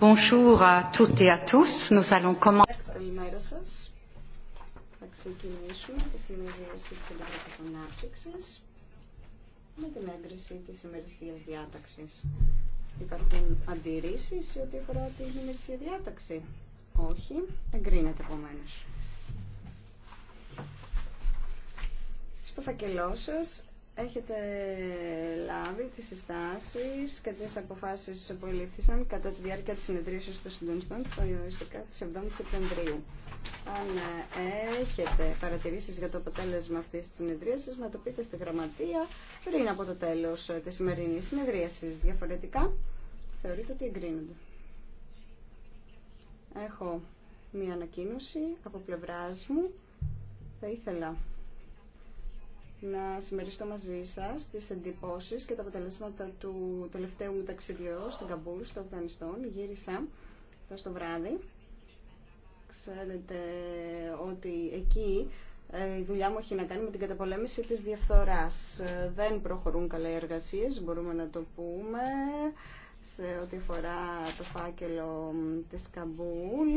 Bonjour à toutes et à tous. Nous allons commencer. Θα ξεκινήσουμε τη συνεδρίαση της Επιτροπής Ανάπτυξης με την έγκριση της ημερησίας διάταξης. Υπάρχουν αντιρρήσεις σε ό,τι αφορά την ημερησία διάταξη. Όχι, εγκρίνεται επομένω. Στο φακελό σας έχετε λάβει τις συστάσεις και τις αποφάσεις που ελήφθησαν κατά τη διάρκεια της συνεδρίασης των συντονιστών το ης Σεπτεμβρίου. Αν ε, έχετε παρατηρήσεις για το αποτέλεσμα αυτής της συνεδρίασης, να το πείτε στη γραμματεία πριν από το τέλος ε, της σημερινής συνεδρίασης. Διαφορετικά, θεωρείτε ότι εγκρίνονται. Έχω μία ανακοίνωση από πλευράς μου. Θα ήθελα να συμμεριστώ μαζί σας τις εντυπώσεις και τα αποτελέσματα του τελευταίου μου ταξιδιού στην Καμπούλ, στο Αφγανιστόν. Γύρισα στο βράδυ. Ξέρετε ότι εκεί ε, η δουλειά μου έχει να κάνει με την καταπολέμηση της διαφθοράς. Δεν προχωρούν καλά οι εργασίες, μπορούμε να το πούμε, σε ό,τι αφορά το φάκελο της Καμπούλ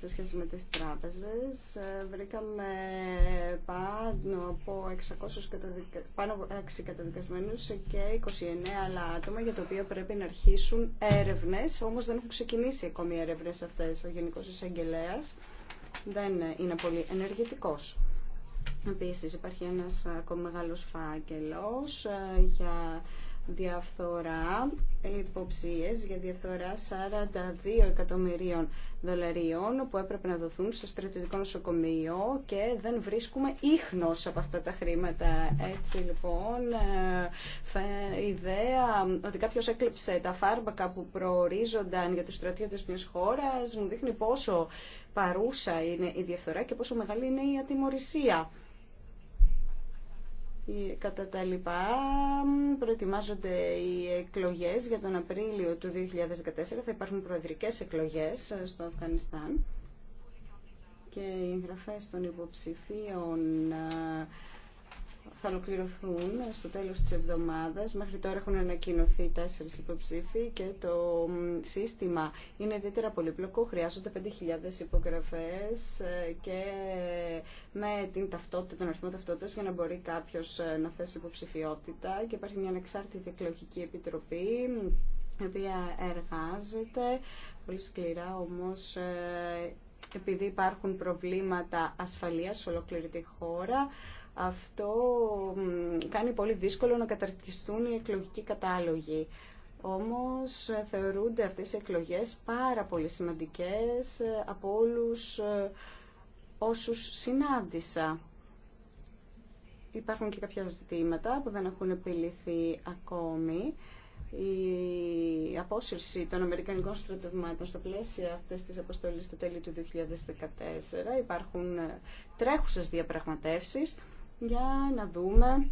σε σχέση με τις τράπεζες. Ε, βρήκαμε πάνω από 600 πάνω από 6 καταδικασμένους και 29 άλλα άτομα για τα οποία πρέπει να αρχίσουν έρευνες, όμως δεν έχουν ξεκινήσει ακόμη οι έρευνες αυτές. Ο Γενικός εισαγγελέα. δεν είναι πολύ ενεργητικός. Επίσης υπάρχει ένας ακόμη μεγάλος φάκελος ε, για διαφθορά, υποψίες για διαφθορά 42 εκατομμυρίων δολαρίων που έπρεπε να δοθούν στο στρατιωτικό νοσοκομείο και δεν βρίσκουμε ίχνος από αυτά τα χρήματα. Έτσι λοιπόν, η ε, ιδέα ότι κάποιος έκλειψε τα φάρμακα που προορίζονταν για τους στρατιώτες μιας χώρας μου δείχνει πόσο παρούσα είναι η διαφθορά και πόσο μεγάλη είναι η ατιμορρησία. Ε, κατά τα λοιπά προετοιμάζονται οι εκλογές για τον Απρίλιο του 2014 θα υπάρχουν προεδρικές εκλογές ε, στο Αφγανιστάν και οι εγγραφές των υποψηφίων ε, θα ολοκληρωθούν στο τέλος της εβδομάδας. Μέχρι τώρα έχουν ανακοινωθεί τέσσερις υποψήφοι και το σύστημα είναι ιδιαίτερα πολύπλοκο. Χρειάζονται 5.000 υπογραφές ε, και με την ταυτότητα, τον αριθμό ταυτότητας για να μπορεί κάποιος ε, να θέσει υποψηφιότητα και υπάρχει μια ανεξάρτητη εκλογική επιτροπή η οποία εργάζεται πολύ σκληρά όμως ε, επειδή υπάρχουν προβλήματα ασφαλείας σε ολόκληρη χώρα αυτό κάνει πολύ δύσκολο να καταρτιστούν οι εκλογικοί κατάλογοι. Όμως ε, θεωρούνται αυτές οι εκλογές πάρα πολύ σημαντικές ε, από όλους ε, όσους συνάντησα. Υπάρχουν και κάποια ζητήματα που δεν έχουν επιληθεί ακόμη. Η απόσυρση των Αμερικανικών στρατευμάτων στα πλαίσια αυτής της αποστολής στο τέλη του 2014 υπάρχουν τρέχουσες διαπραγματεύσεις για να δούμε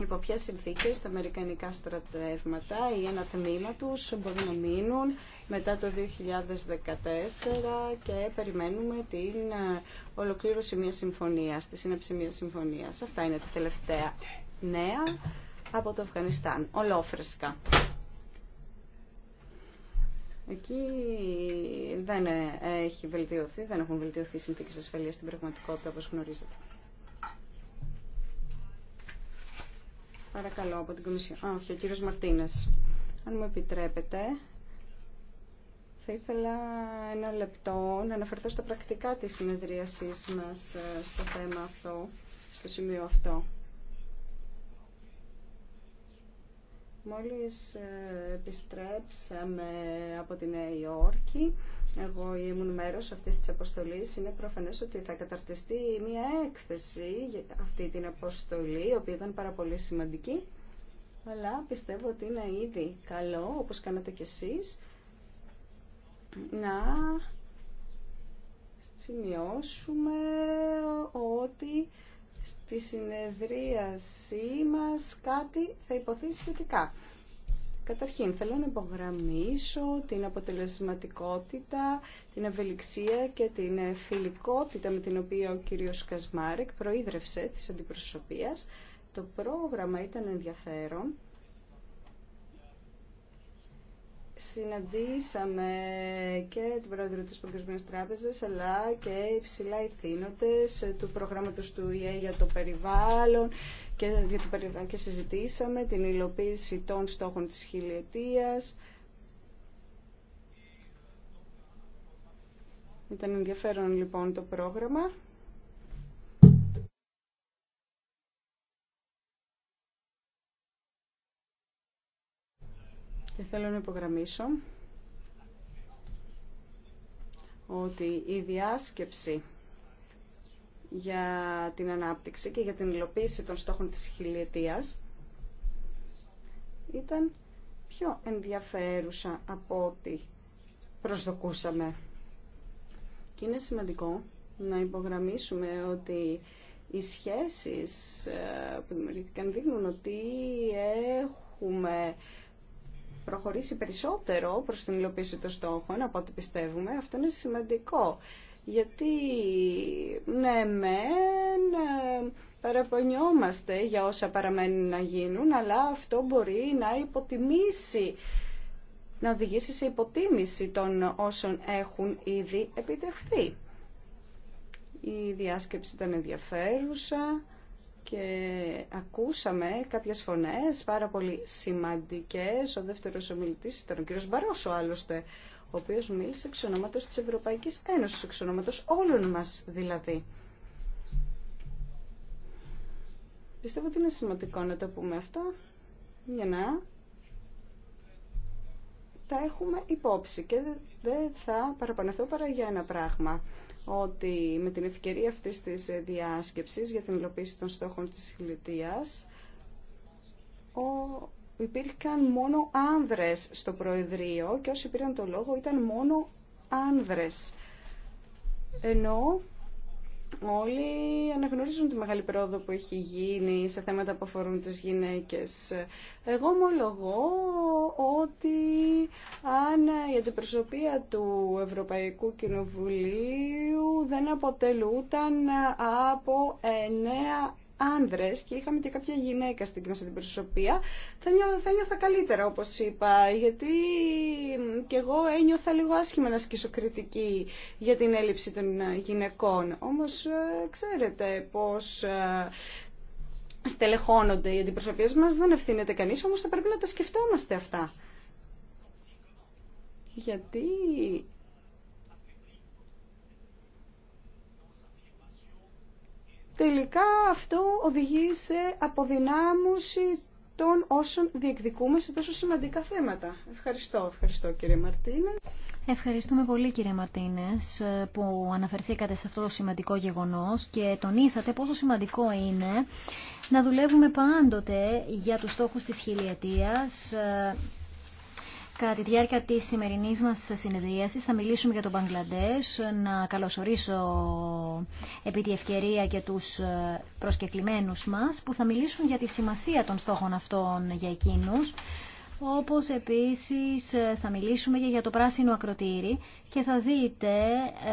υπό ποιες συνθήκες τα αμερικανικά στρατεύματα ή ένα τμήμα τους μπορούν να μείνουν μετά το 2014 και περιμένουμε την ε, ολοκλήρωση μιας συμφωνίας, τη σύναψη μιας συμφωνίας. Αυτά είναι τα τελευταία νέα από το Αφγανιστάν, ολόφρεσκα. Εκεί δεν ε, έχει βελτιωθεί, δεν έχουν βελτιωθεί οι συνθήκες ασφαλείας στην πραγματικότητα όπως γνωρίζετε. Παρακαλώ από την Κομισιόν. Όχι, ο κύριος Μαρτίνες. Αν μου επιτρέπετε, θα ήθελα ένα λεπτό να αναφερθώ στα πρακτικά της συνεδρίασής μας ε, στο θέμα αυτό, στο σημείο αυτό. Μόλις ε, επιστρέψαμε από τη Νέα Υόρκη, εγώ ήμουν μέρος αυτής της αποστολή είναι προφανές ότι θα καταρτιστεί μια έκθεση για αυτή την αποστολή, η οποία ήταν πάρα πολύ σημαντική, αλλά πιστεύω ότι είναι ήδη καλό, όπως κάνατε κι εσείς, να σημειώσουμε ότι στη συνεδρίασή μας κάτι θα υποθεί σχετικά. Καταρχήν, θέλω να υπογραμμίσω την αποτελεσματικότητα, την ευελιξία και την φιλικότητα με την οποία ο κύριος Κασμάρεκ προείδρευσε της αντιπροσωπείας. Το πρόγραμμα ήταν ενδιαφέρον συναντήσαμε και τον πρόεδρο της Παγκοσμίας Τράπεζας αλλά και υψηλά ηθήνοντες του προγράμματος του ΙΕ για το περιβάλλον και, για το περιβάλλον και συζητήσαμε την υλοποίηση των στόχων της χιλιετίας. Ήταν ενδιαφέρον λοιπόν το πρόγραμμα. Και θέλω να υπογραμμίσω ότι η διάσκεψη για την ανάπτυξη και για την υλοποίηση των στόχων της χιλιετίας ήταν πιο ενδιαφέρουσα από ό,τι προσδοκούσαμε. Και είναι σημαντικό να υπογραμμίσουμε ότι οι σχέσεις ε, που δημιουργήθηκαν δείχνουν ότι έχουμε προχωρήσει περισσότερο προς την υλοποίηση των στόχων από ό,τι πιστεύουμε. Αυτό είναι σημαντικό. Γιατί, ναι, μεν ε, παραπονιόμαστε για όσα παραμένουν να γίνουν, αλλά αυτό μπορεί να υποτιμήσει, να οδηγήσει σε υποτίμηση των όσων έχουν ήδη επιτευχθεί. Η διάσκεψη ήταν ενδιαφέρουσα και ακούσαμε κάποιες φωνές πάρα πολύ σημαντικές. Ο δεύτερος ομιλητής ήταν ο κύριος Μπαρόσο άλλωστε, ο οποίος μίλησε εξ ονόματος της Ευρωπαϊκής Ένωσης, εξ ονόματος όλων μας δηλαδή. Πιστεύω ότι είναι σημαντικό να τα πούμε αυτά για να τα έχουμε υπόψη και δεν θα παραπανεθώ παρά για ένα πράγμα ότι με την ευκαιρία αυτής της διάσκεψης για την υλοποίηση των στόχων της χιλιτίας ο, υπήρχαν μόνο άνδρες στο Προεδρείο και όσοι πήραν το λόγο ήταν μόνο άνδρες. Ενώ Όλοι αναγνωρίζουν τη μεγάλη πρόοδο που έχει γίνει σε θέματα που αφορούν τις γυναίκες. Εγώ ομολογώ ότι αν η αντιπροσωπεία του Ευρωπαϊκού Κοινοβουλίου δεν αποτελούταν από εννέα άνδρες και είχαμε και κάποια γυναίκα στην μέσα προσωπία, θα, νιώ, θα νιώθα καλύτερα όπως είπα, γιατί και εγώ ένιωθα λίγο άσχημα να σκήσω κριτική για την έλλειψη των ε, γυναικών. Όμως ε, ξέρετε πως ε, στελεχώνονται οι αντιπροσωπείε μας, δεν ευθύνεται κανείς, όμως θα πρέπει να τα σκεφτόμαστε αυτά. Γιατί τελικά αυτό οδηγεί σε αποδυνάμωση των όσων διεκδικούμε σε τόσο σημαντικά θέματα. Ευχαριστώ, ευχαριστώ κύριε Μαρτίνες. Ευχαριστούμε πολύ κύριε Μαρτίνες που αναφερθήκατε σε αυτό το σημαντικό γεγονός και τονίσατε πόσο σημαντικό είναι να δουλεύουμε πάντοτε για τους στόχους της χιλιετίας Κατά τη διάρκεια τη σημερινή μα συνεδρίαση θα μιλήσουμε για τον Μπαγκλαντέ. Να καλωσορίσω επί τη ευκαιρία και του προσκεκλημένου μα που θα μιλήσουν για τη σημασία των στόχων αυτών για εκείνου. Όπω επίση θα μιλήσουμε και για το πράσινο ακροτήρι και θα δείτε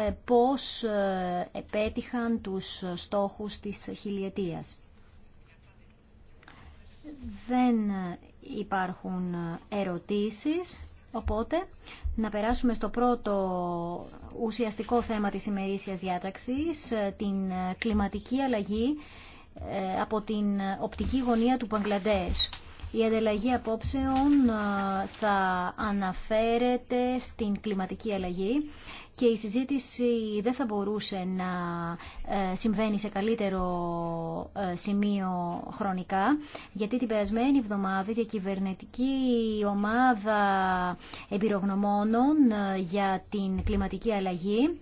ε, πώ ε, επέτυχαν του στόχου τη χιλιετίας δεν υπάρχουν ερωτήσεις, οπότε να περάσουμε στο πρώτο ουσιαστικό θέμα της ημερήσιας διάταξης, την κλιματική αλλαγή ε, από την οπτική γωνία του Παγκλαντές. Η ανταλλαγή απόψεων ε, θα αναφέρεται στην κλιματική αλλαγή και η συζήτηση δεν θα μπορούσε να ε, συμβαίνει σε καλύτερο ε, σημείο χρονικά, γιατί την περασμένη εβδομάδα η κυβερνητική ομάδα εμπειρογνωμόνων για την κλιματική αλλαγή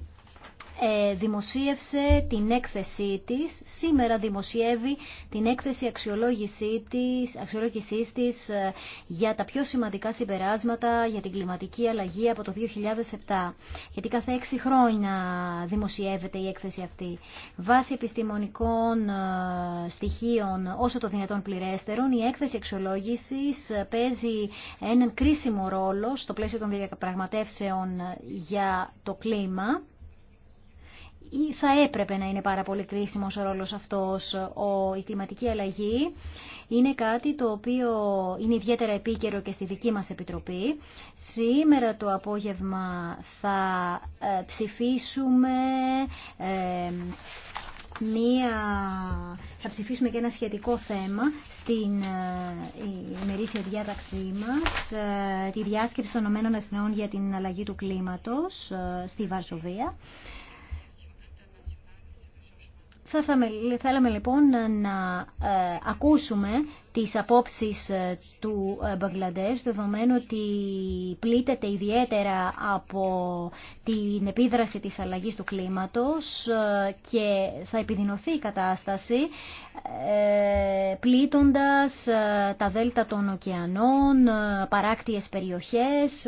ε, δημοσίευσε την έκθεσή της. Σήμερα δημοσιεύει την έκθεση αξιολόγησή της, αξιολόγησής της ε, για τα πιο σημαντικά συμπεράσματα για την κλιματική αλλαγή από το 2007. Γιατί κάθε έξι χρόνια δημοσιεύεται η έκθεση αυτή. Βάσει επιστημονικών ε, στοιχείων όσο το δυνατόν πληρέστερων, η έκθεση αξιολόγησης παίζει έναν κρίσιμο ρόλο στο πλαίσιο των διαπραγματεύσεων για το κλίμα θα έπρεπε να είναι πάρα πολύ κρίσιμος ο ρόλος αυτός. Ο, η κλιματική αλλαγή είναι κάτι το οποίο είναι ιδιαίτερα επίκαιρο και στη δική μας Επιτροπή. Σήμερα το απόγευμα θα ε, ψηφίσουμε... Ε, μία... θα ψηφίσουμε και ένα σχετικό θέμα στην ε, ημερήσια διάταξή μας, τη διάσκεψη των ΗΕ για την αλλαγή του κλίματος στη Βαρσοβία. Θα θέλαμε λοιπόν να ε, ακούσουμε τις απόψεις ε, του ε, Μπαγκλαντές, δεδομένου ότι πλήττεται ιδιαίτερα από την επίδραση της αλλαγής του κλίματος και θα επιδεινωθεί η κατάσταση πλήττοντας τα δέλτα των ωκεανών, παράκτιες περιοχές,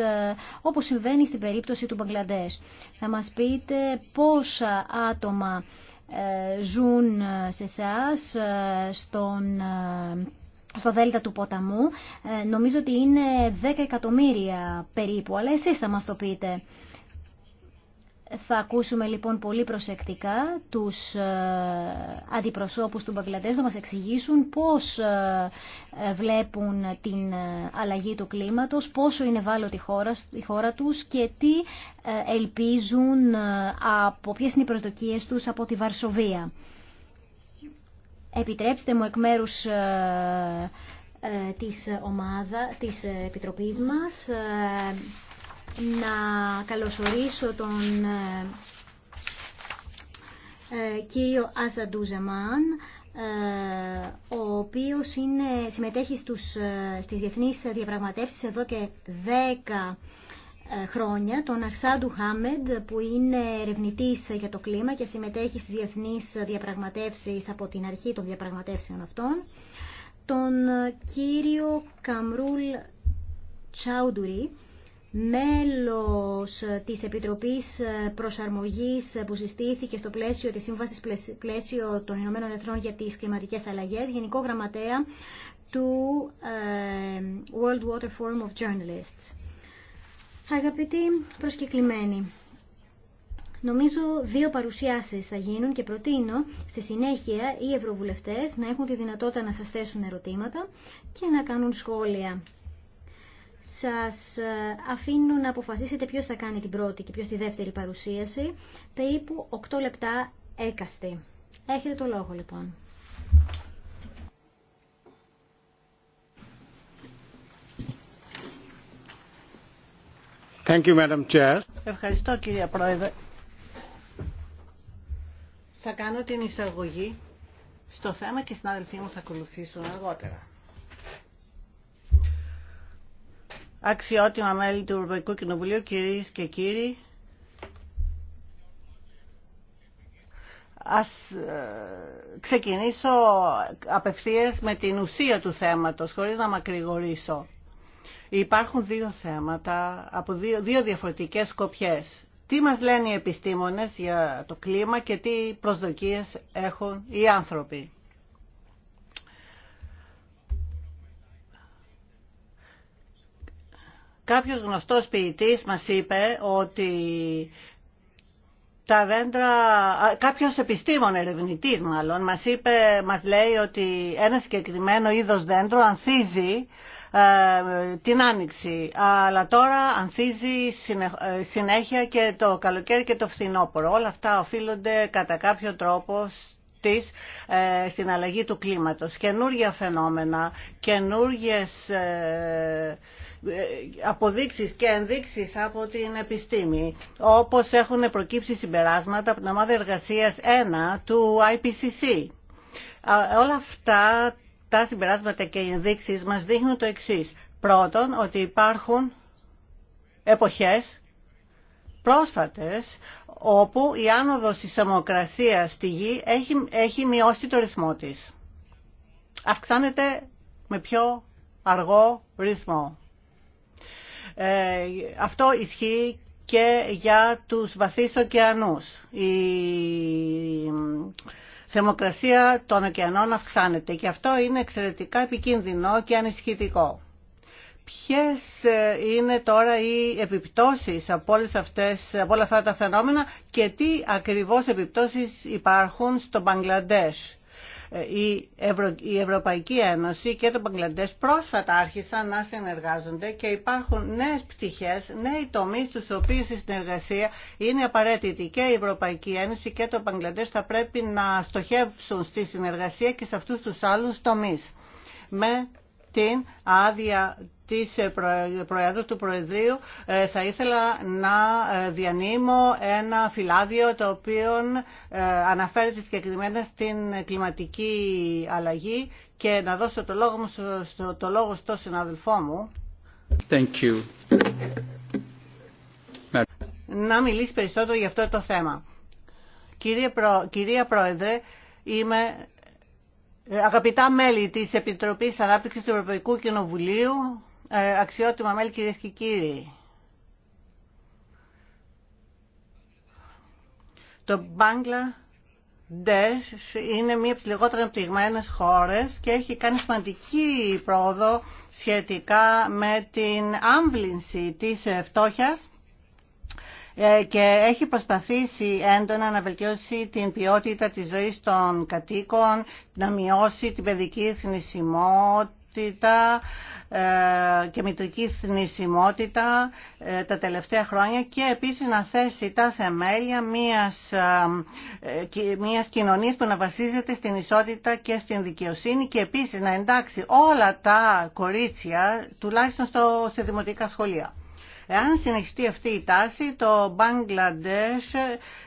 όπως συμβαίνει στην περίπτωση του Μπαγκλαντές. Θα μας πείτε πόσα άτομα ε, ζουν ε, σε εσά ε, στον στο δέλτα του ποταμού. νομίζω ότι είναι 10 εκατομμύρια περίπου, αλλά εσείς θα μας το πείτε. Θα ακούσουμε λοιπόν πολύ προσεκτικά τους ε, αντιπροσώπους του Μπαγκλαντές να μας εξηγήσουν πώς ε, ε, βλέπουν την αλλαγή του κλίματος, πόσο είναι ευάλωτη η χώρα, η τους και τι ελπίζουν, από ποιες είναι οι προσδοκίες τους από τη Βαρσοβία. Επιτρέψτε μου εκ μέρους της ομάδα, της Επιτροπής μας να καλωσορίσω τον ε, ε, κύριο Αζαντούζαμαν, ε, ο οποίος είναι, συμμετέχει στους, στις διεθνείς διαπραγματεύσεις εδώ και 10 χρόνια, τον Αξάντου Χάμεντ που είναι ερευνητή για το κλίμα και συμμετέχει στις διεθνείς διαπραγματεύσεις από την αρχή των διαπραγματεύσεων αυτών, τον κύριο Καμρούλ Τσαουντουρί, μέλος της Επιτροπής Προσαρμογής που συστήθηκε στο πλαίσιο της Σύμβασης Πλαίσιο των Ηνωμένων Εθνών για τις Κλιματικές Αλλαγές, Γενικό Γραμματέα του ε, World Water Forum of Journalists. Αγαπητοί προσκεκλημένοι, Νομίζω δύο παρουσιάσεις θα γίνουν και προτείνω στη συνέχεια οι ευρωβουλευτές να έχουν τη δυνατότητα να σας θέσουν ερωτήματα και να κάνουν σχόλια σας ε, αφήνω να αποφασίσετε ποιος θα κάνει την πρώτη και ποιος τη δεύτερη παρουσίαση. Περίπου 8 λεπτά έκαστη. Έχετε το λόγο λοιπόν. Thank you, Madam Chair. Ευχαριστώ κύριε Πρόεδρε. Θα κάνω την εισαγωγή στο θέμα και στην αδελφή μου θα ακολουθήσουν αργότερα. Αξιότιμα μέλη του Ευρωπαϊκού Κοινοβουλίου, κυρίες και κύριοι, ας ε, ξεκινήσω απευθείας με την ουσία του θέματος, χωρίς να μακρηγορήσω. Υπάρχουν δύο θέματα από δύο, δύο διαφορετικές σκοπιές. Τι μας λένε οι επιστήμονες για το κλίμα και τι προσδοκίες έχουν οι άνθρωποι. Κάποιος γνωστός ποιητής μας είπε ότι τα δέντρα, κάποιος επιστήμον ερευνητής μάλλον, μας, είπε, μας λέει ότι ένα συγκεκριμένο είδος δέντρο ανθίζει ε, την άνοιξη, αλλά τώρα ανθίζει ε, συνέχεια και το καλοκαίρι και το φθινόπωρο. Όλα αυτά οφείλονται κατά κάποιο τρόπο της, ε, στην αλλαγή του κλίματος. Καινούργια φαινόμενα, καινούργιες... Ε, αποδείξεις και ενδείξεις από την επιστήμη, όπως έχουν προκύψει συμπεράσματα από την ομάδα εργασίας 1 του IPCC. Όλα αυτά τα συμπεράσματα και οι ενδείξεις μας δείχνουν το εξής. Πρώτον, ότι υπάρχουν εποχές πρόσφατες όπου η άνοδος της θερμοκρασίας στη γη έχει, έχει μειώσει το ρυθμό της. Αυξάνεται με πιο αργό ρυθμό. Ε, αυτό ισχύει και για τους βαθείς ωκεανούς. Η θερμοκρασία των ωκεανών αυξάνεται και αυτό είναι εξαιρετικά επικίνδυνο και ανησυχητικό. Ποιες ε, είναι τώρα οι επιπτώσεις από, αυτές, από όλα αυτά τα φαινόμενα και τι ακριβώς επιπτώσεις υπάρχουν στο Μπαγκλαντές η, Ευρωπαϊκή Ένωση και το Μπαγκλαντές πρόσφατα άρχισαν να συνεργάζονται και υπάρχουν νέες πτυχές, νέοι τομείς στους οποίους η συνεργασία είναι απαραίτητη και η Ευρωπαϊκή Ένωση και το Μπαγκλαντές θα πρέπει να στοχεύσουν στη συνεργασία και σε αυτούς τους άλλους τομείς την άδεια της Προέδρου του Προεδρείου ε, θα ήθελα να ε, διανύμω ένα φυλάδιο το οποίο ε, αναφέρεται συγκεκριμένα στην κλιματική αλλαγή και να δώσω το λόγο, μου, το λόγο στο συναδελφό μου. Thank you. Να μιλήσει περισσότερο για αυτό το θέμα. Κυρία Πρόεδρε, είμαι ε, αγαπητά μέλη της Επιτροπής Ανάπτυξης του Ευρωπαϊκού Κοινοβουλίου, ε, αξιότιμα μέλη κυρίες και κύριοι, το Μπάγκλα είναι μία από τις λιγότερο χώρες και έχει κάνει σημαντική πρόοδο σχετικά με την άμβλυνση της φτώχειας ε, και έχει προσπαθήσει έντονα να βελτιώσει την ποιότητα της ζωής των κατοίκων, να μειώσει την παιδική θνησιμότητα ε, και μητρική θνησιμότητα ε, τα τελευταία χρόνια και επίσης να θέσει τα θεμέλια μιας, μιας κοινωνίας που να βασίζεται στην ισότητα και στην δικαιοσύνη και επίσης να εντάξει όλα τα κορίτσια τουλάχιστον στο, σε δημοτικά σχολεία. Εάν συνεχιστεί αυτή η τάση, το Μπαγκλαντές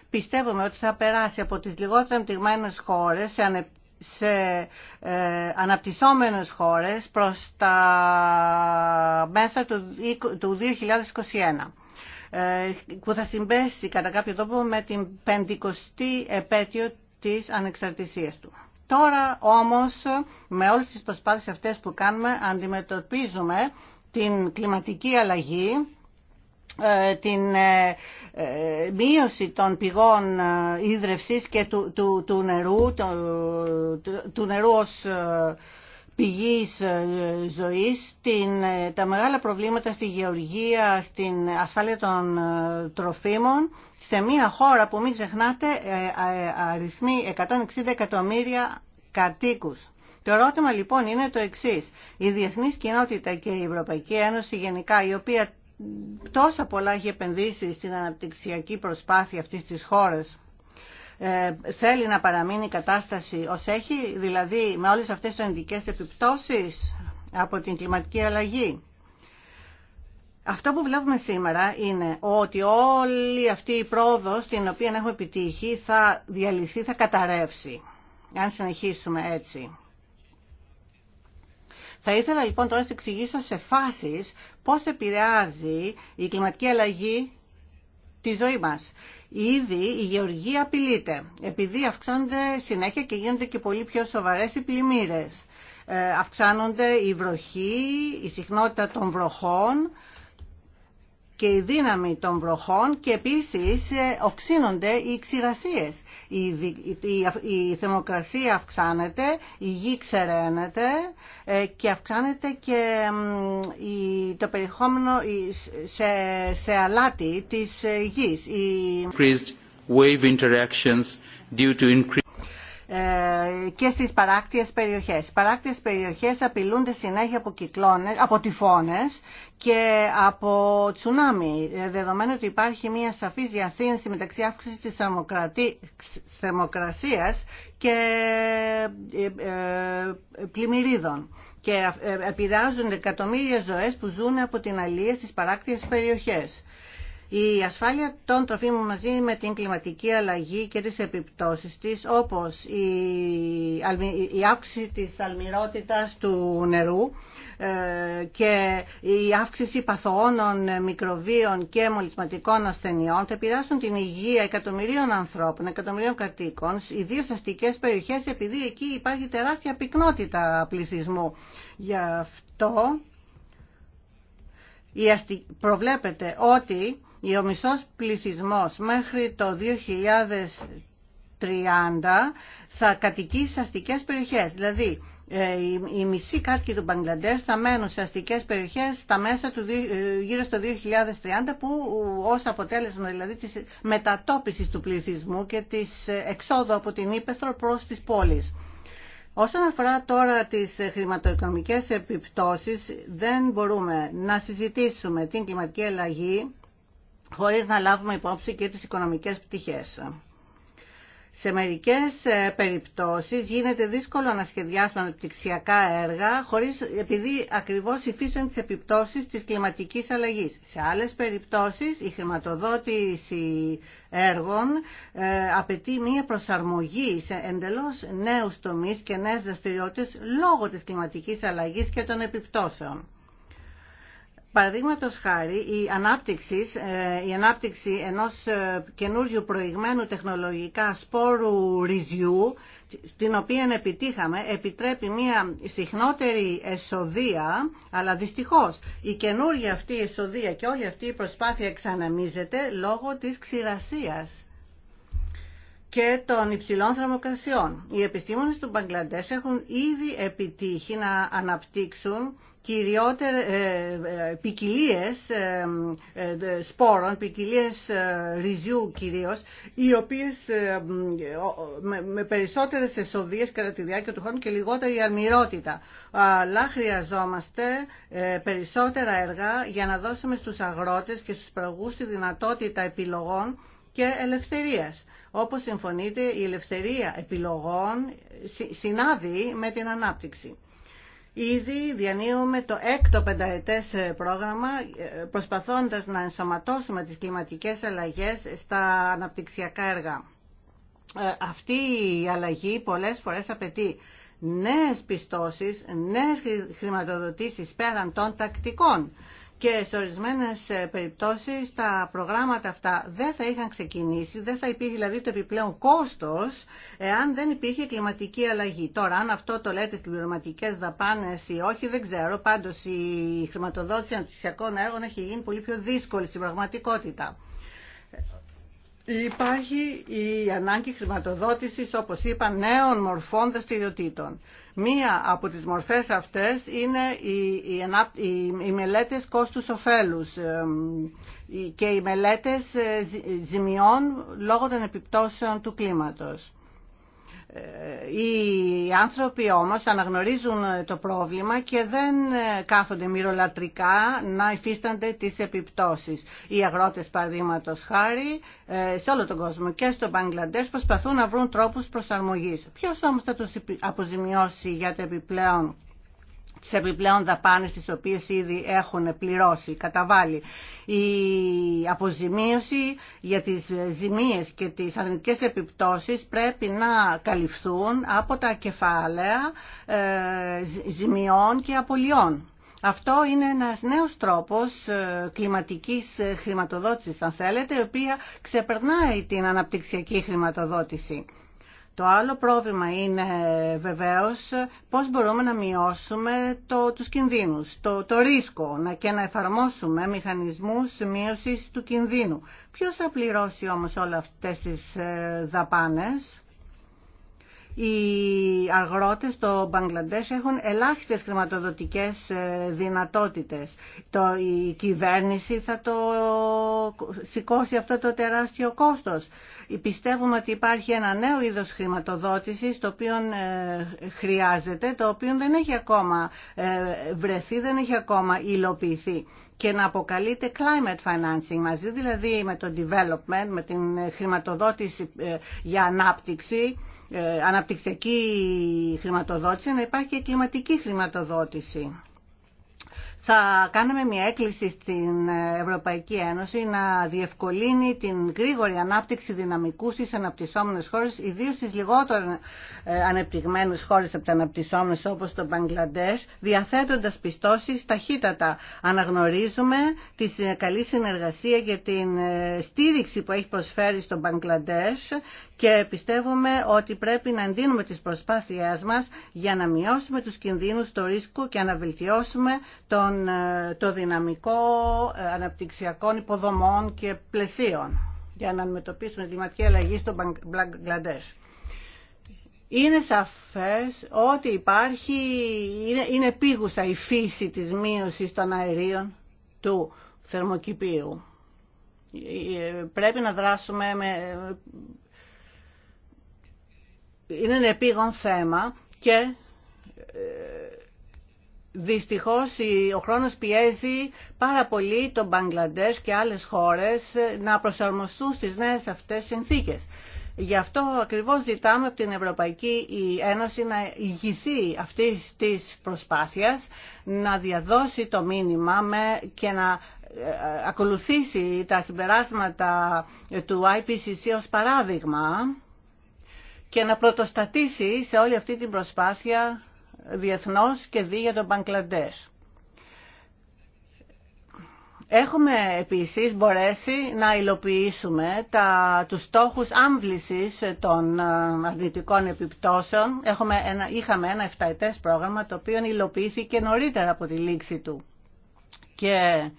πιστεύουμε ότι θα περάσει από τις λιγότερο αντιγμένες χώρες σε, ανε... σε ε, αναπτυσσόμενες χώρες προς τα μέσα του, του 2021 ε, που θα συμπέσει κατά κάποιο τρόπο με την πεντηκοστή επέτειο της ανεξαρτησίας του. Τώρα όμως με όλες τις προσπάθειες αυτές που κάνουμε αντιμετωπίζουμε την κλιματική αλλαγή ε, την ε, ε, μείωση των πηγών ίδρευσης και του, του, του νερού, του, του νερού ως πηγής ζωής, την, τα μεγάλα προβλήματα στη γεωργία, στην ασφάλεια των τροφίμων, σε μια χώρα που μην ξεχνάτε αριθμεί 160 εκατομμύρια κατοίκους. Το ερώτημα λοιπόν είναι το εξής. Η διεθνής κοινότητα και η Ευρωπαϊκή Ένωση γενικά, η οποία τόσα πολλά έχει επενδύσει στην αναπτυξιακή προσπάθεια αυτής της χώρας ε, θέλει να παραμείνει η κατάσταση ως έχει, δηλαδή με όλες αυτές τις ενδικές επιπτώσεις από την κλιματική αλλαγή. Αυτό που βλέπουμε σήμερα είναι ότι όλη αυτή η πρόοδος την οποία έχουμε επιτύχει θα διαλυθεί, θα καταρρεύσει, αν συνεχίσουμε έτσι. Θα ήθελα λοιπόν τώρα να εξηγήσω σε φάσεις πώς επηρεάζει η κλιματική αλλαγή τη ζωή μας. Ήδη η γεωργία απειλείται, επειδή αυξάνονται συνέχεια και γίνονται και πολύ πιο σοβαρές οι πλημμύρες. Ε, αυξάνονται η βροχή, η συχνότητα των βροχών και η δύναμη των βροχών και επίσης ε, οξύνονται οι ξηρασίες η θερμοκρασία αυξάνεται, η γη ξεραίνεται ε, και αυξάνεται και το περιεχόμενο σε, σε αλάτι της ε, γης. wave interactions due to ε, και στις παράκτιες περιοχές. Οι παράκτιες περιοχές απειλούνται συνέχεια από κυκλώνες, από τυφώνες και από τσουνάμι, ε, δεδομένου ότι υπάρχει μια σαφής διασύνση μεταξύ αύξησης της θερμοκρασίας και ε, πλημμυρίδων και επηρεάζουν εκατομμύρια ζωές που ζουν από την αλία στις παράκτιες περιοχές. Η ασφάλεια των τροφίμων μαζί με την κλιματική αλλαγή και τις επιπτώσεις της, όπως η, αύξηση της αλμυρότητας του νερού ε, και η αύξηση παθοόνων ε, μικροβίων και μολυσματικών ασθενειών, θα επηρεάσουν την υγεία εκατομμυρίων ανθρώπων, εκατομμυρίων κατοίκων, ιδίως αστικές περιοχές, επειδή εκεί υπάρχει τεράστια πυκνότητα πληθυσμού. Γι' αυτό προβλέπεται ότι ο μισός πληθυσμός μέχρι το 2030 θα κατοικεί σε αστικές περιοχές. Δηλαδή, ε, οι μισοί κάτοικοι του Μπαγκλαντές θα μένουν σε αστικές περιοχές στα μέσα του, ε, γύρω στο 2030 που ε, ως αποτέλεσμα δηλαδή της μετατόπισης του πληθυσμού και της εξόδου από την Ήπεθρο προς τις πόλεις. Όσον αφορά τώρα τις χρηματοοικονομικές επιπτώσεις, δεν μπορούμε να συζητήσουμε την κλιματική αλλαγή χωρίς να λάβουμε υπόψη και τις οικονομικές πτυχές. Σε μερικές ε, περιπτώσεις γίνεται δύσκολο να σχεδιάσουμε αναπτυξιακά έργα χωρίς, επειδή ακριβώς υφίσαν τις επιπτώσεις της κλιματικής αλλαγής. Σε άλλες περιπτώσεις η χρηματοδότηση έργων ε, απαιτεί μία προσαρμογή σε εντελώς νέους τομείς και νέες δραστηριότητες λόγω της κλιματικής αλλαγής και των επιπτώσεων. Παραδείγματο χάρη, η ανάπτυξη, ε, η ανάπτυξη ενός ε, καινούριου προηγμένου τεχνολογικά σπόρου ριζιού στην οποία επιτύχαμε, επιτρέπει μια συχνότερη εσοδεία, αλλά δυστυχώς η καινούργια αυτή εσοδεία και όλη αυτή η προσπάθεια ξαναμίζεται λόγω της ξηρασίας και των υψηλών θερμοκρασιών. Οι επιστήμονες του Μπαγκλαντές έχουν ήδη επιτύχει να αναπτύξουν κυριότερες ε, ε ποικιλίε ε, ε, σπόρων, ποικιλίε ριζιού κυρίω, οι οποίε με, περισσότερε εσοδίε κατά τη διάρκεια του χρόνου και λιγότερη αρμυρότητα. Αλλά χρειαζόμαστε περισσότερα έργα για να δώσουμε στους αγρότες και στους πραγούς τη δυνατότητα επιλογών και ελευθερίας. Όπως συμφωνείται η ελευθερία επιλογών συνάδει με την ανάπτυξη. Ήδη διανύουμε το έκτο πενταετές ε, πρόγραμμα ε, προσπαθώντας να ενσωματώσουμε τις κλιματικές αλλαγές στα αναπτυξιακά έργα. Ε, αυτή η αλλαγή πολλές φορές απαιτεί νέες πιστώσεις, νέες χρηματοδοτήσεις πέραν των τακτικών και σε ορισμένες ε, περιπτώσεις τα προγράμματα αυτά δεν θα είχαν ξεκινήσει, δεν θα υπήρχε δηλαδή το επιπλέον κόστος εάν δεν υπήρχε κλιματική αλλαγή. Τώρα αν αυτό το λέτε στις πληρωματικές δαπάνες ή όχι δεν ξέρω, πάντως η χρηματοδότηση αναπτυξιακών έργων έχει γίνει πολύ πιο δύσκολη στην πραγματικότητα. Υπάρχει η ανάγκη χρηματοδότησης, όπως είπα, νέων μορφών δραστηριοτήτων. Μία από τις μορφές αυτές είναι οι, οι, οι μελέτες κόστους-οφέλους και οι μελέτες ε, ζημιών λόγω των επιπτώσεων του κλίματος. Ε, οι άνθρωποι όμως αναγνωρίζουν το πρόβλημα και δεν ε, κάθονται μυρολατρικά να υφίστανται τις επιπτώσεις. Οι αγρότες παραδείγματο χάρη ε, σε όλο τον κόσμο και στο Μπαγκλαντές προσπαθούν να βρουν τρόπους προσαρμογής. Ποιος όμως θα τους αποζημιώσει για τα επιπλέον τις επιπλέον δαπάνες τις οποίες ήδη έχουν πληρώσει, καταβάλει. Η αποζημίωση για τις ζημίες και τις αρνητικές επιπτώσεις πρέπει να καλυφθούν από τα κεφάλαια ε, ζημιών και απολειών. Αυτό είναι ένας νέος τρόπος ε, κλιματικής χρηματοδότησης, αν θέλετε, η οποία ξεπερνάει την αναπτυξιακή χρηματοδότηση. Το άλλο πρόβλημα είναι βεβαίως πώς μπορούμε να μειώσουμε το, τους κινδύνους, το, το ρίσκο και να εφαρμόσουμε μηχανισμούς μείωσης του κινδύνου. Ποιος θα πληρώσει όμως όλα αυτές τις ε, δαπάνες. Οι αγρότες στο Μπαγκλαντές έχουν ελάχιστες χρηματοδοτικές ε, δυνατότητες. Το, η κυβέρνηση θα το σηκώσει αυτό το τεράστιο κόστος. Πιστεύουμε ότι υπάρχει ένα νέο είδος χρηματοδότησης το οποίο ε, χρειάζεται, το οποίο δεν έχει ακόμα ε, βρεθεί, δεν έχει ακόμα υλοποιηθεί και να αποκαλείται climate financing μαζί, δηλαδή με το development, με την χρηματοδότηση ε, για ανάπτυξη, αναπτυξιακή χρηματοδότηση, να υπάρχει και κλιματική χρηματοδότηση θα κάνουμε μια έκκληση στην Ευρωπαϊκή Ένωση να διευκολύνει την γρήγορη ανάπτυξη δυναμικού στις αναπτυσσόμενες χώρες, ιδίως στις λιγότερο ε, ανεπτυγμένες χώρες από τα αναπτυσσόμενες όπως το Μπαγκλαντές, διαθέτοντας πιστώσεις ταχύτατα. Αναγνωρίζουμε τη καλή συνεργασία και την ε, στήριξη που έχει προσφέρει στο Μπαγκλαντές και πιστεύουμε ότι πρέπει να εντείνουμε τις προσπάθειές μας για να μειώσουμε τους κινδύνους, το ρίσκο και να βελτιώσουμε τον ε, το δυναμικό ε, αναπτυξιακών υποδομών και πλαισίων για να αντιμετωπίσουμε τη κλιματική αλλαγή στο Μπλαγκλαντές. Είναι σαφές ότι υπάρχει, είναι, είναι επίγουσα η φύση της μείωσης των αερίων του θερμοκηπίου. Ε, πρέπει να δράσουμε με... Είναι ένα επίγον θέμα και Δυστυχώς ο χρόνος πιέζει πάρα πολύ τον Μπαγκλαντές και άλλες χώρες να προσαρμοστούν στις νέες αυτές συνθήκες. Γι' αυτό ακριβώς ζητάμε από την Ευρωπαϊκή Ένωση να ηγηθεί αυτή της προσπάθειας, να διαδώσει το μήνυμα και να ε, ε, ακολουθήσει τα συμπεράσματα του IPCC ως παράδειγμα και να πρωτοστατήσει σε όλη αυτή την προσπάθεια διεθνώς και δι για τον Μπαγκλαντές. Έχουμε επίσης μπορέσει να υλοποιήσουμε τα, τους στόχους άμβλησης των ε, αρνητικών επιπτώσεων. Έχουμε ένα, είχαμε ένα εφταετές πρόγραμμα το οποίο υλοποιήθηκε νωρίτερα από τη λήξη του. Και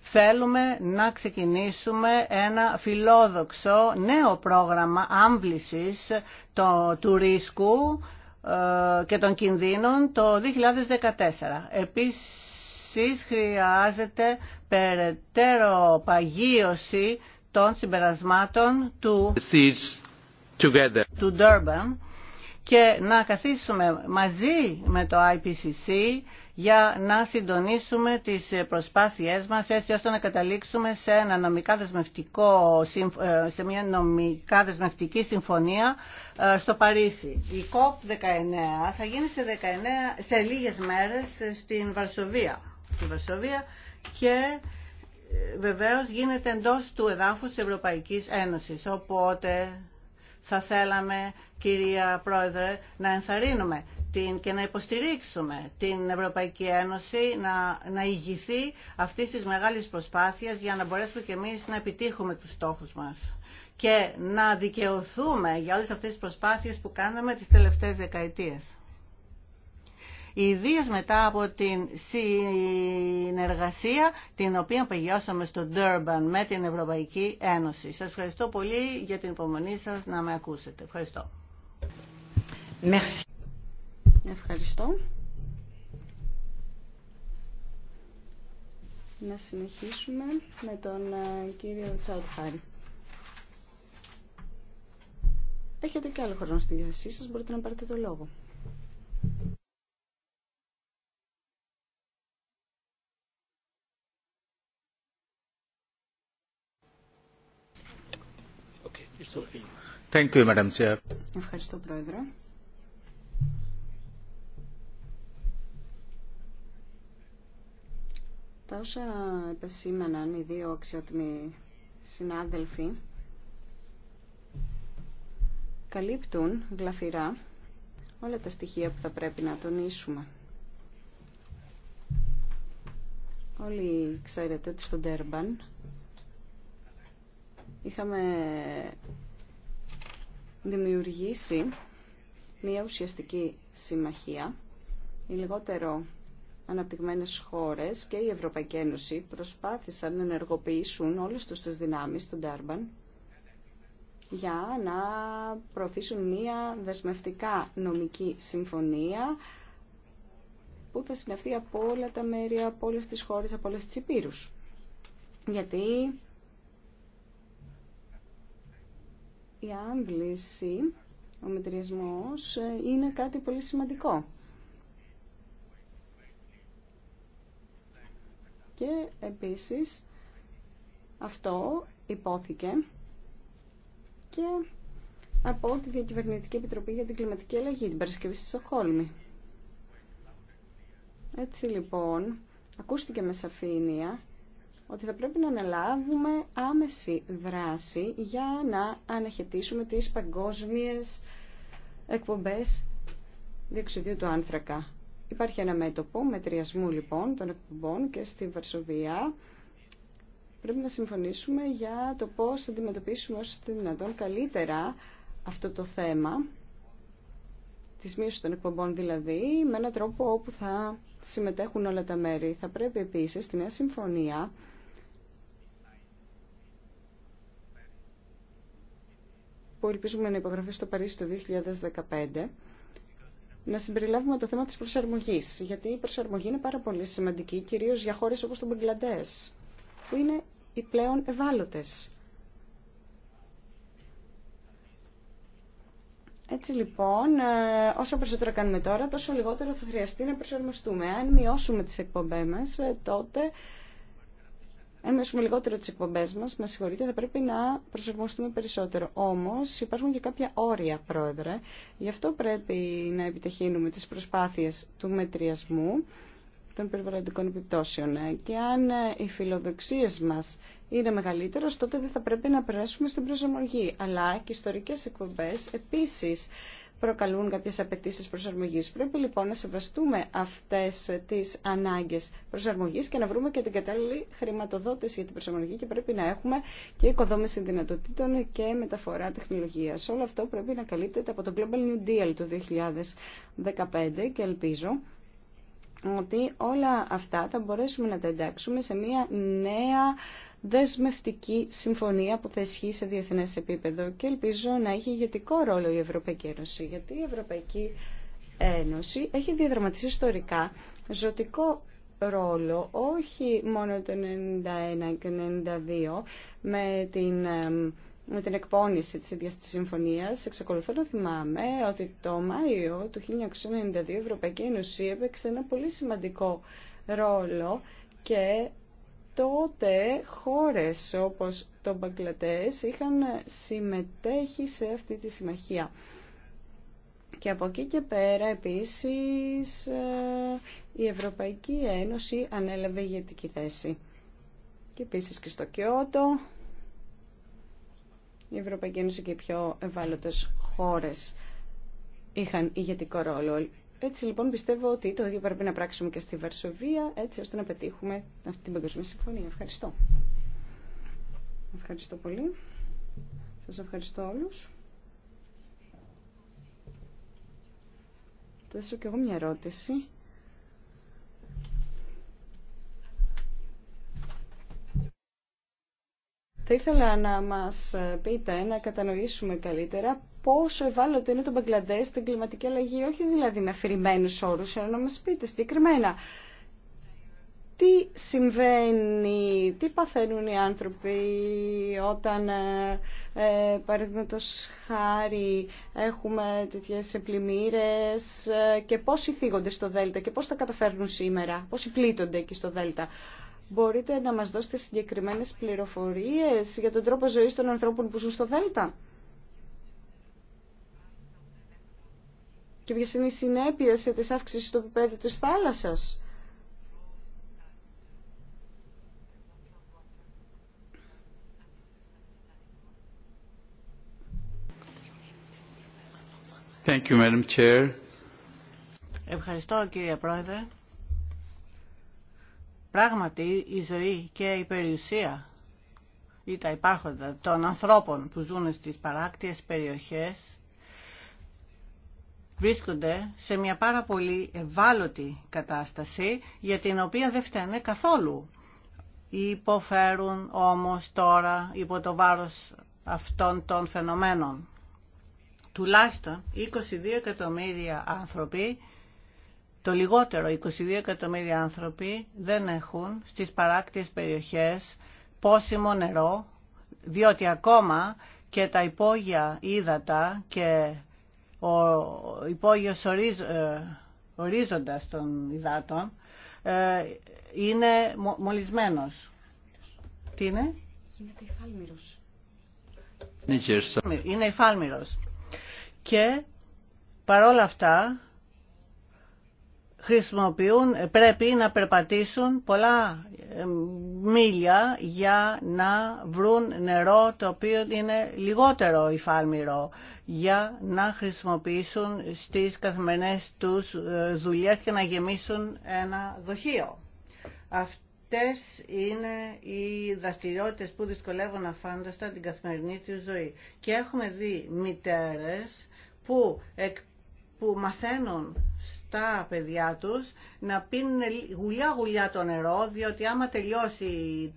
θέλουμε να ξεκινήσουμε ένα φιλόδοξο νέο πρόγραμμα άμβλησης του ρίσκου ε, και των κινδύνων το 2014. Επίσης χρειάζεται περαιτέρω παγίωση των συμπερασμάτων του, του Durban και να καθίσουμε μαζί με το IPCC για να συντονίσουμε τις προσπάθειές μας έτσι ώστε να καταλήξουμε σε, νομικά ε, σε μια νομικά δεσμευτική συμφωνία ε, στο Παρίσι. Η COP19 θα γίνει σε, 19, σε λίγες μέρες στην Βαρσοβία. Βαρσοβία και ε, βεβαίως γίνεται εντός του εδάφους της Ευρωπαϊκής Ένωσης. Οπότε θα θέλαμε, κυρία Πρόεδρε, να ενσαρρύνουμε την, και να υποστηρίξουμε την Ευρωπαϊκή Ένωση να, να ηγηθεί αυτής της μεγάλης προσπάθεια για να μπορέσουμε και εμεί να επιτύχουμε του στόχους μας και να δικαιωθούμε για όλες αυτές τις προσπάθειες που κάναμε τις τελευταίες δεκαετίες. Ιδίω μετά από την συνεργασία την οποία παγιώσαμε στο Durban με την Ευρωπαϊκή Ένωση. Σας ευχαριστώ πολύ για την υπομονή σας να με ακούσετε. Ευχαριστώ. Merci. Ευχαριστώ. Να συνεχίσουμε με τον ε, κύριο Τσαουτχάρη. Έχετε και άλλο χρόνο στη διάθεσή σας, μπορείτε να πάρετε το λόγο. Okay. Ευχαριστώ, Πρόεδρε. Τα όσα επεσήμαναν οι δύο αξιότιμοι συνάδελφοι καλύπτουν γλαφυρά όλα τα στοιχεία που θα πρέπει να τονίσουμε. Όλοι ξέρετε ότι στον Τέρμπαν είχαμε δημιουργήσει μια ουσιαστική συμμαχία η λιγότερο αναπτυγμένες χώρες και η Ευρωπαϊκή Ένωση προσπάθησαν να ενεργοποιήσουν όλες τους τις δυνάμεις του Ντάρμπαν για να προωθήσουν μία δεσμευτικά νομική συμφωνία που θα συνεχθεί από όλα τα μέρη, από όλες τις χώρες, από όλες τις υπήρους. Γιατί η άμβληση, ο μετριασμός είναι κάτι πολύ σημαντικό. Και επίσης αυτό υπόθηκε και από τη Διακυβερνητική Επιτροπή για την Κλιματική Αλλαγή, την Παρασκευή στη Σοχόλμη. Έτσι λοιπόν, ακούστηκε με σαφήνεια ότι θα πρέπει να αναλάβουμε άμεση δράση για να αναχαιτήσουμε τις παγκόσμιες εκπομπές διοξιδίου του άνθρακα. Υπάρχει ένα μέτωπο μετριασμού λοιπόν των εκπομπών και στη Βαρσοβία πρέπει να συμφωνήσουμε για το πώς θα αντιμετωπίσουμε όσο δυνατόν καλύτερα αυτό το θέμα της μείωσης των εκπομπών δηλαδή με έναν τρόπο όπου θα συμμετέχουν όλα τα μέρη. Θα πρέπει επίσης στη Νέα Συμφωνία που ελπίζουμε να υπογραφεί στο Παρίσι το 2015 να συμπεριλάβουμε το θέμα της προσαρμογής, γιατί η προσαρμογή είναι πάρα πολύ σημαντική, κυρίως για χώρες όπως το Μπαγκλαντές, που είναι οι πλέον ευάλωτες. Έτσι λοιπόν, ε, όσο περισσότερο κάνουμε τώρα, τόσο λιγότερο θα χρειαστεί να προσαρμοστούμε. Αν μειώσουμε τις εκπομπές μας, ε, τότε ενώσουμε λιγότερο τι εκπομπέ μα, με συγχωρείτε, θα πρέπει να προσαρμοστούμε περισσότερο. Όμω υπάρχουν και κάποια όρια, Πρόεδρε. Γι' αυτό πρέπει να επιτεχύνουμε τι προσπάθειε του μετριασμού των περιβαλλοντικών επιπτώσεων. Και αν ε, οι φιλοδοξίε μα είναι μεγαλύτερε, τότε δεν θα πρέπει να περάσουμε στην προσαρμογή. Αλλά και ιστορικέ εκπομπέ επίση προκαλούν κάποιες απαιτήσει προσαρμογής. Πρέπει λοιπόν να σεβαστούμε αυτές τις ανάγκες προσαρμογής και να βρούμε και την κατάλληλη χρηματοδότηση για την προσαρμογή και πρέπει να έχουμε και οικοδόμηση δυνατοτήτων και μεταφορά τεχνολογίας. Όλο αυτό πρέπει να καλύπτεται από το Global New Deal του 2015 και ελπίζω ότι όλα αυτά θα μπορέσουμε να τα εντάξουμε σε μια νέα δεσμευτική συμφωνία που θα ισχύει σε διεθνές επίπεδο και ελπίζω να έχει ηγετικό ρόλο η Ευρωπαϊκή Ένωση, γιατί η Ευρωπαϊκή Ένωση έχει διαδραματίσει ιστορικά ζωτικό ρόλο, όχι μόνο το 1991 και 92 με την με την εκπόνηση της ίδιας της συμφωνίας, εξακολουθώ να θυμάμαι ότι το Μάιο του 1992 η Ευρωπαϊκή Ένωση έπαιξε ένα πολύ σημαντικό ρόλο και τότε χώρες όπως το Μπαγκλατές είχαν συμμετέχει σε αυτή τη συμμαχία. Και από εκεί και πέρα επίσης ε, η Ευρωπαϊκή Ένωση ανέλαβε ηγετική θέση. Και επίσης και στο Κιώτο η Ευρωπαϊκή Ένωση και οι πιο ευάλωτες χώρες είχαν ηγετικό ρόλο. Έτσι λοιπόν πιστεύω ότι το ίδιο πρέπει να πράξουμε και στη Βαρσοβία έτσι ώστε να πετύχουμε αυτή την παγκοσμία συμφωνία. Ευχαριστώ. Ευχαριστώ πολύ. Σας ευχαριστώ όλους. Θα δώσω και εγώ μια ερώτηση. Θα ήθελα να μας πείτε, να κατανοήσουμε καλύτερα πόσο ευάλωτο είναι το Μπαγκλαντέ στην κλιματική αλλαγή, όχι δηλαδή με αφηρημένου όρου, αλλά να μα πείτε συγκεκριμένα τι συμβαίνει, τι παθαίνουν οι άνθρωποι όταν, ε, ε παραδείγματο χάρη, έχουμε τέτοιες πλημμύρες ε, και πόσοι θίγονται στο Δέλτα και πώς τα καταφέρνουν σήμερα, πόσοι πλήττονται εκεί στο Δέλτα. Μπορείτε να μας δώσετε συγκεκριμένες πληροφορίες για τον τρόπο ζωής των ανθρώπων που ζουν στο Δέλτα. και ποιες είναι οι συνέπειες της αύξησης του επίπεδου της θάλασσας. Thank you, Madam Chair. Ευχαριστώ κύριε Πρόεδρε. Πράγματι η ζωή και η περιουσία ή τα υπάρχοντα των ανθρώπων που ζουν στις παράκτιες περιοχές βρίσκονται σε μια πάρα πολύ ευάλωτη κατάσταση για την οποία δεν φταίνε καθόλου. Υποφέρουν όμως τώρα υπό το βάρος αυτών των φαινομένων. Τουλάχιστον 22 εκατομμύρια άνθρωποι, το λιγότερο 22 εκατομμύρια άνθρωποι δεν έχουν στις παράκτιες περιοχές πόσιμο νερό, διότι ακόμα και τα υπόγεια ύδατα και ο υπόγειος ε, ορίζοντας των υδάτων ε, είναι μολυσμένος. Τι είναι? Γίνεται υφάλμυρος. Είναι υφάλμυρος. Και παρόλα αυτά χρησιμοποιούν, πρέπει να περπατήσουν πολλά ε, μίλια για να βρουν νερό το οποίο είναι λιγότερο υφάλμηρο για να χρησιμοποιήσουν στις καθημερινές τους ε, δουλειές και να γεμίσουν ένα δοχείο. Αυτές είναι οι δραστηριότητες που δυσκολεύουν αφάνταστα την καθημερινή τους ζωή. Και έχουμε δει μητέρες που, που μαθαίνουν τα παιδιά τους να πίνουν γουλιά γουλιά το νερό διότι άμα τελειώσει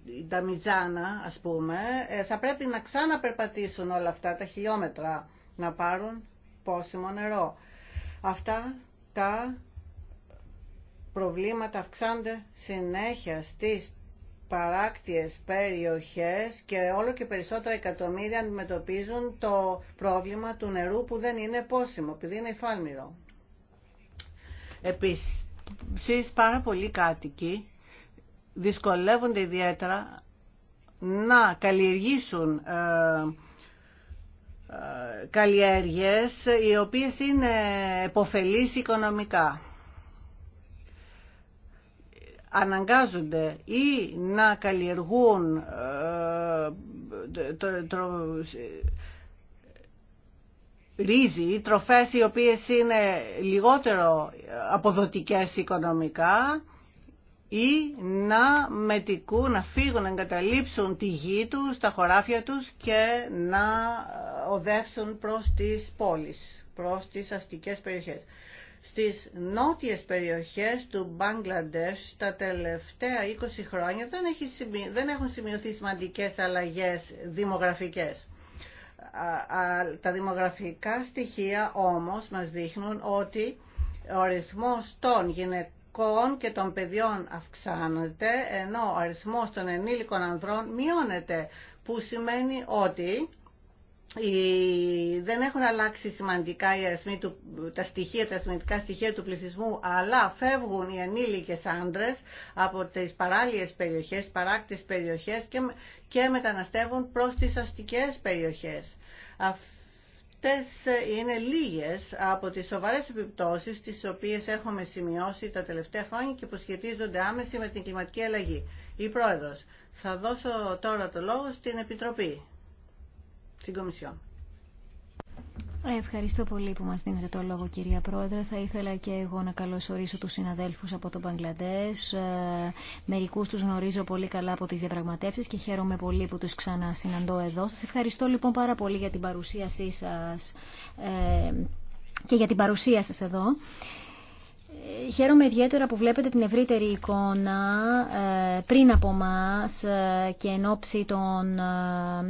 η ταμιτζάνα ας πούμε ε, θα πρέπει να ξαναπερπατήσουν όλα αυτά τα χιλιόμετρα να πάρουν πόσιμο νερό. Αυτά τα προβλήματα αυξάνονται συνέχεια στις παράκτιες περιοχές και όλο και περισσότερο εκατομμύρια αντιμετωπίζουν το πρόβλημα του νερού που δεν είναι πόσιμο, επειδή είναι υφάλμηρο. Επίσης πάρα πολλοί κάτοικοι δυσκολεύονται ιδιαίτερα να καλλιεργήσουν ε, ε, καλλιέργειες οι οποίες είναι εποφελείς οικονομικά. Αναγκάζονται ή να καλλιεργούν ε, ρύζι, τροφές οι οποίες είναι λιγότερο αποδοτικές οικονομικά ή να μετικούν, να φύγουν, να εγκαταλείψουν τη γη τους, τα χωράφια τους και να οδεύσουν προς τις πόλεις, προς τις αστικές περιοχές. Στις νότιες περιοχές του Μπαγκλαντές τα τελευταία 20 χρόνια δεν, έχει, δεν έχουν σημειωθεί σημαντικές αλλαγές δημογραφικές τα δημογραφικά στοιχεία όμως μας δείχνουν ότι ο αριθμός των γυναικών και των παιδιών αυξάνεται, ενώ ο αριθμός των ενήλικων ανδρών μειώνεται, που σημαίνει ότι δεν έχουν αλλάξει σημαντικά οι αριθμοί του, τα στοιχεία, τα σημαντικά στοιχεία του πληθυσμού, αλλά φεύγουν οι ενήλικες άντρες από τις παράλιες περιοχές, παράκτης περιοχές και, και μεταναστεύουν προς τις αστικές περιοχές. Αυτές είναι λίγες από τις σοβαρές επιπτώσεις τις οποίες έχουμε σημειώσει τα τελευταία χρόνια και που σχετίζονται άμεση με την κλιματική αλλαγή. Η Πρόεδρος, θα δώσω τώρα το λόγο στην Επιτροπή, στην Κομισιόν. Ευχαριστώ πολύ που μας δίνετε το λόγο κυρία Πρόεδρε. Θα ήθελα και εγώ να καλωσορίσω τους συναδέλφους από τον Παγκλαντές. Ε, μερικούς τους γνωρίζω πολύ καλά από τις διαπραγματεύσεις και χαίρομαι πολύ που τους ξανασυναντώ εδώ. Σας ευχαριστώ λοιπόν πάρα πολύ για την παρουσίασή σας ε, και για την παρουσία σας εδώ. Ε, χαίρομαι ιδιαίτερα που βλέπετε την ευρύτερη εικόνα ε, πριν από μας ε, και εν ώψη των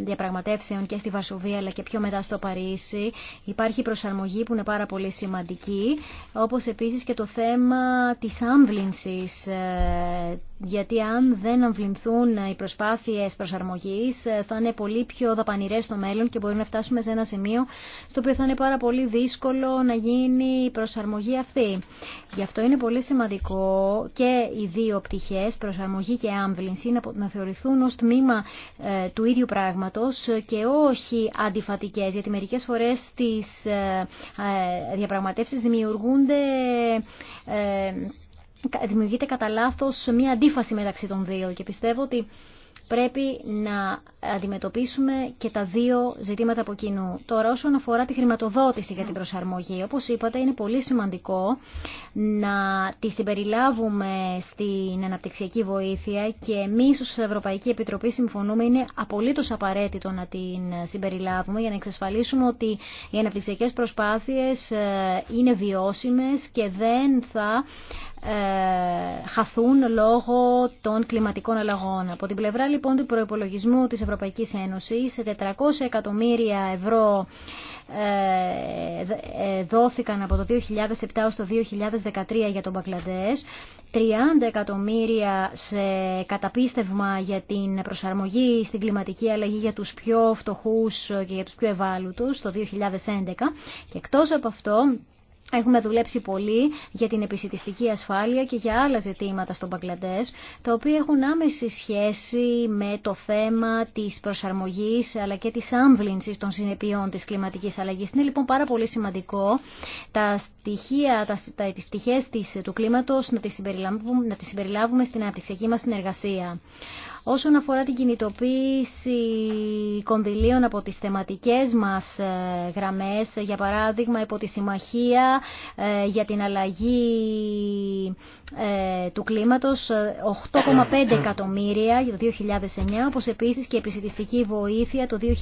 διαπραγματεύσεων και στη Βασοβία αλλά και πιο μετά στο Παρίσι. Υπάρχει προσαρμογή που είναι πάρα πολύ σημαντική, όπως επίσης και το θέμα της άμβλυνσης γιατί αν δεν αμβληνθούν οι προσπάθειες προσαρμογής ε, θα είναι πολύ πιο δαπανηρές στο μέλλον και μπορεί να φτάσουμε σε ένα σημείο στο οποίο θα είναι πάρα πολύ δύσκολο να γίνει η προσαρμογή αυτή. Γι' αυτό είναι πολύ σημαντικό και οι δύο πτυχές, προσαρμογή και άμβληση, να θεωρηθούν ως τμήμα ε, του ίδιου πράγματος και όχι αντιφατικές, γιατί μερικές φορές τι ε, διαπραγματεύσεις δημιουργούνται δημιουργείται κατά λάθο μια αντίφαση μεταξύ των δύο και πιστεύω ότι πρέπει να αντιμετωπίσουμε και τα δύο ζητήματα από κοινού. Τώρα όσον αφορά τη χρηματοδότηση για την προσαρμογή, όπως είπατε είναι πολύ σημαντικό να τη συμπεριλάβουμε στην αναπτυξιακή βοήθεια και εμείς ως Ευρωπαϊκή Επιτροπή συμφωνούμε είναι απολύτως απαραίτητο να την συμπεριλάβουμε για να εξασφαλίσουμε ότι οι αναπτυξιακές προσπάθειες ε, είναι βιώσιμες και δεν θα ε, χαθούν λόγω των κλιματικών αλλαγών. Από την πλευρά λοιπόν του προϋπολογισμού της Ευρωπαϊκής Ένωσης, 400 εκατομμύρια ευρώ ε, ε, δόθηκαν από το 2007 ως το 2013 για τον Μπαγκλαντές, 30 εκατομμύρια σε καταπίστευμα για την προσαρμογή στην κλιματική αλλαγή για τους πιο φτωχούς και για τους πιο ευάλωτους το 2011 και εκτός από αυτό Έχουμε δουλέψει πολύ για την επισητιστική ασφάλεια και για άλλα ζητήματα στον Παγκλαντές, τα οποία έχουν άμεση σχέση με το θέμα της προσαρμογής αλλά και της άμβλυνσης των συνεπειών της κλιματικής αλλαγής. Είναι λοιπόν πάρα πολύ σημαντικό τα στοιχεία, τα, τα, τις πτυχές του κλίματος να τις, συμπεριλάβουμε, να τις συμπεριλάβουμε στην αναπτυξιακή μας συνεργασία. Όσον αφορά την κινητοποίηση κονδυλίων από τις θεματικές μας ε, γραμμές, για παράδειγμα υπό τη Συμμαχία ε, για την αλλαγή ε, του κλίματος, 8,5 εκατομμύρια το 2009, όπως επίσης και επισητιστική βοήθεια το 2007,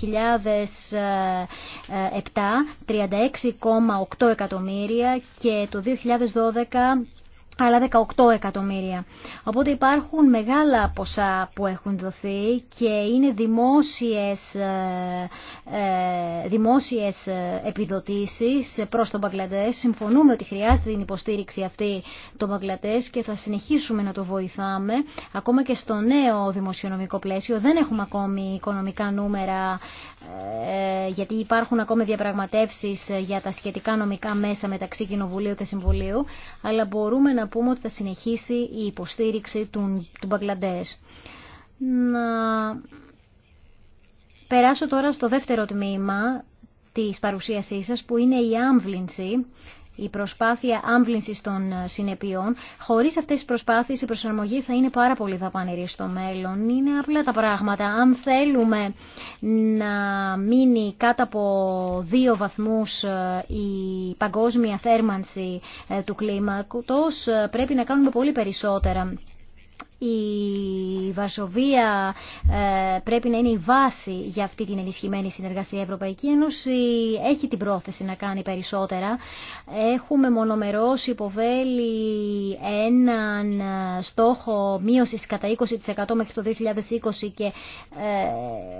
36,8 εκατομμύρια και το 2012 άλλα 18 εκατομμύρια. Οπότε υπάρχουν μεγάλα ποσά που έχουν δοθεί και είναι δημόσιες, ε, ε, δημόσιες ε, επιδοτήσεις προς τον Παγκλαντές. Συμφωνούμε ότι χρειάζεται την υποστήριξη αυτή των Παγκλαντές και θα συνεχίσουμε να το βοηθάμε. Ακόμα και στο νέο δημοσιονομικό πλαίσιο δεν έχουμε ακόμη οικονομικά νούμερα γιατί υπάρχουν ακόμη διαπραγματεύσεις για τα σχετικά νομικά μέσα μεταξύ Κοινοβουλίου και Συμβουλίου αλλά μπορούμε να πούμε ότι θα συνεχίσει η υποστήριξη του, του Μπαγκλαντές. Να περάσω τώρα στο δεύτερο τμήμα της παρουσίασής σας που είναι η άμβλυνση η προσπάθεια άμβλυνσης των ε, συνεπειών. Χωρίς αυτές τις προσπάθειες η προσαρμογή θα είναι πάρα πολύ δαπανηρή στο μέλλον. Είναι απλά τα πράγματα. Αν θέλουμε να μείνει κάτω από δύο βαθμούς ε, η παγκόσμια θέρμανση ε, του κλίματος, πρέπει να κάνουμε πολύ περισσότερα. Η Βασοβία ε, πρέπει να είναι η βάση για αυτή την ενισχυμένη συνεργασία. Η Ευρωπαϊκή Ένωση έχει την πρόθεση να κάνει περισσότερα. Έχουμε μονομερώς υποβέλει έναν στόχο μείωσης κατά 20% μέχρι το 2020 και ε,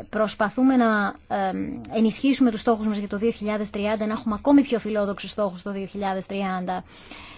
προσπαθούμε να ε, ενισχύσουμε τους στόχους μας για το 2030, να έχουμε ακόμη πιο φιλόδοξους στόχους το 2030.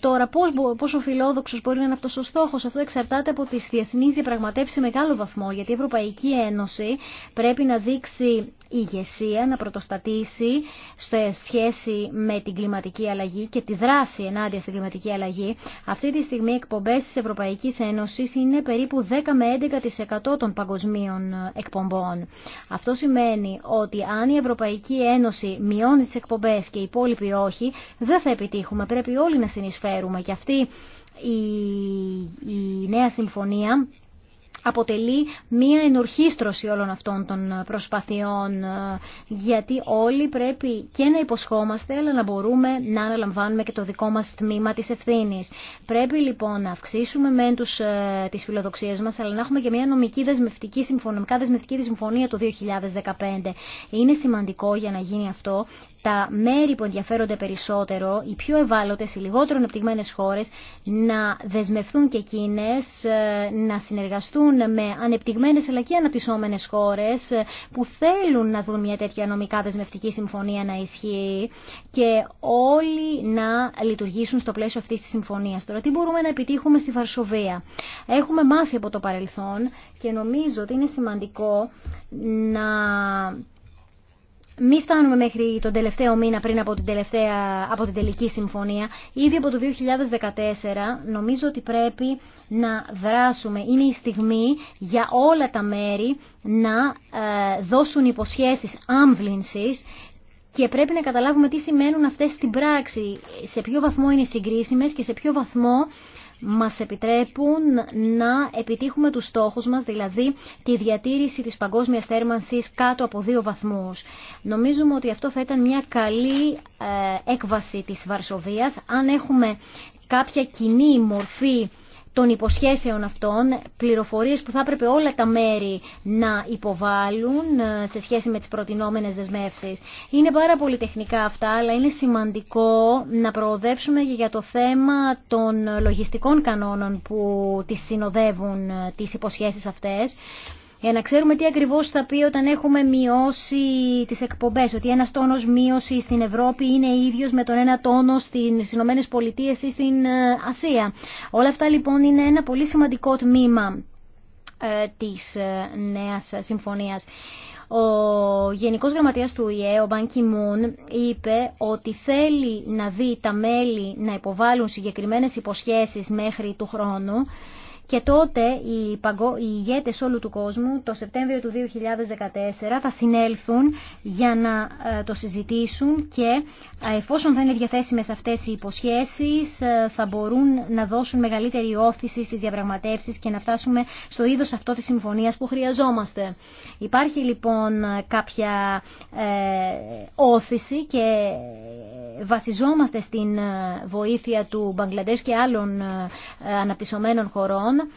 Τώρα, πώς, πόσο φιλόδοξο μπορεί να είναι αυτό ο στόχο, αυτό εξαρτάται από τι διεθνεί διαπραγματεύσει σε μεγάλο βαθμό, γιατί η Ευρωπαϊκή Ένωση πρέπει να δείξει ηγεσία να πρωτοστατήσει σε σχέση με την κλιματική αλλαγή και τη δράση ενάντια στην κλιματική αλλαγή. Αυτή τη στιγμή οι εκπομπέ τη Ευρωπαϊκή Ένωση είναι περίπου 10 με 11% των παγκοσμίων εκπομπών. Αυτό σημαίνει ότι αν η Ευρωπαϊκή Ένωση μειώνει τι εκπομπέ και οι υπόλοιποι όχι, δεν θα επιτύχουμε. Πρέπει όλοι να συνεισφέρουμε και αυτή η, η νέα συμφωνία αποτελεί μία ενορχίστρωση όλων αυτών των προσπαθειών ε, γιατί όλοι πρέπει και να υποσχόμαστε αλλά να μπορούμε να αναλαμβάνουμε και το δικό μας τμήμα της ευθύνης. Πρέπει λοιπόν να αυξήσουμε μεν τους, ε, τις φιλοδοξίες μας αλλά να έχουμε και μία νομική δεσμευτική συμφωνία, δεσμευτική συμφωνία το 2015. Είναι σημαντικό για να γίνει αυτό τα μέρη που ενδιαφέρονται περισσότερο, οι πιο ευάλωτες, οι λιγότερο αναπτυγμένες χώρες, να δεσμευθούν και εκείνες, ε, να συνεργαστούν με ανεπτυγμένες αλλά και αναπτυσσόμενες χώρες ε, που θέλουν να δουν μια τέτοια νομικά δεσμευτική συμφωνία να ισχύει και όλοι να λειτουργήσουν στο πλαίσιο αυτής της συμφωνίας. Τώρα τι μπορούμε να επιτύχουμε στη Βαρσοβία. Έχουμε μάθει από το παρελθόν και νομίζω ότι είναι σημαντικό να μην φτάνουμε μέχρι τον τελευταίο μήνα πριν από την, τελευταία, από την τελική συμφωνία. Ήδη από το 2014 νομίζω ότι πρέπει να δράσουμε. Είναι η στιγμή για όλα τα μέρη να ε, δώσουν υποσχέσεις άμβλυνσης και πρέπει να καταλάβουμε τι σημαίνουν αυτές στην πράξη, σε ποιο βαθμό είναι συγκρίσιμες και σε ποιο βαθμό μας επιτρέπουν να επιτύχουμε τους στόχους μας, δηλαδή τη διατήρηση της παγκόσμιας θέρμανσης κάτω από δύο βαθμούς. Νομίζουμε ότι αυτό θα ήταν μια καλή ε, έκβαση της Βαρσοβίας, αν έχουμε κάποια κοινή μορφή των υποσχέσεων αυτών, πληροφορίες που θα έπρεπε όλα τα μέρη να υποβάλουν ε, σε σχέση με τις προτινόμενες δεσμεύσεις. Είναι πάρα πολύ τεχνικά αυτά, αλλά είναι σημαντικό να προοδεύσουμε για το θέμα των λογιστικών κανόνων που τις συνοδεύουν ε, τις υποσχέσεις αυτές για να ξέρουμε τι ακριβώς θα πει όταν έχουμε μειώσει τις εκπομπές, ότι ένας τόνος μείωση στην Ευρώπη είναι ίδιος με τον ένα τόνο στις ΗΠΑ ή στην ε, Ασία. Όλα αυτά λοιπόν είναι ένα πολύ σημαντικό τμήμα ε, της ε, νέας συμφωνίας. Ο Γενικός Γραμματέας του ΙΕ, ο Μπαν Κιμούν, είπε ότι θέλει να δει τα μέλη να υποβάλουν συγκεκριμένες υποσχέσεις μέχρι του χρόνου και τότε οι, οι ηγέτες όλου του κόσμου το Σεπτέμβριο του 2014 θα συνέλθουν για να ε, το συζητήσουν και ε, εφόσον θα είναι διαθέσιμες αυτές οι υποσχέσεις ε, θα μπορούν να δώσουν μεγαλύτερη όθηση στις διαπραγματεύσεις και να φτάσουμε στο είδος αυτό της συμφωνίας που χρειαζόμαστε. Υπάρχει λοιπόν κάποια όθηση και βασιζόμαστε στην βοήθεια του Μπαγκλαντές και άλλων αναπτυσσομένων χωρών Λοιπόν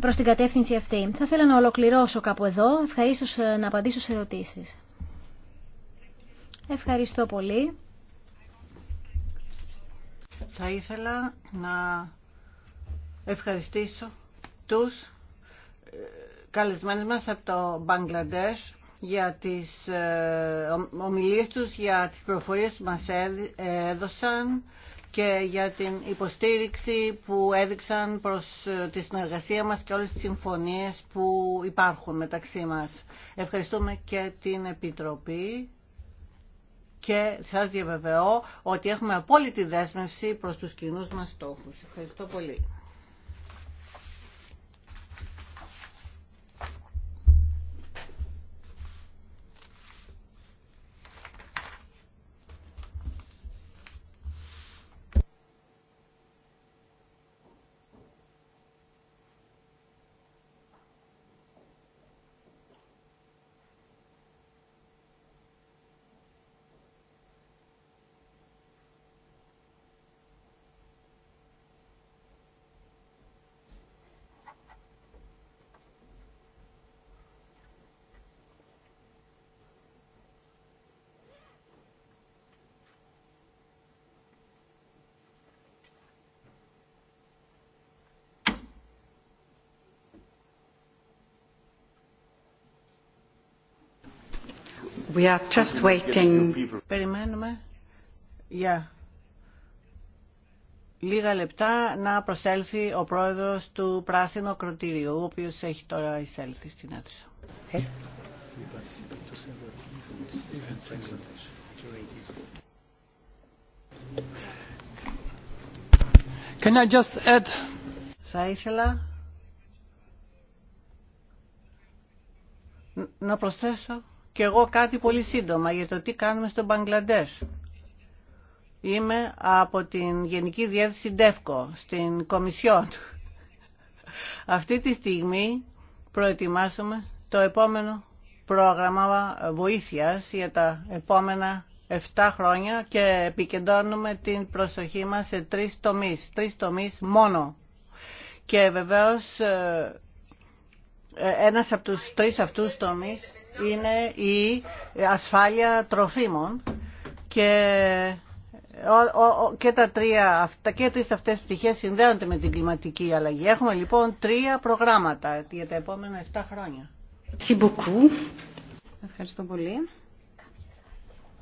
προς την κατεύθυνση αυτή. Θα ήθελα να ολοκληρώσω κάπου εδώ. Ευχαρίστω ε, να απαντήσω σε ερωτήσεις. Ευχαριστώ πολύ. Θα ήθελα να ευχαριστήσω τους ε, καλεσμένους μας από το Μπαγκλαντές για τις ε, ομιλίες τους, για τις προφορίες που μας έδωσαν και για την υποστήριξη που έδειξαν προς ε, τη συνεργασία μας και όλες τις συμφωνίες που υπάρχουν μεταξύ μας. Ευχαριστούμε και την Επιτροπή και σας διαβεβαιώ ότι έχουμε απόλυτη δέσμευση προς τους κοινούς μας στόχους. Ευχαριστώ πολύ. Περιμένουμε για λίγα λεπτά να προσέλθει ο πρόεδρος του Πράσινου Κροτήριου, ο οποίος έχει τώρα εισέλθει στην αίθουσα. Ε. Can I just add... Θα ήθελα να προσθέσω και εγώ κάτι πολύ σύντομα για το τι κάνουμε στο Μπαγκλαντές. Είμαι από την Γενική Διεύθυνση ΔΕΦΚΟ, στην Κομισιόν. Αυτή τη στιγμή προετοιμάσουμε το επόμενο πρόγραμμα βοήθειας για τα επόμενα 7 χρόνια και επικεντρώνουμε την προσοχή μας σε τρεις τομείς, τρεις τομείς μόνο. Και βεβαίως ε, ε, ένας από τους τρεις αυτούς τομείς είναι η ασφάλεια τροφίμων και, και τα τρία αυτά και τρεις αυτές πτυχές συνδέονται με την κλιματική αλλαγή. Έχουμε λοιπόν τρία προγράμματα για τα επόμενα 7 χρόνια. Ευχαριστώ πολύ.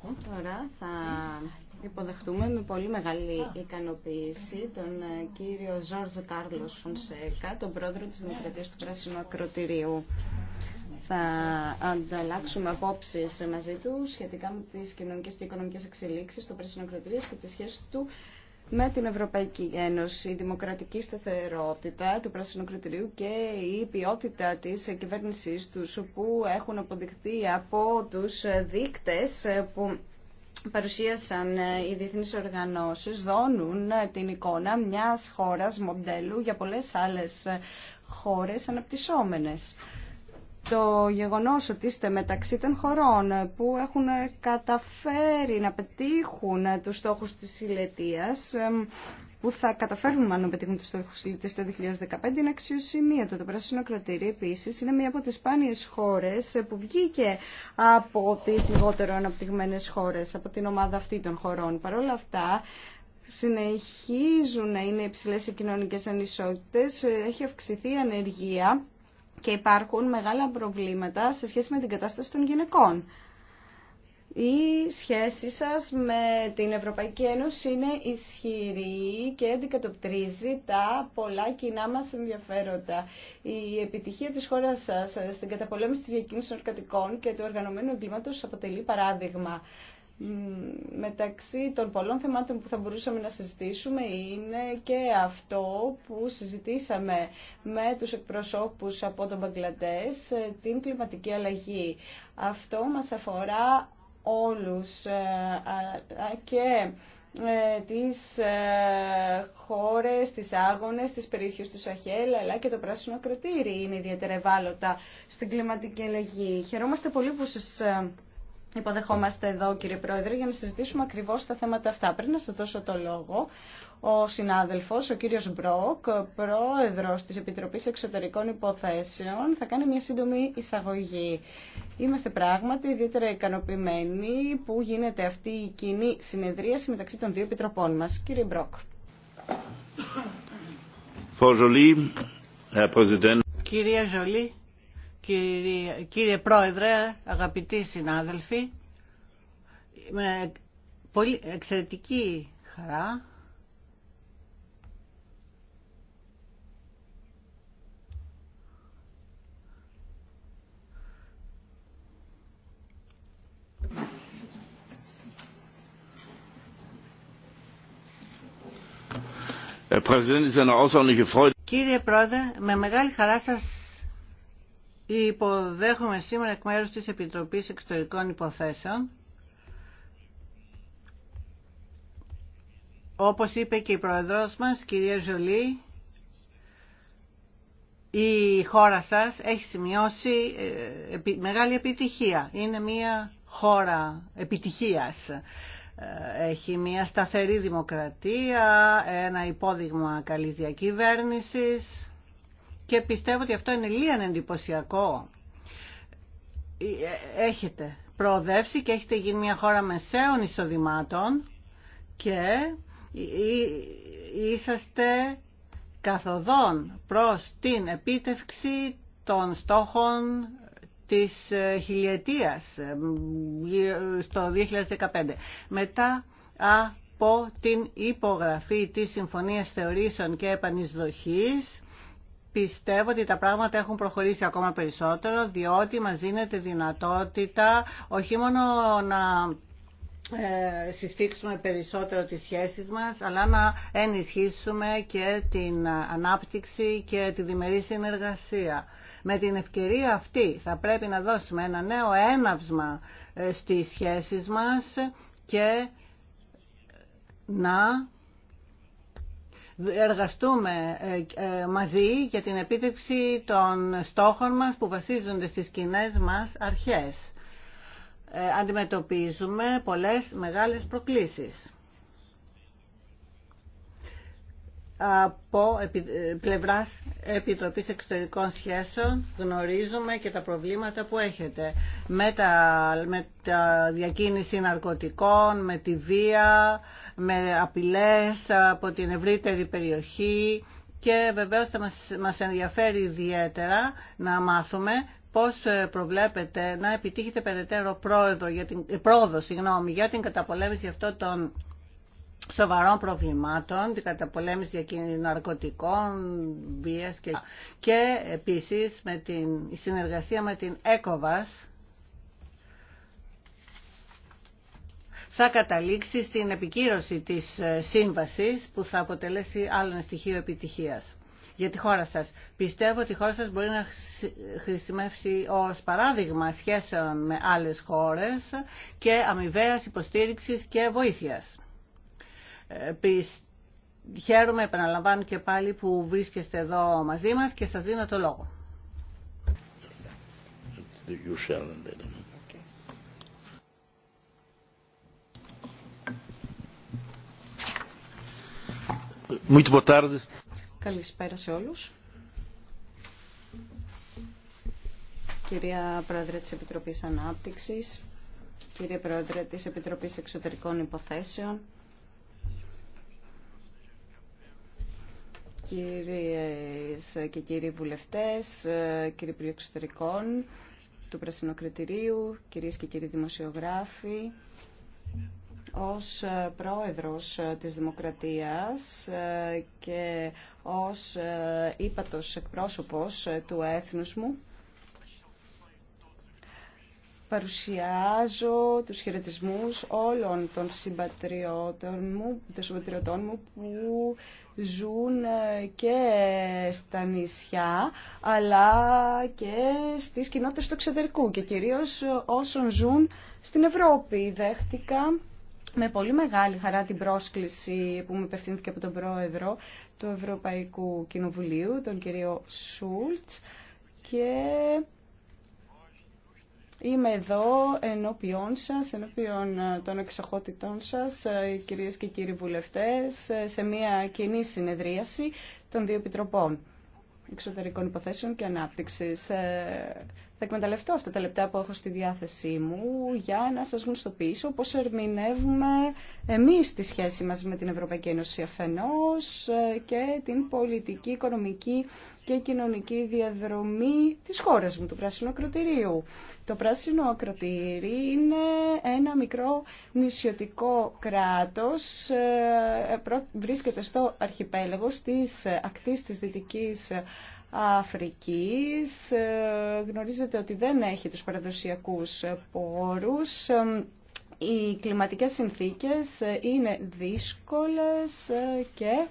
Τώρα θα υποδεχτούμε με πολύ μεγάλη ικανοποίηση τον ε, κύριο Ζόρζ Κάρλος Φονσέκα, τον πρόεδρο της Δημοκρατίας του Πράσινου Ακροτηρίου. Θα ανταλλάξουμε απόψει μαζί του σχετικά με τι κοινωνικέ και οικονομικέ εξελίξει του Πράσινου Ακροτηρίου και τη σχέση του με την Ευρωπαϊκή Ένωση, η δημοκρατική σταθερότητα του Πράσινου Ακροτηρίου και η ποιότητα τη κυβέρνησή του, που έχουν αποδειχθεί από του δείκτε ε, που παρουσίασαν ε, οι διεθνείς οργανώσεις δώνουν ε, την εικόνα μιας χώρας μοντέλου για πολλές άλλες ε, χώρες αναπτυσσόμενες. Το γεγονός ότι είστε μεταξύ των χωρών που έχουν καταφέρει να πετύχουν τους στόχους της ηλετίας που θα καταφέρουν μάλλον να πετύχουν του στόχου λήπτη το 2015 είναι αξιοσημεία. Το Πράσινο κροτήρι, επίση είναι μία από τι σπάνιε χώρε που βγήκε από τι λιγότερο αναπτυγμένε χώρε, από την ομάδα αυτή των χωρών. Παρ' όλα αυτά, συνεχίζουν να είναι υψηλέ οι κοινωνικέ ανισότητε, έχει αυξηθεί η ανεργία και υπάρχουν μεγάλα προβλήματα σε σχέση με την κατάσταση των γυναικών. Η σχέση σας με την Ευρωπαϊκή Ένωση είναι ισχυρή και αντικατοπτρίζει τα πολλά κοινά μας ενδιαφέροντα. Η επιτυχία της χώρας σας στην καταπολέμηση της διακίνησης ναρκωτικών και του οργανωμένου εγκλήματος αποτελεί παράδειγμα. Μεταξύ των πολλών θεμάτων που θα μπορούσαμε να συζητήσουμε είναι και αυτό που συζητήσαμε με τους εκπροσώπους από τον Μπαγκλαντές, ε, την κλιματική αλλαγή. Αυτό μας αφορά όλους ε, και ε, τις ε, χώρες, τις άγονες, τις περιοχές του Σαχέλ αλλά και το πράσινο κροτήρι είναι ιδιαίτερα ευάλωτα στην κλιματική αλλαγή. Χαιρόμαστε πολύ που σας υποδεχόμαστε εδώ κύριε Πρόεδρε για να συζητήσουμε ακριβώς τα θέματα αυτά. Πριν να σας δώσω το λόγο, ο συνάδελφος, ο κύριος Μπρόκ, πρόεδρος της Επιτροπής Εξωτερικών Υποθέσεων, θα κάνει μια σύντομη εισαγωγή. Είμαστε πράγματι ιδιαίτερα ικανοποιημένοι που γίνεται αυτή η κοινή συνεδρίαση μεταξύ των δύο επιτροπών μας. Κύριε Μπρόκ. Κυρία Ζολή, κύριε, κύριε Πρόεδρε, αγαπητοί συνάδελφοι, με πολύ εξαιρετική χαρά Κύριε Πρόεδρε, με μεγάλη χαρά σα υποδέχομαι σήμερα εκ μέρου της επιτροπή Εξωτερικών Υποθέσεων. Όπως είπε και η Πρόεδρος μας, κυρία Ζολή, η χώρα σας έχει σημειώσει ε, μεγάλη επιτυχία. Είναι μια χώρα επιτυχίας. Ε, έχει μια σταθερή δημοκρατία, ένα υπόδειγμα καλής διακυβέρνησης και πιστεύω ότι αυτό είναι λίγαν εντυπωσιακό. Ε, έχετε προοδεύσει και έχετε γίνει μια χώρα μεσαίων εισοδημάτων και είσαστε καθοδόν προς την επίτευξη των στόχων της ε, χιλιετίας στο 2015. Μετά από την υπογραφή της Συμφωνίας Θεωρήσεων και Επανεισδοχής πιστεύω ότι τα πράγματα έχουν προχωρήσει ακόμα περισσότερο διότι μας δίνεται δυνατότητα όχι μόνο να ε, συστήξουμε περισσότερο τις σχέσεις μας, αλλά να ενισχύσουμε και την ανάπτυξη και τη διμερή συνεργασία. Με την ευκαιρία αυτή θα πρέπει να δώσουμε ένα νέο έναυσμα ε, στις σχέσεις μας και να εργαστούμε ε, μαζί για την επίτευξη των στόχων μας που βασίζονται στις κοινέ μας αρχές. Ε, αντιμετωπίζουμε πολλές μεγάλες προκλήσεις. Από ε, πλευράς Επιτροπής Εξωτερικών Σχέσεων γνωρίζουμε και τα προβλήματα που έχετε με τα, με διακίνηση ναρκωτικών, με τη βία, με απειλές από την ευρύτερη περιοχή και βεβαίως θα μας, μας ενδιαφέρει ιδιαίτερα να μάθουμε πώς ε, προβλέπετε να επιτύχετε περαιτέρω πρόοδο για την, ε, πρόοδο, συγγνώμη, για την καταπολέμηση αυτών των σοβαρών προβλημάτων, την καταπολέμηση για ναρκωτικών, βίας και, και επίσης με την η συνεργασία με την ΕΚΟΒΑΣ θα καταλήξει στην επικύρωση της ε, σύμβασης που θα αποτελέσει άλλο στοιχείο επιτυχίας για τη χώρα σας. Πιστεύω ότι η χώρα σας μπορεί να χρησιμεύσει ως παράδειγμα σχέσεων με άλλες χώρες και αμοιβαία υποστήριξης και βοήθειας. Ε, χαίρομαι, επαναλαμβάνω και πάλι που βρίσκεστε εδώ μαζί μας και σας δίνω το λόγο. Muito tarde. Καλησπέρα σε όλους. Κυρία Πρόεδρε της Επιτροπής Ανάπτυξης, κύριε Πρόεδρε της Επιτροπής Εξωτερικών Υποθέσεων, κυρίες και κύριοι βουλευτές, κύριοι Υπουργοί Εξωτερικών του Πρασινοκριτηρίου, κυρίες και κύριοι δημοσιογράφοι, ως ε, πρόεδρος ε, της Δημοκρατίας ε, και ως ύπατος εκπρόσωπος του έθνους μου παρουσιάζω τους χαιρετισμού όλων των συμπατριώτων μου, των συμπατριωτών μου που ζουν και στα νησιά αλλά και στις κοινότητες του εξωτερικού και κυρίως όσων ζουν στην Ευρώπη. Δέχτηκα με πολύ μεγάλη χαρά την πρόσκληση που μου υπευθύνθηκε από τον Πρόεδρο του Ευρωπαϊκού Κοινοβουλίου, τον κύριο Σούλτς και Είμαι εδώ ενώπιόν σας, ενώπιον των εξοχότητών σας, κυρίες και κύριοι βουλευτές, σε μια κοινή συνεδρίαση των δύο επιτροπών εξωτερικών υποθέσεων και ανάπτυξης. Θα εκμεταλλευτώ αυτά τα λεπτά που έχω στη διάθεσή μου για να σας γνωστοποιήσω πώς ερμηνεύουμε εμείς τη σχέση μας με την Ευρωπαϊκή Ένωση αφενός ε, και την πολιτική, οικονομική και κοινωνική διαδρομή της χώρας μου, του Πράσινου Ακροτηρίου. Το Πράσινο Ακροτήρι είναι ένα μικρό νησιωτικό κράτος, ε, ε, βρίσκεται στο αρχιπέλαγος της ακτής της Δυτικής Αφρικής. Ε, γνωρίζετε ότι δεν έχει τους παραδοσιακούς πόρους. Ε, οι κλιματικές συνθήκες ε, είναι δύσκολες και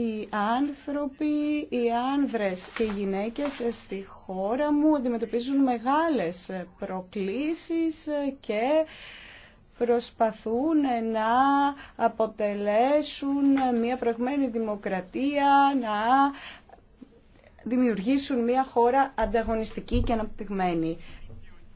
οι άνθρωποι, οι άνδρες και οι γυναίκες στη χώρα μου αντιμετωπίζουν μεγάλες προκλήσεις και προσπαθούν να αποτελέσουν μια προηγμένη δημοκρατία, να δημιουργήσουν μια χώρα ανταγωνιστική και αναπτυγμένη.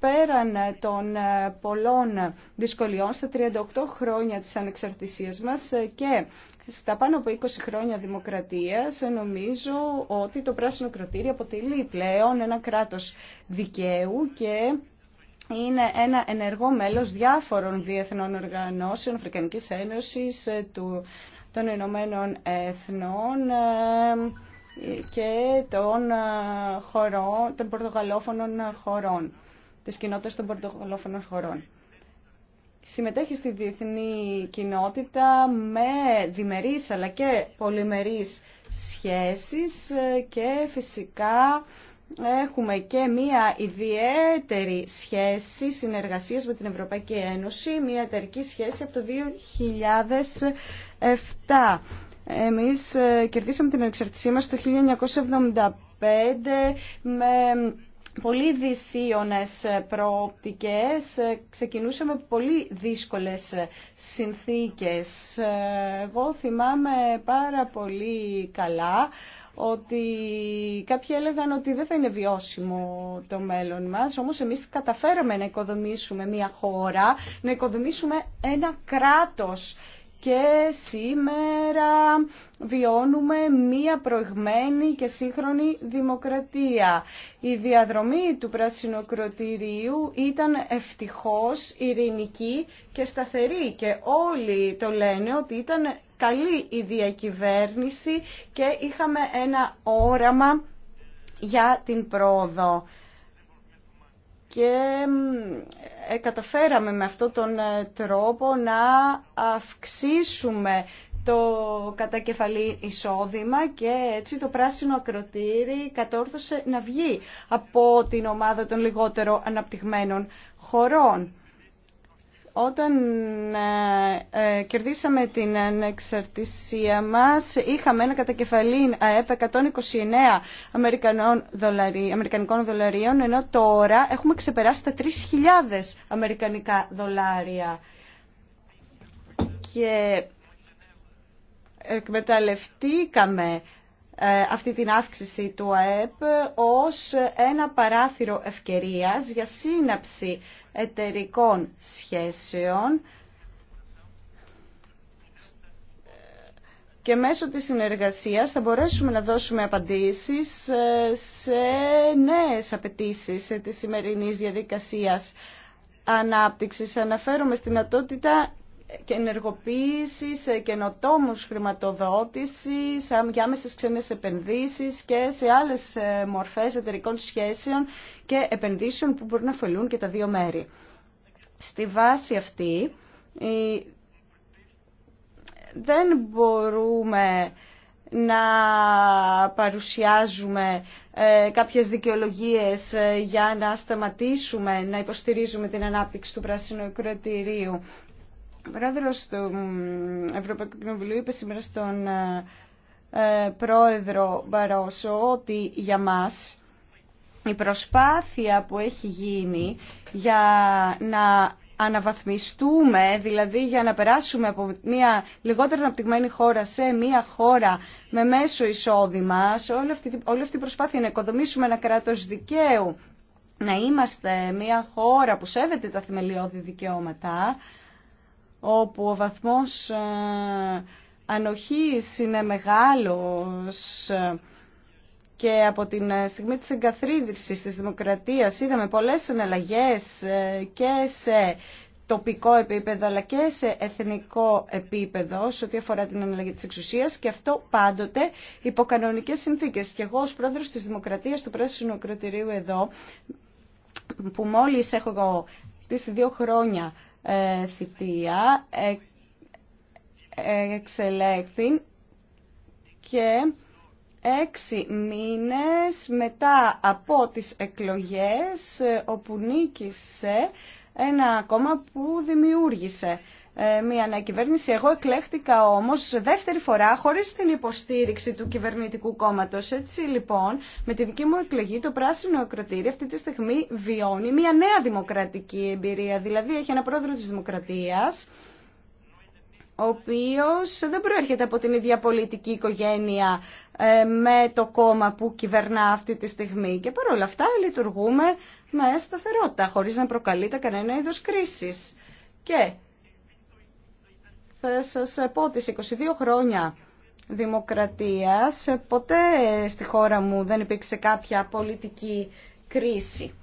Πέραν των πολλών δυσκολιών στα 38 χρόνια της ανεξαρτησίας μας και στα πάνω από 20 χρόνια δημοκρατίας νομίζω ότι το πράσινο κροτήρι αποτελεί πλέον ένα κράτος δικαίου και είναι ένα ενεργό μέλος διάφορων διεθνών οργανώσεων, Αφρικανικής Ένωσης, ε, του, των Ηνωμένων Εθνών ε, και των, ε, χωρών, των πορτογαλόφωνων χωρών, της κοινότητας των πορτογαλόφωνων χωρών. Συμμετέχει στη διεθνή κοινότητα με διμερείς αλλά και πολυμερείς σχέσεις και φυσικά έχουμε και μία ιδιαίτερη σχέση συνεργασίας με την Ευρωπαϊκή Ένωση, μία εταιρική σχέση από το 2007. Εμείς ε, κερδίσαμε την εξαρτησία μας το 1975 με πολύ δυσίωνες προοπτικές. Ε, ξεκινούσαμε από πολύ δύσκολες συνθήκες. Ε, εγώ θυμάμαι πάρα πολύ καλά ότι κάποιοι έλεγαν ότι δεν θα είναι βιώσιμο το μέλλον μας, όμως εμείς καταφέραμε να οικοδομήσουμε μια χώρα, να οικοδομήσουμε ένα κράτος και σήμερα βιώνουμε μία προηγμένη και σύγχρονη δημοκρατία. Η διαδρομή του πρασινοκροτηρίου ήταν ευτυχώς ειρηνική και σταθερή και όλοι το λένε ότι ήταν καλή η διακυβέρνηση και είχαμε ένα όραμα για την πρόοδο και ε, καταφέραμε με αυτόν τον ε, τρόπο να αυξήσουμε το κατακεφαλή εισόδημα και έτσι το πράσινο ακροτήρι κατόρθωσε να βγει από την ομάδα των λιγότερο αναπτυγμένων χωρών. Όταν ε, ε, κερδίσαμε την ανεξαρτησία μας, είχαμε ένα κατακεφαλή ΑΕΠ 129 αμερικανικών δολαρίων, ενώ τώρα έχουμε ξεπεράσει τα 3.000 αμερικανικά δολάρια. Και εκμεταλλευτήκαμε ε, αυτή την αύξηση του ΑΕΠ ως ένα παράθυρο ευκαιρίας για σύναψη εταιρικών σχέσεων και μέσω της συνεργασίας θα μπορέσουμε να δώσουμε απαντήσεις ε, σε νέες απαιτήσεις ε, της σημερινής διαδικασίας ανάπτυξης. Αναφέρομαι στην ατότητα και ενεργοποίηση, σε καινοτόμου χρηματοδότηση σε άμεσε ξένες επενδύσει και σε άλλες ε, μορφές εταιρικών σχέσεων και επενδύσεων που μπορούν να αφαιρούν και τα δύο μέρη. Στη βάση αυτή δεν μπορούμε να παρουσιάζουμε ε, κάποιες δικαιολογίες ε, για να σταματήσουμε να υποστηρίζουμε την ανάπτυξη του πράσινου κροτηρίου πρόεδρο του Ευρωπαϊκού Κοινοβουλίου είπε σήμερα στον ε, ε, πρόεδρο Μπαρόσο ότι για μας η προσπάθεια που έχει γίνει για να αναβαθμιστούμε, δηλαδή για να περάσουμε από μια λιγότερο αναπτυγμένη χώρα σε μια χώρα με μέσο εισόδημα, όλη αυτή, όλη η προσπάθεια να οικοδομήσουμε ένα κράτος δικαίου, να είμαστε μια χώρα που σέβεται τα θεμελιώδη δικαιώματα, όπου ο βαθμός ε, ανοχής είναι μεγάλος ε, και από την ε, στιγμή της εγκαθίδρυσης της δημοκρατίας είδαμε πολλές εναλλαγές και σε τοπικό επίπεδο αλλά και σε εθνικό επίπεδο σε ό,τι αφορά την αναλλαγή της εξουσίας και αυτό πάντοτε υπό κανονικές συνθήκες. Και εγώ ως πρόεδρος της Δημοκρατίας του Πράσινου Συνοκροτηρίου εδώ που μόλις έχω εγώ δύο χρόνια ε, θητεία ε, εξελέχθη και έξι μήνες μετά από τις εκλογές ε, όπου νίκησε ένα κόμμα που δημιούργησε. Ε, μια ανακυβέρνηση. Εγώ εκλέχτηκα όμως δεύτερη φορά χωρίς την υποστήριξη του κυβερνητικού κόμματος. Έτσι λοιπόν, με τη δική μου εκλεγή, το πράσινο ακροτήρι αυτή τη στιγμή βιώνει μια νέα δημοκρατική εμπειρία. Δηλαδή έχει ένα πρόεδρο της δημοκρατίας, ο οποίος δεν προέρχεται από την ίδια πολιτική οικογένεια ε, με το κόμμα που κυβερνά αυτή τη στιγμή. Και παρόλα αυτά λειτουργούμε με σταθερότητα, χωρίς να προκαλείται κανένα είδος κρίσης. Και θα σας πω ότι σε 22 χρόνια δημοκρατίας ποτέ στη χώρα μου δεν υπήρξε κάποια πολιτική κρίση.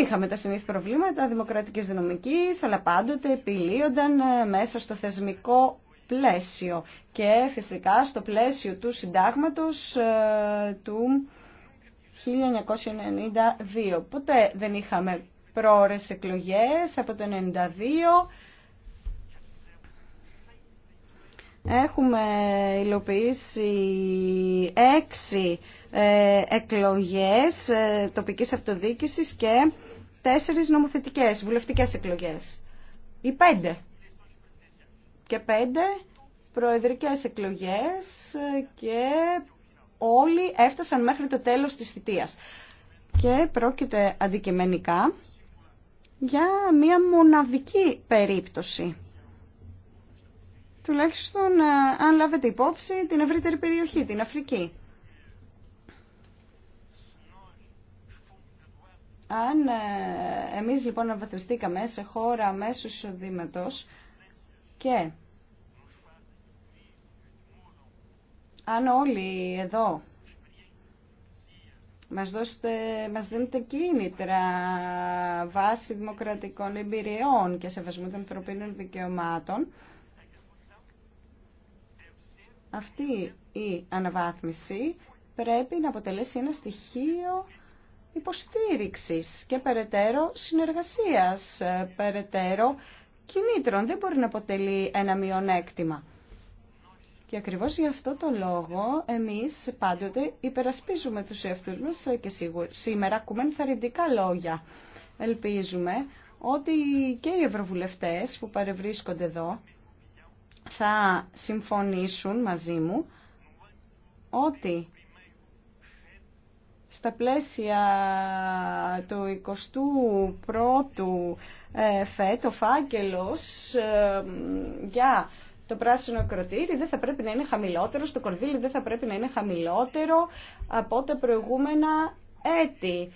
Είχαμε τα συνήθη προβλήματα δημοκρατικής δυναμικής, αλλά πάντοτε επιλύονταν ε, μέσα στο θεσμικό πλαίσιο και φυσικά στο πλαίσιο του συντάγματος ε, του 1992. Ποτέ δεν είχαμε πρόορες εκλογές από το 1992 Έχουμε υλοποιήσει έξι ε, εκλογές ε, τοπικής αυτοδιοίκησης και τέσσερις νομοθετικές, βουλευτικές εκλογές. Ή πέντε. Και πέντε προεδρικές εκλογές και όλοι έφτασαν μέχρι το τέλος της θητείας. Και πρόκειται αντικειμενικά για μία μοναδική περίπτωση τουλάχιστον ε, αν λάβετε υπόψη την ευρύτερη περιοχή, την Αφρική. Αν ε, εμείς λοιπόν αναβαθριστήκαμε σε χώρα αμέσως εισοδήματο και αν όλοι εδώ μας, δίνετε κίνητρα βάση δημοκρατικών εμπειριών και σεβασμού των ανθρωπίνων δικαιωμάτων, αυτή η αναβάθμιση πρέπει να αποτελέσει ένα στοιχείο υποστήριξης και περαιτέρω συνεργασίας, περαιτέρω κινήτρων. Δεν μπορεί να αποτελεί ένα μειονέκτημα. Και ακριβώς γι' αυτό το λόγο εμείς πάντοτε υπερασπίζουμε τους εαυτούς μας και σήμερα ακούμε ενθαρρυντικά λόγια. Ελπίζουμε ότι και οι ευρωβουλευτές που παρευρίσκονται εδώ θα συμφωνήσουν μαζί μου ότι στα πλαίσια του 21ου ε, φέτο ο φάκελος ε, για το πράσινο κροτήρι δεν θα πρέπει να είναι χαμηλότερο, στο κορδίλι δεν θα πρέπει να είναι χαμηλότερο από τα προηγούμενα έτη.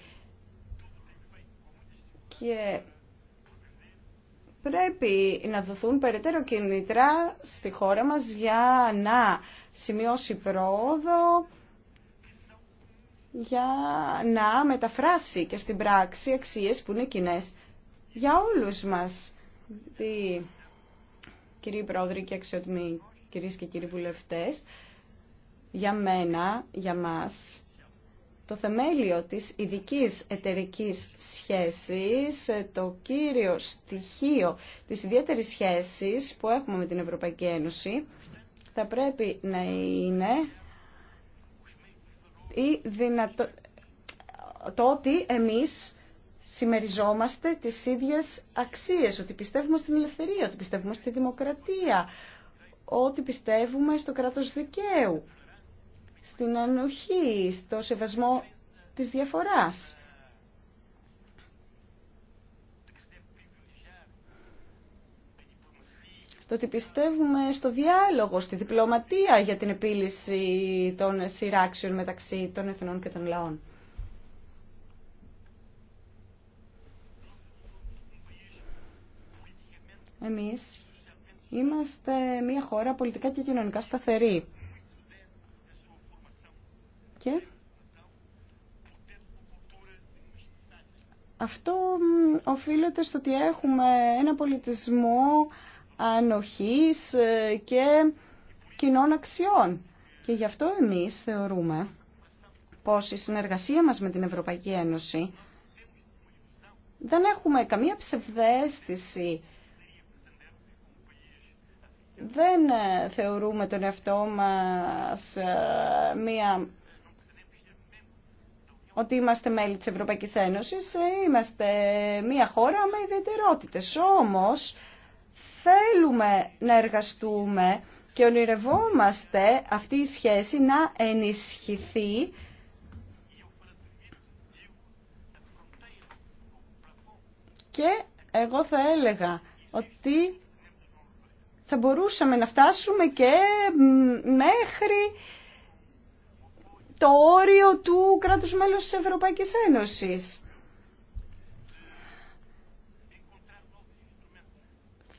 Και πρέπει να δοθούν περαιτέρω κινητρά στη χώρα μας για να σημειώσει πρόοδο, για να μεταφράσει και στην πράξη αξίες που είναι κοινέ για όλους μας. κύριε κύριοι πρόεδροι και αξιότιμοι κυρίες και κύριοι βουλευτές, για μένα, για μας, το θεμέλιο της ειδική εταιρικής σχέσης, ε, το κύριο στοιχείο της ιδιαίτερης σχέσης που έχουμε με την Ευρωπαϊκή Ένωση, θα πρέπει να είναι η δυνατο... το ότι εμείς συμμεριζόμαστε τις ίδιες αξίες, ότι πιστεύουμε στην ελευθερία, ότι πιστεύουμε στη δημοκρατία, ότι πιστεύουμε στο κράτος δικαίου στην ανοχή, στο σεβασμό της διαφοράς. Στο ότι πιστεύουμε στο διάλογο, στη διπλωματία για την επίλυση των σειράξεων μεταξύ των εθνών και των λαών. Εμείς είμαστε μια χώρα πολιτικά και κοινωνικά σταθερή και αυτό οφείλεται στο ότι έχουμε ένα πολιτισμό ανοχής ε, και κοινών αξιών. Και γι' αυτό εμείς θεωρούμε πως η συνεργασία μας με την Ευρωπαϊκή Ένωση δεν έχουμε καμία ψευδέστηση. Δεν ε, θεωρούμε τον εαυτό μας ε, μία ότι είμαστε μέλη της Ευρωπαϊκής Ένωσης, ε, είμαστε μια χώρα με ιδιαιτερότητες. Όμως θέλουμε να εργαστούμε και ονειρευόμαστε αυτή η σχέση να ενισχυθεί και εγώ θα έλεγα ότι θα μπορούσαμε να φτάσουμε και μέχρι το όριο του κράτους μέλους της Ευρωπαϊκής Ένωσης.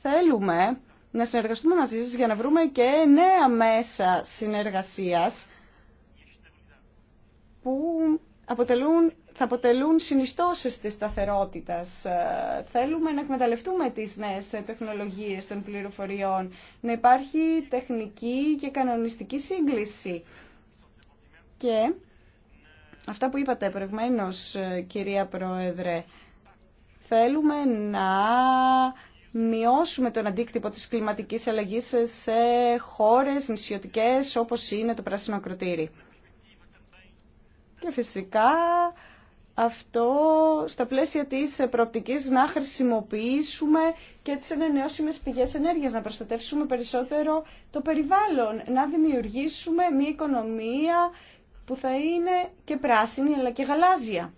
Θέλουμε να συνεργαστούμε μαζί σας για να βρούμε και νέα μέσα συνεργασίας που αποτελούν, θα αποτελούν συνιστώσεις της σταθερότητας. Θέλουμε να εκμεταλλευτούμε τις νέες τεχνολογίες των πληροφοριών, να υπάρχει τεχνική και κανονιστική σύγκληση και αυτά που είπατε προηγουμένως, ε, κυρία Πρόεδρε, θέλουμε να μειώσουμε τον αντίκτυπο της κλιματικής αλλαγής σε χώρες νησιωτικές όπως είναι το πράσινο ακροτήρι. Και φυσικά αυτό στα πλαίσια της προοπτικής να χρησιμοποιήσουμε και τις ενενεώσιμες πηγές ενέργειας, να προστατεύσουμε περισσότερο το περιβάλλον, να δημιουργήσουμε μια οικονομία που θα είναι και πράσινη αλλά και γαλάζια.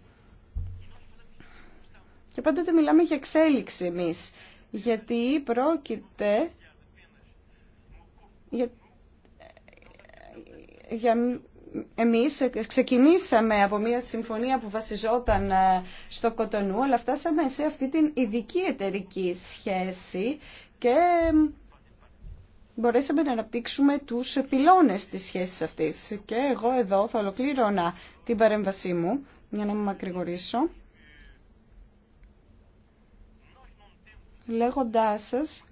Και πάντοτε μιλάμε για εξέλιξη εμείς, γιατί πρόκειται για, για εμείς ξεκινήσαμε από μια συμφωνία που βασιζόταν ε, στο Κοτονού, αλλά φτάσαμε σε αυτή την ειδική εταιρική σχέση και μπορέσαμε να αναπτύξουμε τους πυλώνες της σχέσης αυτής. Και εγώ εδώ θα ολοκλήρωνα την παρέμβασή μου, για να μην μακρηγορήσω, λέγοντάς σας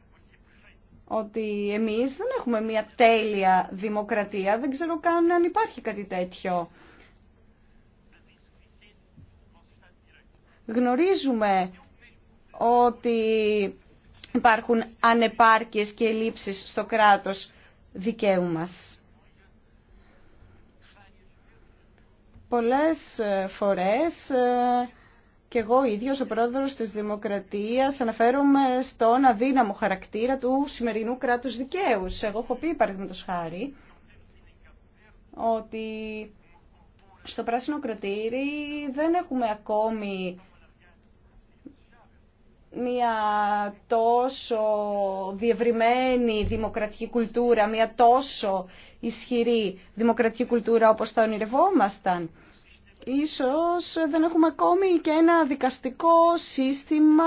ότι εμείς δεν έχουμε μια τέλεια δημοκρατία, δεν ξέρω καν αν υπάρχει κάτι τέτοιο. Γνωρίζουμε ότι υπάρχουν ανεπάρκειες και ελλείψεις στο κράτος δικαίου μας. Πολλές ε, φορές ε, και εγώ ίδιος ο πρόεδρος της Δημοκρατίας αναφέρομαι στον αδύναμο χαρακτήρα του σημερινού κράτους δικαίου. Εγώ έχω πει παραδείγματος χάρη ότι στο πράσινο κρατήρι δεν έχουμε ακόμη μια τόσο διευρυμένη δημοκρατική κουλτούρα, μια τόσο ισχυρή δημοκρατική κουλτούρα όπως τα ονειρευόμασταν. Ίσως δεν έχουμε ακόμη και ένα δικαστικό σύστημα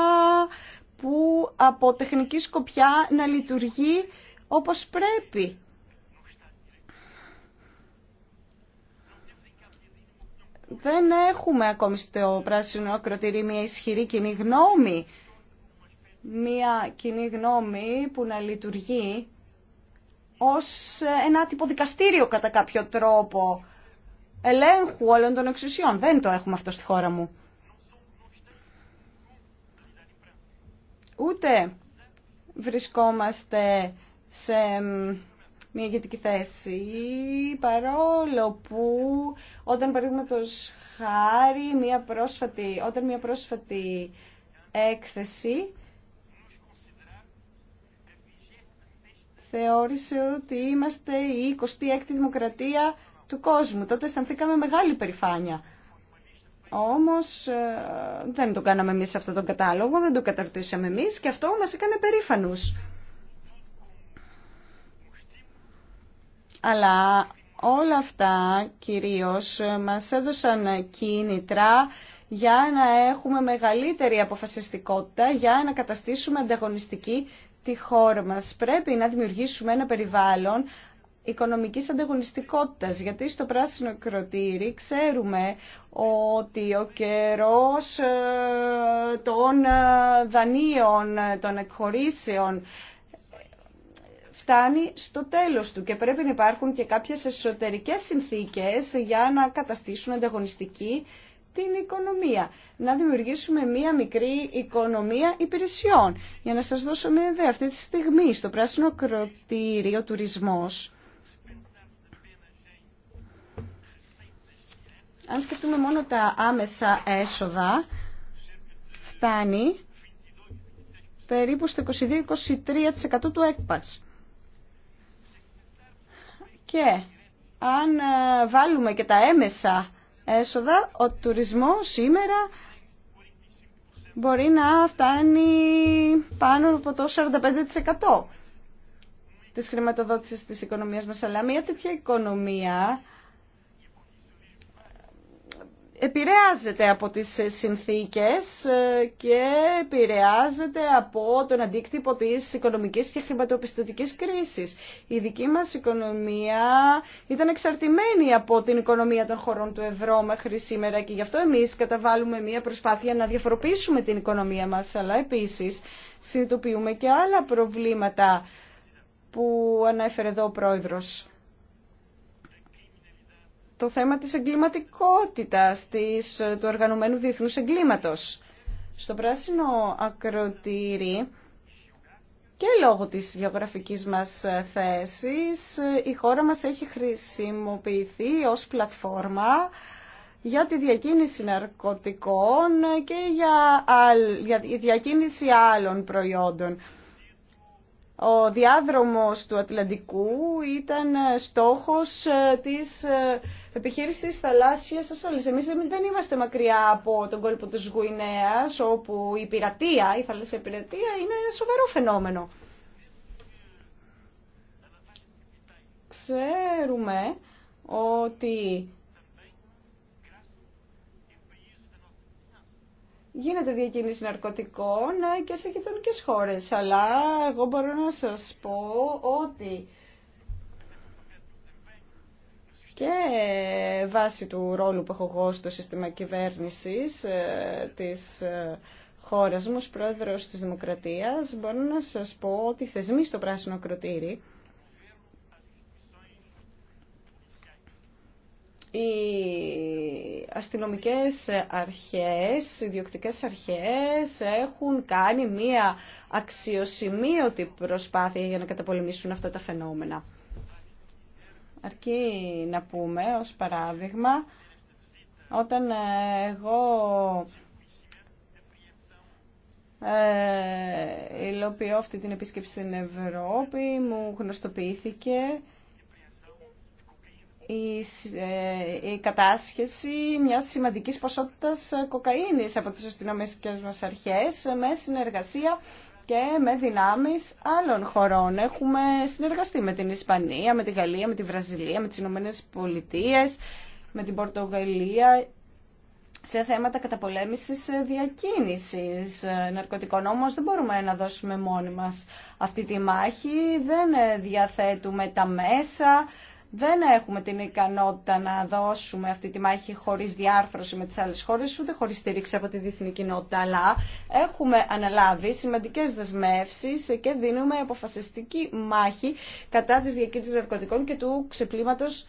που από τεχνική σκοπιά να λειτουργεί όπως πρέπει. Δεν έχουμε ακόμη στο πράσινο ακροτήρι μια ισχυρή κοινή γνώμη μία κοινή γνώμη που να λειτουργεί ως ένα τύπο δικαστήριο κατά κάποιο τρόπο ελέγχου όλων των εξουσιών. Δεν το έχουμε αυτό στη χώρα μου. Ούτε βρισκόμαστε σε μια ηγετική θέση, παρόλο που όταν παραδείγματος χάρη μια πρόσφατη, όταν μια πρόσφατη έκθεση θεώρησε ότι είμαστε η 26η δημοκρατία του κόσμου. Τότε αισθανθήκαμε μεγάλη περηφάνεια. Όμως ε, δεν το κάναμε εμείς αυτό τον κατάλογο, δεν το καταρτήσαμε εμείς και αυτό μας έκανε περήφανους. Αλλά όλα αυτά κυρίως μας έδωσαν κίνητρα για να έχουμε μεγαλύτερη αποφασιστικότητα, για να καταστήσουμε ανταγωνιστική τη χώρα μας. Πρέπει να δημιουργήσουμε ένα περιβάλλον οικονομικής ανταγωνιστικότητας, γιατί στο πράσινο κροτήρι ξέρουμε ότι ο καιρός ε, των ε, δανείων, ε, των εκχωρήσεων φτάνει στο τέλος του και πρέπει να υπάρχουν και κάποιες εσωτερικές συνθήκες για να καταστήσουν ανταγωνιστική την οικονομία. Να δημιουργήσουμε μία μικρή οικονομία υπηρεσιών. Για να σας δώσω μία ιδέα, αυτή τη στιγμή στο πράσινο κροτήριο τουρισμός, αν σκεφτούμε μόνο τα άμεσα έσοδα, φτάνει περίπου στο 22-23% του έκπατς. Και αν ε, βάλουμε και τα έμεσα έσοδα, ο τουρισμός σήμερα μπορεί να φτάνει πάνω από το 45% της χρηματοδότησης της οικονομίας μας. Αλλά μια τέτοια οικονομία επηρεάζεται από τις συνθήκες ε, και επηρεάζεται από τον αντίκτυπο της οικονομικής και χρηματοπιστωτικής κρίσης. Η δική μας οικονομία ήταν εξαρτημένη από την οικονομία των χωρών του ευρώ μέχρι σήμερα και γι' αυτό εμείς καταβάλουμε μια προσπάθεια να διαφοροποιήσουμε την οικονομία μας, αλλά επίσης συνειδητοποιούμε και άλλα προβλήματα που ανέφερε εδώ ο Πρόεδρος το θέμα της εγκληματικότητας, της, του οργανωμένου διεθνούς εγκλήματος. Στο πράσινο ακροτήρι και λόγω της γεωγραφικής μας θέσης η χώρα μας έχει χρησιμοποιηθεί ως πλατφόρμα για τη διακίνηση ναρκωτικών και για, για τη διακίνηση άλλων προϊόντων. Ο διάδρομος του Ατλαντικού ήταν στόχος ε, της ε, επιχείρησης θαλάσσιας όλες. Εμείς δεν είμαστε μακριά από τον κόλπο τη Γουινέα, όπου η πειρατεία, η θαλάσσια πειρατεία είναι ένα σοβαρό φαινόμενο. Ξέρουμε ότι γίνεται διακίνηση ναρκωτικών και σε γειτονικέ χώρε. Αλλά εγώ μπορώ να σας πω ότι και βάσει του ρόλου που έχω εγώ στο σύστημα κυβέρνησης ε, της ε, χώρας μου ως πρόεδρος της Δημοκρατίας μπορώ να σας πω ότι θεσμοί στο πράσινο ακροτήρι οι αστυνομικές αρχές, οι διοκτικές αρχές έχουν κάνει μία αξιοσημείωτη προσπάθεια για να καταπολεμήσουν αυτά τα φαινόμενα. Αρκεί να πούμε ως παράδειγμα όταν ε, εγώ ε, υλοποιώ αυτή την επίσκεψη στην Ευρώπη, μου γνωστοποιήθηκε η, ε, η κατάσχεση μιας σημαντικής ποσότητας ε, κοκαίνης από τις αστυνομικές μας αρχές με συνεργασία και με δυνάμεις άλλων χωρών. Έχουμε συνεργαστεί με την Ισπανία, με τη Γαλλία, με τη Βραζιλία, με τις Ηνωμένε Πολιτείε, με την Πορτογαλία σε θέματα καταπολέμησης διακίνησης ναρκωτικών. Όμως δεν μπορούμε να δώσουμε μόνοι μας αυτή τη μάχη, δεν διαθέτουμε τα μέσα, δεν έχουμε την ικανότητα να δώσουμε αυτή τη μάχη χωρίς διάρθρωση με τις άλλες χώρες, ούτε χωρίς στήριξη από τη διεθνή κοινότητα, αλλά έχουμε αναλάβει σημαντικές δεσμεύσεις και δίνουμε αποφασιστική μάχη κατά της διακήρυξης ναρκωτικών και του ξεπλήματος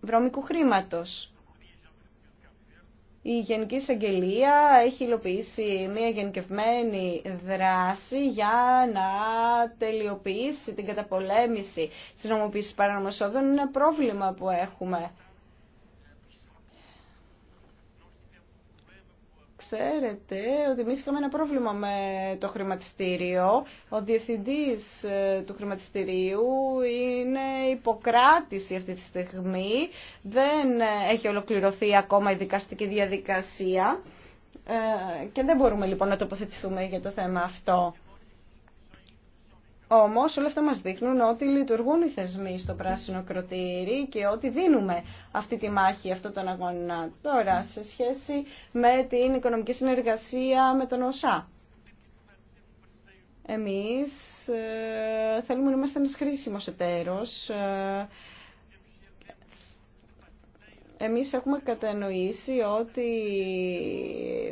βρώμικου χρήματος η Γενική Εισαγγελία έχει υλοποιήσει μια γενικευμένη δράση για να τελειοποιήσει την καταπολέμηση της νομοποίησης παρανομοσόδων. Είναι πρόβλημα που έχουμε. ξέρετε ότι εμεί είχαμε ένα πρόβλημα με το χρηματιστήριο. Ο διευθυντής ε, του χρηματιστηρίου είναι υποκράτηση αυτή τη στιγμή. Δεν ε, έχει ολοκληρωθεί ακόμα η δικαστική διαδικασία ε, και δεν μπορούμε λοιπόν να τοποθετηθούμε για το θέμα αυτό. Όμω όλα αυτά μας δείχνουν ότι λειτουργούν οι θεσμοί στο πράσινο κροτήρι και ότι δίνουμε αυτή τη μάχη, αυτό τον αγώνα. Τώρα, σε σχέση με την οικονομική συνεργασία με τον ΟΣΑ. Εμείς ε, θέλουμε να είμαστε ένας χρήσιμο εταίρος. Ε, εμείς έχουμε κατανοήσει ότι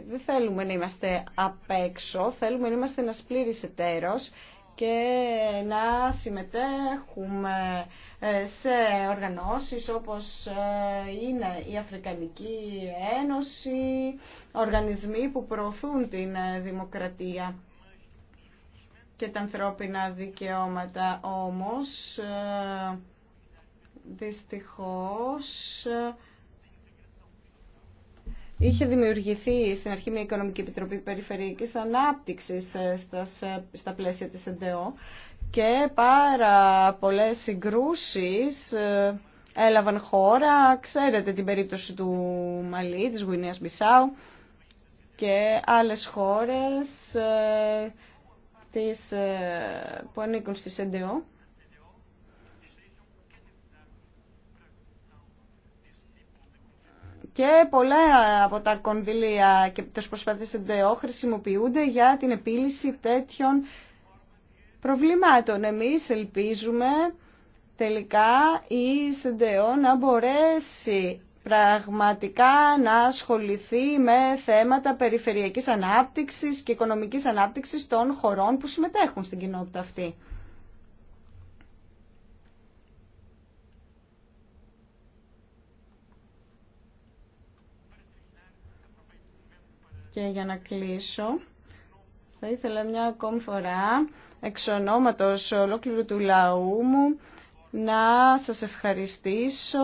δεν θέλουμε να είμαστε απ' έξω, θέλουμε να είμαστε ένας πλήρης εταίρος και να συμμετέχουμε ε, σε οργανώσεις όπως ε, είναι η Αφρικανική Ένωση, οργανισμοί που προωθούν την ε, δημοκρατία και τα ανθρώπινα δικαιώματα όμως δυστυχώς Είχε δημιουργηθεί στην αρχή μια Οικονομική Επιτροπή Περιφερειακής Ανάπτυξης ε, στα, ε, στα πλαίσια της ΕΝΤΕΟ και πάρα πολλές συγκρούσεις ε, έλαβαν χώρα. Ξέρετε την περίπτωση του Μαλή, της Γουινέας Μπισάου και άλλες χώρες της, που ανήκουν στη ΣΕΝΤΕΟ. και πολλά από τα κονδυλία και τις προσπάθειες του χρησιμοποιούνται για την επίλυση τέτοιων προβλημάτων. Εμείς ελπίζουμε τελικά η ΣΔΕΟ να μπορέσει πραγματικά να ασχοληθεί με θέματα περιφερειακής ανάπτυξης και οικονομικής ανάπτυξης των χωρών που συμμετέχουν στην κοινότητα αυτή. Και για να κλείσω, θα ήθελα μια ακόμη φορά, εξ ονόματος ολόκληρου του λαού μου, να σας ευχαριστήσω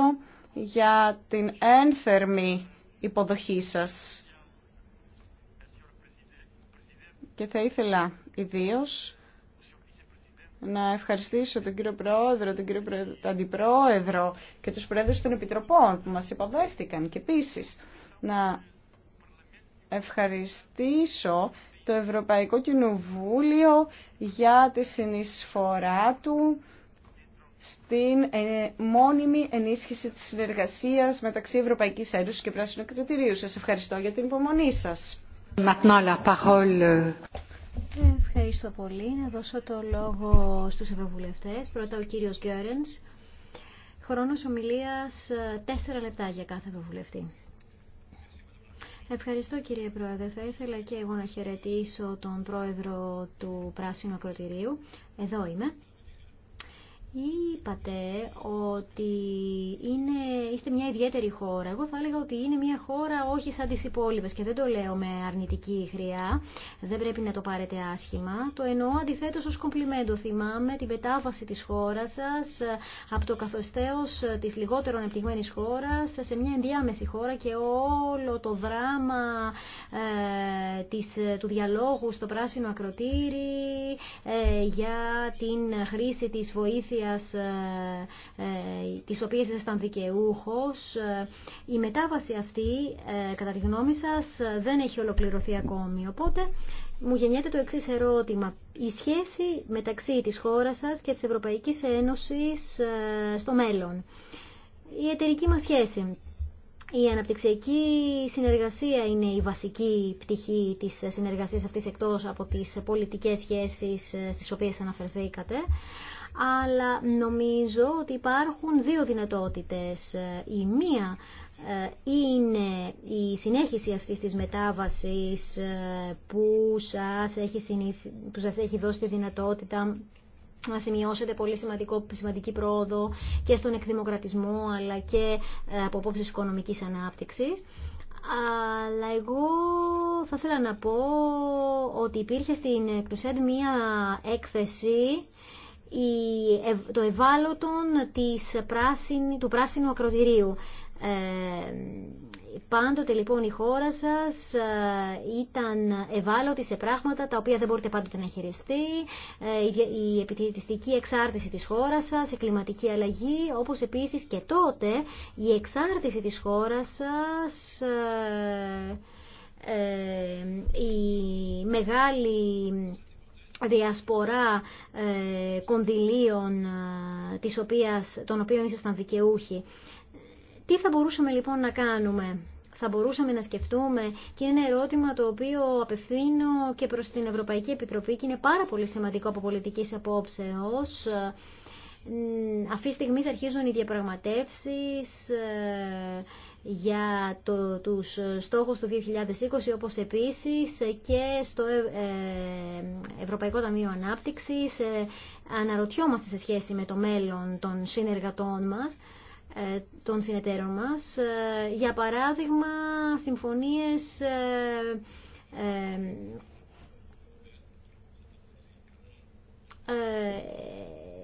για την ένθερμη υποδοχή σας. Και θα ήθελα ιδίως να ευχαριστήσω τον κύριο Πρόεδρο, τον κύριο Αντιπρόεδρο και τους Πρόεδρους των Επιτροπών που μας υποδέχτηκαν και επίση να ευχαριστήσω το Ευρωπαϊκό Κοινοβούλιο για τη συνεισφορά του στην ε, μόνιμη ενίσχυση της συνεργασίας μεταξύ Ευρωπαϊκής Ένωσης και Πράσινου Κριτηρίου. Σας ευχαριστώ για την υπομονή σας. Ε, ευχαριστώ πολύ. Να δώσω το λόγο στους ευρωβουλευτές. Πρώτα ο κύριος Γκέρενς. Χρόνος ομιλίας 4 ε, λεπτά για κάθε ευρωβουλευτή. Ευχαριστώ κύριε Πρόεδρε. Θα ήθελα και εγώ να χαιρετήσω τον πρόεδρο του Πράσινου Ακροτηρίου. Εδώ είμαι. Είπατε ότι είναι, είστε μια ιδιαίτερη χώρα. Εγώ θα έλεγα ότι είναι μια χώρα όχι σαν τις υπόλοιπες και δεν το λέω με αρνητική χρειά. Δεν πρέπει να το πάρετε άσχημα. Το εννοώ αντιθέτως ως κομπλιμέντο. Θυμάμαι την πετάβαση της χώρας σας ε, από το καθοστέως ε, της λιγότερο ανεπτυγμένης χώρας ε, σε μια ενδιάμεση χώρα και όλο το δράμα της, του διαλόγου στο πράσινο ακροτήρι για την χρήση της βοήθειας οποίας, ε, ε, της οποίας ήσασταν δικαιούχος. Ε, η μετάβαση αυτή, κατά τη γνώμη σας, δεν έχει ολοκληρωθεί ακόμη. Οπότε, μου γεννιέται το εξής ερώτημα. Η σχέση μεταξύ της χώρας σας και της Ευρωπαϊκής Ένωσης στο μέλλον. Η εταιρική μας σχέση. Η αναπτυξιακή συνεργασία είναι η βασική πτυχή της συνεργασίας αυτής εκτός από τις πολιτικές σχέσεις στις οποίες αναφερθήκατε αλλά νομίζω ότι υπάρχουν δύο δυνατότητες. Η μία ε, είναι η συνέχιση αυτής της μετάβασης ε, που σας έχει, έχει δώσει τη δυνατότητα να σημειώσετε πολύ σημαντικό, σημαντική πρόοδο και στον εκδημοκρατισμό αλλά και ε, από απόψεις οικονομικής ανάπτυξης. Αλλά εγώ θα ήθελα να πω ότι υπήρχε στην Κρουσέντ μία έκθεση το ευάλωτον της πράσινη, του πράσινου ακροτηρίου. Ε, πάντοτε λοιπόν η χώρα σας ε, ήταν ευάλωτη σε πράγματα τα οποία δεν μπορείτε πάντοτε να χειριστεί, ε, η επιτηρητιστική εξάρτηση της χώρας σας, η κλιματική αλλαγή, όπως επίσης και τότε η εξάρτηση της χώρας σας... Ε, ε η μεγάλη διασπορά ε, κονδυλίων ε, της οποίας, των οποίων ήσασταν δικαιούχοι. Τι θα μπορούσαμε λοιπόν να κάνουμε θα μπορούσαμε να σκεφτούμε και είναι ένα ερώτημα το οποίο απευθύνω και προς την Ευρωπαϊκή Επιτροπή και είναι πάρα πολύ σημαντικό από πολιτικής απόψεως. Ε, αυτή τη στιγμή αρχίζουν οι διαπραγματεύσεις για το, τους στόχους του 2020 όπως επίσης και στο ε, ε, Ευρωπαϊκό Ταμείο Ανάπτυξης ε, αναρωτιόμαστε σε σχέση με το μέλλον των συνεργατών μας των συνεταίρων μας για παράδειγμα συμφωνίες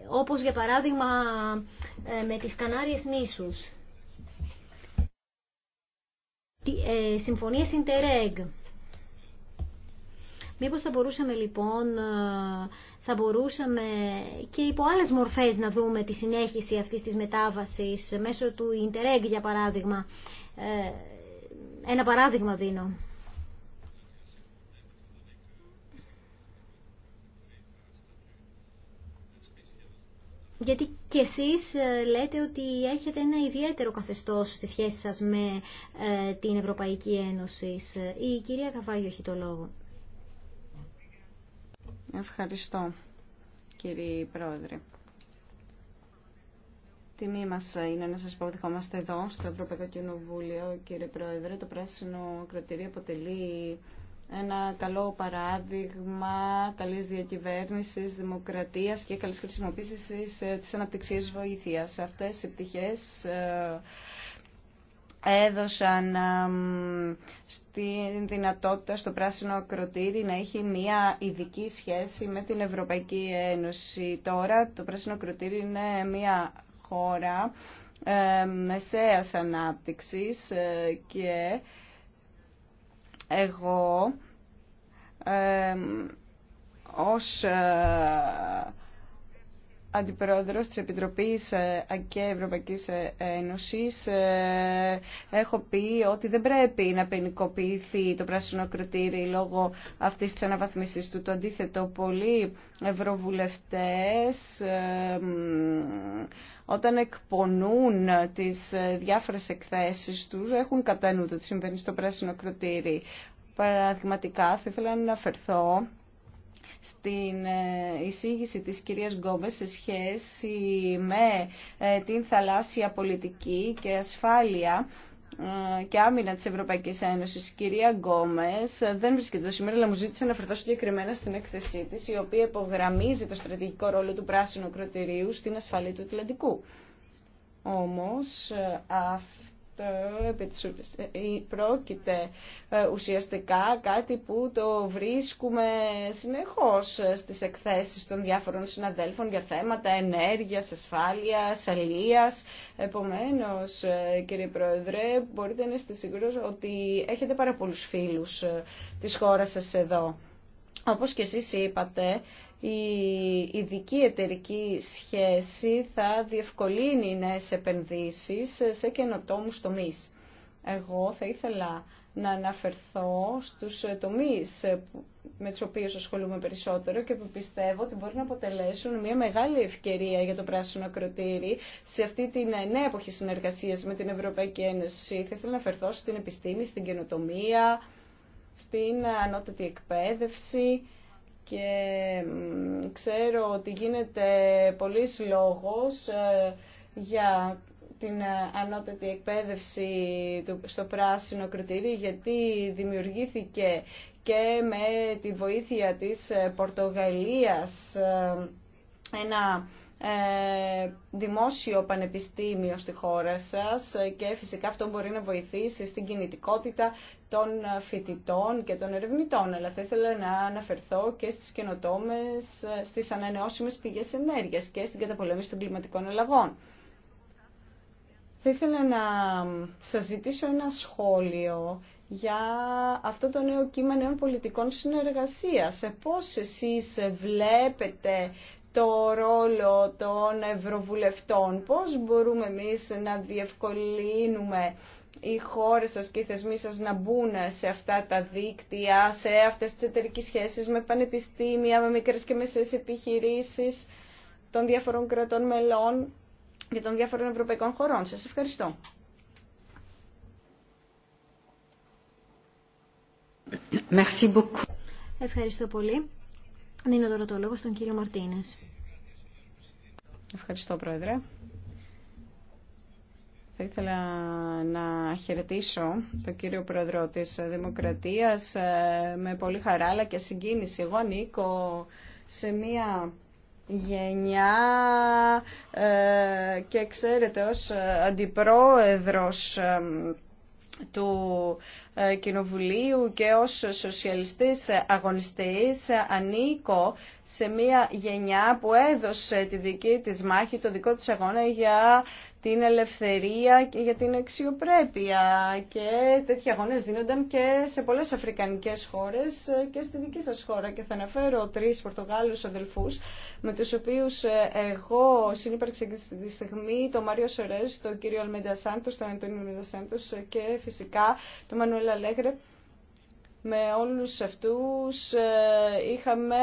όπως για παράδειγμα με τις Κανάριες νήσους ε, Συμφωνίες Interreg. Μήπως θα μπορούσαμε λοιπόν, ε, θα μπορούσαμε και υπό άλλες μορφές να δούμε τη συνέχιση αυτής της μετάβασης μέσω του Interreg για παράδειγμα. Ε, ένα παράδειγμα δίνω. γιατί κι εσείς ε, λέτε ότι έχετε ένα ιδιαίτερο καθεστώς στη σχέση σας με ε, την Ευρωπαϊκή Ένωση. Ε, η κυρία Καβάγιο έχει το λόγο. Ευχαριστώ, κύριε Πρόεδρε. Τιμή μας είναι να σας πω ότι είμαστε εδώ, στο Ευρωπαϊκό Κοινοβούλιο, κύριε Πρόεδρε. Το Πράσινο Κρατήριο αποτελεί ένα καλό παράδειγμα καλής διακυβέρνησης, δημοκρατίας και καλής χρησιμοποίησης της ε, αναπτυξίας βοήθειας. Αυτές οι πτυχές ε, έδωσαν τη δυνατότητα στο πράσινο κροτήρι να έχει μια ειδική σχέση με την Ευρωπαϊκή Ένωση. Τώρα το πράσινο κροτήρι είναι μια χώρα ε, μεσαίας ανάπτυξης και εγώ ε, ως ε, Αντιπρόεδρος της Επιτροπής ε, και Ευρωπαϊκής ε, Ένωσης ε, έχω πει ότι δεν πρέπει να ποινικοποιηθεί το πράσινο κροτήρι λόγω αυτής της αναβαθμίσης του. Το αντίθετο, πολλοί ευρωβουλευτές όταν εκπονούν τις διάφορες εκθέσεις τους έχουν κατά νου το τι συμβαίνει στο πράσινο κροτήρι. Παραδειγματικά θα ήθελα να αναφερθώ στην ε, εισήγηση της κυρίας Γκόμπες σε σχέση με ε, την θαλάσσια πολιτική και ασφάλεια ε, και άμυνα της Ευρωπαϊκής Ένωσης, κυρία Γκόμες, δεν βρίσκεται εδώ σήμερα, αλλά μου ζήτησε να φερθώ συγκεκριμένα στην έκθεσή της, η οποία υπογραμμίζει το στρατηγικό ρόλο του πράσινου κροτηρίου στην ασφαλή του Ατλαντικού. Όμως, αυτή ε, ε, πρόκειται ε, ουσιαστικά κάτι που το βρίσκουμε συνεχώς στις εκθέσεις των διάφορων συναδέλφων για θέματα ενέργειας, ασφάλειας, αλίας. Επομένως, κύριε Πρόεδρε, μπορείτε να είστε σίγουρος ότι έχετε πάρα πολλούς φίλους της χώρας σας εδώ. Όπως και εσείς είπατε, η ειδική εταιρική σχέση θα διευκολύνει νέες επενδύσεις σε καινοτόμους τομείς. Εγώ θα ήθελα να αναφερθώ στους τομείς με τους οποίους ασχολούμαι περισσότερο και που πιστεύω ότι μπορεί να αποτελέσουν μια μεγάλη ευκαιρία για το πράσινο ακροτήρι σε αυτή την νέα εποχή συνεργασίας με την Ευρωπαϊκή Ένωση. Θα ήθελα να αναφερθώ στην επιστήμη, στην καινοτομία, στην ανώτατη εκπαίδευση και ξέρω ότι γίνεται πολύ λόγος ε, για την ε, ανώτατη εκπαίδευση στο πράσινο κριτήριο γιατί δημιουργήθηκε και με τη βοήθεια της ε, Πορτογαλίας ένα ε, δημόσιο πανεπιστήμιο στη χώρα σας και φυσικά αυτό μπορεί να βοηθήσει στην κινητικότητα των φοιτητών και των ερευνητών. Αλλά θα ήθελα να αναφερθώ και στις καινοτόμες, στις ανανεώσιμες πηγές ενέργειας και στην καταπολέμηση των κλιματικών αλλαγών. Θα ήθελα να σας ζητήσω ένα σχόλιο για αυτό το νέο κύμα νέων πολιτικών συνεργασίας. Πώς εσείς βλέπετε το ρόλο των ευρωβουλευτών. Πώς μπορούμε εμείς να διευκολύνουμε οι χώρες σας και οι θεσμοί σας να μπουν σε αυτά τα δίκτυα, σε αυτές τις εταιρικές σχέσεις με πανεπιστήμια, με μικρές και μεσές επιχειρήσεις των διαφορών κρατών μελών και των διάφορων ευρωπαϊκών χωρών. Σας ευχαριστώ. Ευχαριστώ πολύ. Δίνω τώρα το λόγο στον κύριο Μαρτίνες. Ευχαριστώ, Πρόεδρε. Θα ήθελα να χαιρετήσω τον κύριο Πρόεδρο της Δημοκρατίας ε, με πολύ χαρά αλλά και συγκίνηση. Εγώ ανήκω σε μία γενιά ε, και ξέρετε ως ε, αντιπρόεδρος του ε, Κοινοβουλίου και ως σοσιαλιστής αγωνιστής ανήκω σε μια γενιά που έδωσε τη δική της μάχη, το δικό της αγώνα για την ελευθερία και για την αξιοπρέπεια. Και τέτοιοι αγώνε δίνονταν και σε πολλέ αφρικανικές χώρες και στη δική σας χώρα. Και θα αναφέρω τρεις Πορτογάλους αδελφού με τους οποίους ε, εγώ συνύπαρξα και στη στιγμή το Μάριο Σορέ, τον κύριο Αλμέντα Σάντο, τον Αντώνιο Αλμέντα Σάντο και φυσικά το Μανουέλα Αλέγρε με όλους αυτούς ε, είχαμε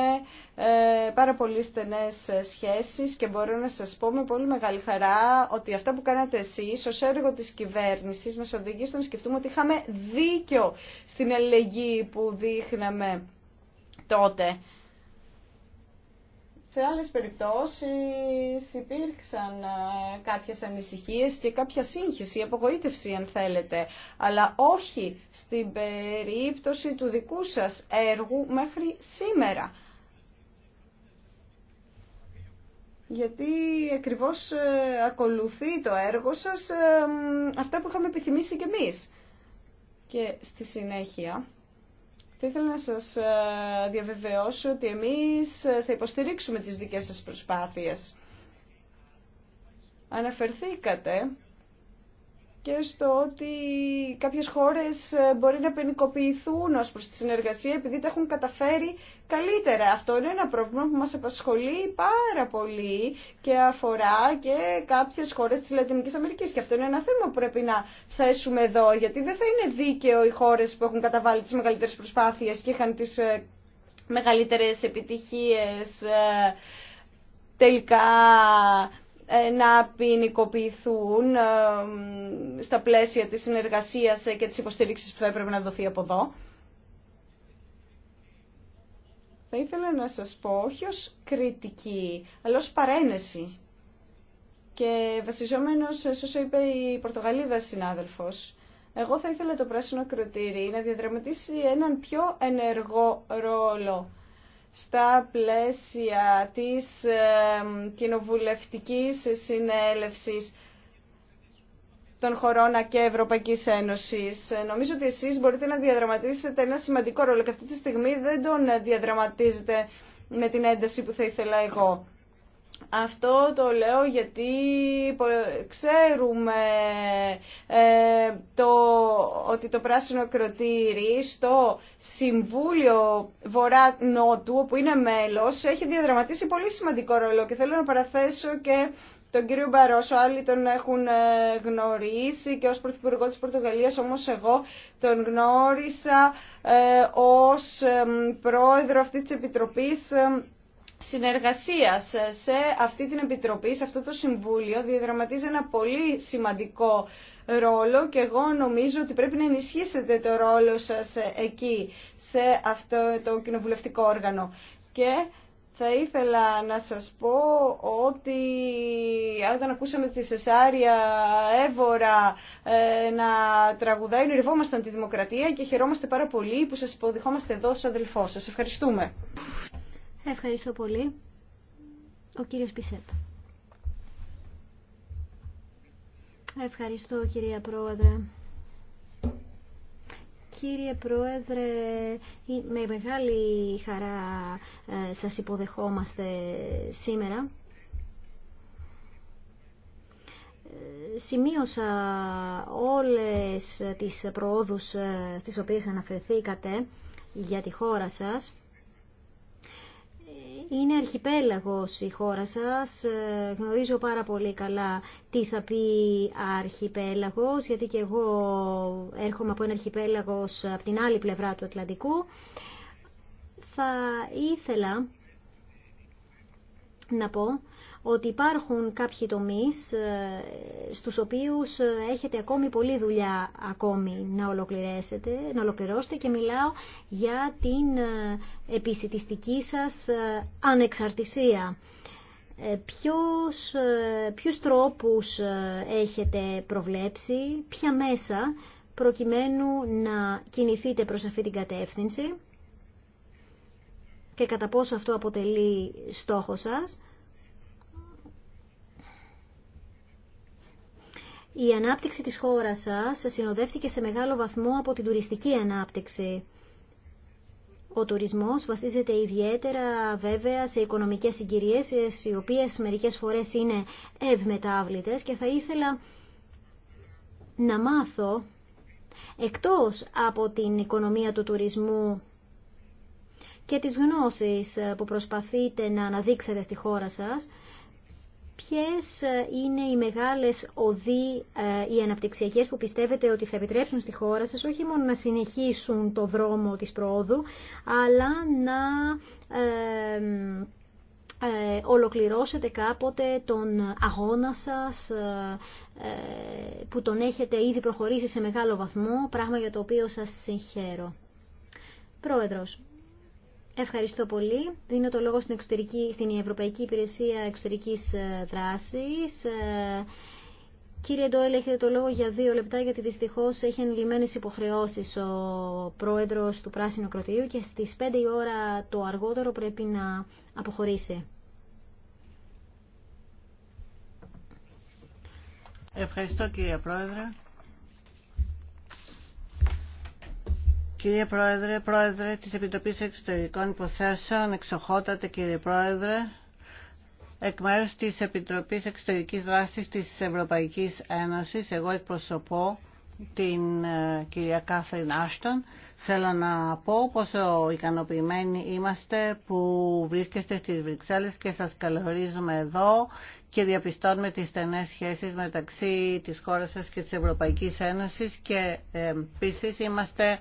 ε, πάρα πολύ στενές ε, σχέσεις και μπορώ να σας πω με πολύ μεγάλη χαρά ότι αυτά που κάνατε εσείς ως έργο της κυβέρνησης μας οδηγεί στο να σκεφτούμε ότι είχαμε δίκιο στην αλληλεγγύη που δείχναμε τότε. Σε άλλες περιπτώσεις υπήρξαν ε, κάποιες ανησυχίες και κάποια σύγχυση, απογοήτευση αν θέλετε, αλλά όχι στην περίπτωση του δικού σας έργου μέχρι σήμερα. γιατί ακριβώς ε, ακολουθεί το έργο σας ε, αυτά που είχαμε επιθυμήσει κι εμείς. Και στη συνέχεια θα ήθελα να σας ε, διαβεβαιώσω ότι εμείς ε, θα υποστηρίξουμε τις δικές σας προσπάθειες. Αναφερθήκατε και στο ότι κάποιες χώρες ε, μπορεί να ποινικοποιηθούν ως προς τη συνεργασία επειδή τα έχουν καταφέρει καλύτερα. Αυτό είναι ένα πρόβλημα που μας απασχολεί πάρα πολύ και αφορά και κάποιες χώρες της Λατινικής Αμερικής. Και αυτό είναι ένα θέμα που πρέπει να θέσουμε εδώ, γιατί δεν θα είναι δίκαιο οι χώρες που έχουν καταβάλει τις μεγαλύτερε προσπάθειες και είχαν τις ε, μεγαλύτερες επιτυχίες ε, τελικά ε, να ποινικοποιηθούν ε, στα πλαίσια της συνεργασίας ε, και της υποστήριξης που θα έπρεπε να δοθεί από εδώ. Θα ήθελα να σας πω όχι ως κριτική, αλλά ως παρένεση. Και βασιζόμενος σε όσο είπε η Πορτογαλίδα συνάδελφος, εγώ θα ήθελα το πράσινο κροτήρι να διαδραματίσει έναν πιο ενεργό ρόλο στα πλαίσια της κοινοβουλευτικής συνέλευσης των χωρών και Ευρωπαϊκής Ένωσης. Νομίζω ότι εσείς μπορείτε να διαδραματίσετε ένα σημαντικό ρόλο και αυτή τη στιγμή δεν τον διαδραματίζετε με την ένταση που θα ήθελα εγώ. Αυτό το λέω γιατί ξέρουμε ε, το, ότι το πράσινο κροτήρι στο Συμβούλιο Βορρά Νότου, όπου είναι μέλος, έχει διαδραματίσει πολύ σημαντικό ρόλο και θέλω να παραθέσω και τον κύριο Μπαρόσο, άλλοι τον έχουν ε, γνωρίσει και ως Πρωθυπουργό της Πορτογαλίας, όμως εγώ τον γνώρισα ε, ως πρόεδρο αυτής της Επιτροπής συνεργασίας σε αυτή την Επιτροπή, σε αυτό το Συμβούλιο, διαδραματίζει ένα πολύ σημαντικό ρόλο και εγώ νομίζω ότι πρέπει να ενισχύσετε το ρόλο σας εκεί, σε αυτό το κοινοβουλευτικό όργανο. Και θα ήθελα να σας πω ότι όταν ακούσαμε τη Σεσάρια Εύωρα ε, να τραγουδάει, νοηρευόμασταν τη δημοκρατία και χαιρόμαστε πάρα πολύ που σας υποδεχόμαστε εδώ σαν αδελφό σας. Ευχαριστούμε. Ευχαριστώ πολύ. Ο κύριος Πισέπ. Ευχαριστώ κυρία Πρόεδρε. Κύριε Πρόεδρε, με μεγάλη χαρά ε, σας υποδεχόμαστε σήμερα. Ε, σημείωσα όλες τις προόδους ε, στις οποίες αναφερθήκατε για τη χώρα σας είναι αρχιπέλαγος η χώρα σας. Ε, γνωρίζω πάρα πολύ καλά τι θα πει αρχιπέλαγος, γιατί και εγώ έρχομαι από ένα αρχιπέλαγος από την άλλη πλευρά του Ατλαντικού. Θα ήθελα να πω ότι υπάρχουν κάποιοι τομείς ε, στους οποίους ε, έχετε ακόμη πολλή δουλειά ακόμη να ολοκληρώσετε, να ολοκληρώσετε και μιλάω για την ε, επισητιστική σας ανεξαρτησία. Ποιος, ποιους τρόπους έχετε προβλέψει, ποια μέσα προκειμένου να κινηθείτε προς αυτή την κατεύθυνση και κατά πόσο αυτό αποτελεί στόχο σας. Η ανάπτυξη της χώρας σας συνοδεύτηκε σε μεγάλο βαθμό από την τουριστική ανάπτυξη. Ο τουρισμός βασίζεται ιδιαίτερα βέβαια σε οικονομικές συγκυρίες, οι οποίες μερικές φορές είναι ευμετάβλητες και θα ήθελα να μάθω, εκτός από την οικονομία του τουρισμού και τις γνώσεις που προσπαθείτε να αναδείξετε στη χώρα σας, Ποιες ε, είναι οι μεγάλες οδοί, ε, οι αναπτυξιακές που πιστεύετε ότι θα επιτρέψουν στη χώρα σας όχι μόνο να συνεχίσουν το δρόμο της πρόοδου, αλλά να ε, ολοκληρώσετε κάποτε τον αγώνα σας που τον έχετε ήδη προχωρήσει σε μεγάλο βαθμό, πράγμα για το οποίο σας συγχαίρω. Πρόεδρος, Ευχαριστώ πολύ. Δίνω το λόγο στην, εξωτερική, στην Ευρωπαϊκή Υπηρεσία Εξωτερικής ε, Δράσης. Ε, κύριε Ντόελ, έχετε το λόγο για δύο λεπτά, γιατί δυστυχώς έχει ενηλυμένες υποχρεώσεις ο πρόεδρος του Πράσινου Κροτηρίου και στις 5 η ώρα το αργότερο πρέπει να αποχωρήσει. Ευχαριστώ κύριε Πρόεδρε. Κύριε Πρόεδρε, Πρόεδρε της Επιτροπής Εξωτερικών Υποθέσεων, εξοχότατε κύριε Πρόεδρε, εκ μέρους της Επιτροπής Εξωτερικής Δράσης της Ευρωπαϊκής Ένωσης, εγώ εκπροσωπώ την ε, κυρία Κάθριν Άστον. Θέλω να πω πόσο ικανοποιημένοι είμαστε που βρίσκεστε στις Βρυξέλλες και σας καλωρίζουμε εδώ και διαπιστώνουμε τις στενές σχέσεις μεταξύ της χώρας σας και της Ευρωπαϊκής Ένωσης και ε, είμαστε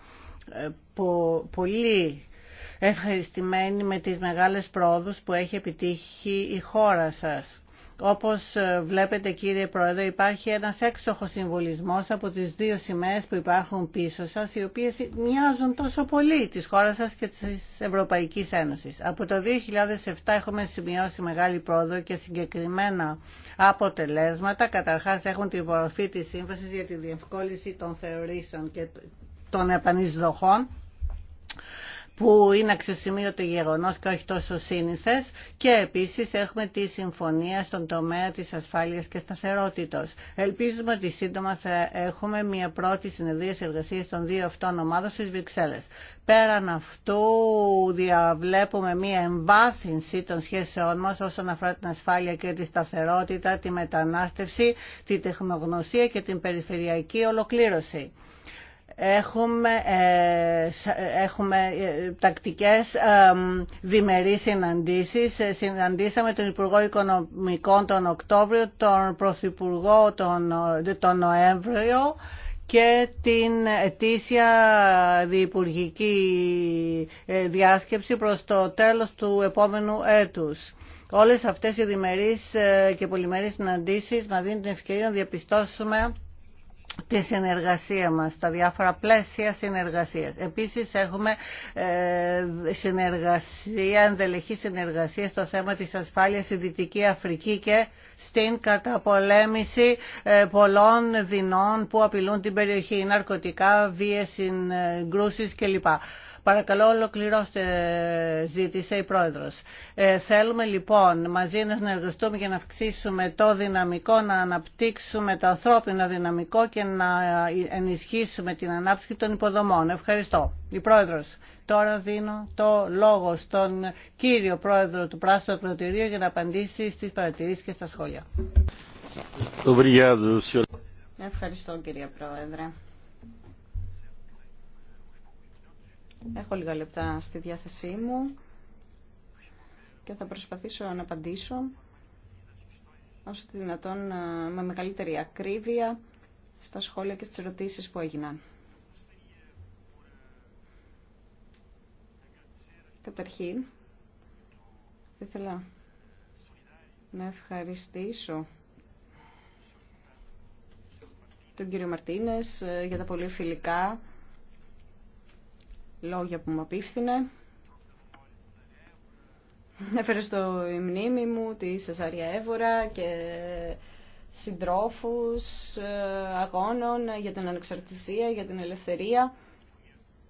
πολύ ευχαριστημένη με τις μεγάλες πρόοδους που έχει επιτύχει η χώρα σας. Όπως ε, βλέπετε κύριε Πρόεδρε υπάρχει ένας έξοχος συμβολισμός από τις δύο σημαίες που υπάρχουν πίσω σας οι οποίες μοιάζουν τόσο πολύ της χώρας σας και της Ευρωπαϊκής Ένωσης. Από το 2007 έχουμε σημειώσει μεγάλη πρόοδο και συγκεκριμένα αποτελέσματα. Καταρχάς έχουν τη μορφή της Σύμβασης για τη διευκόλυνση των θεωρήσεων και των επανεισδοχών που είναι αξιοσημείωτο γεγονός και όχι τόσο σύνηθες και επίσης έχουμε τη συμφωνία στον τομέα της ασφάλειας και σταθερότητος. Ελπίζουμε ότι σύντομα θα έχουμε μια πρώτη συνεδρία εργασία των δύο αυτών ομάδων στις Βρυξέλλες. Πέραν αυτού διαβλέπουμε μια εμβάθυνση των σχέσεών μας όσον αφορά την ασφάλεια και τη σταθερότητα, τη μετανάστευση, τη τεχνογνωσία και την περιφερειακή ολοκλήρωση. Έχουμε, ε, ε, έχουμε ε, τακτικές διμερείς συναντήσεις. Συναντήσαμε τον Υπουργό Οικονομικών τον Οκτώβριο, τον Πρωθυπουργό τον, τον Νοέμβριο και την ετήσια διυπουργική διάσκεψη προς το τέλος του επόμενου έτους. Όλες αυτές οι διμερείς και πολυμερείς συναντήσεις μας δίνουν την ευκαιρία να διαπιστώσουμε τη συνεργασία μας, τα διάφορα πλαίσια συνεργασίας. Επίσης έχουμε ε, συνεργασία, ενδελεχή συνεργασία στο θέμα της ασφάλειας στη Δυτική Αφρική και στην καταπολέμηση ε, πολλών δεινών που απειλούν την περιοχή, ναρκωτικά, βίες συγκρούσεις κλπ. Παρακαλώ ολοκληρώστε, ζήτησε η Πρόεδρος. Ε, θέλουμε λοιπόν μαζί να συνεργαστούμε για να αυξήσουμε το δυναμικό, να αναπτύξουμε το ανθρώπινο δυναμικό και να ενισχύσουμε την ανάπτυξη των υποδομών. Ευχαριστώ. Η Πρόεδρος. Τώρα δίνω το λόγο στον κύριο Πρόεδρο του Πράσινου Ακροτηρίου για να απαντήσει στις παρατηρήσεις και στα σχόλια. Ευχαριστώ κύριε Πρόεδρε. Έχω λίγα λεπτά στη διάθεσή μου και θα προσπαθήσω να απαντήσω όσο τη δυνατόν ε, με μεγαλύτερη ακρίβεια στα σχόλια και στις ερωτήσεις που έγιναν. Καταρχήν, θα ήθελα να ευχαριστήσω τον κύριο Μαρτίνες ε, για τα πολύ φιλικά λόγια που μου απίφθηνε. Έφερε στο η μνήμη μου τη Σεζαρία Εύωρα και συντρόφους ε, αγώνων για την ανεξαρτησία, για την ελευθερία.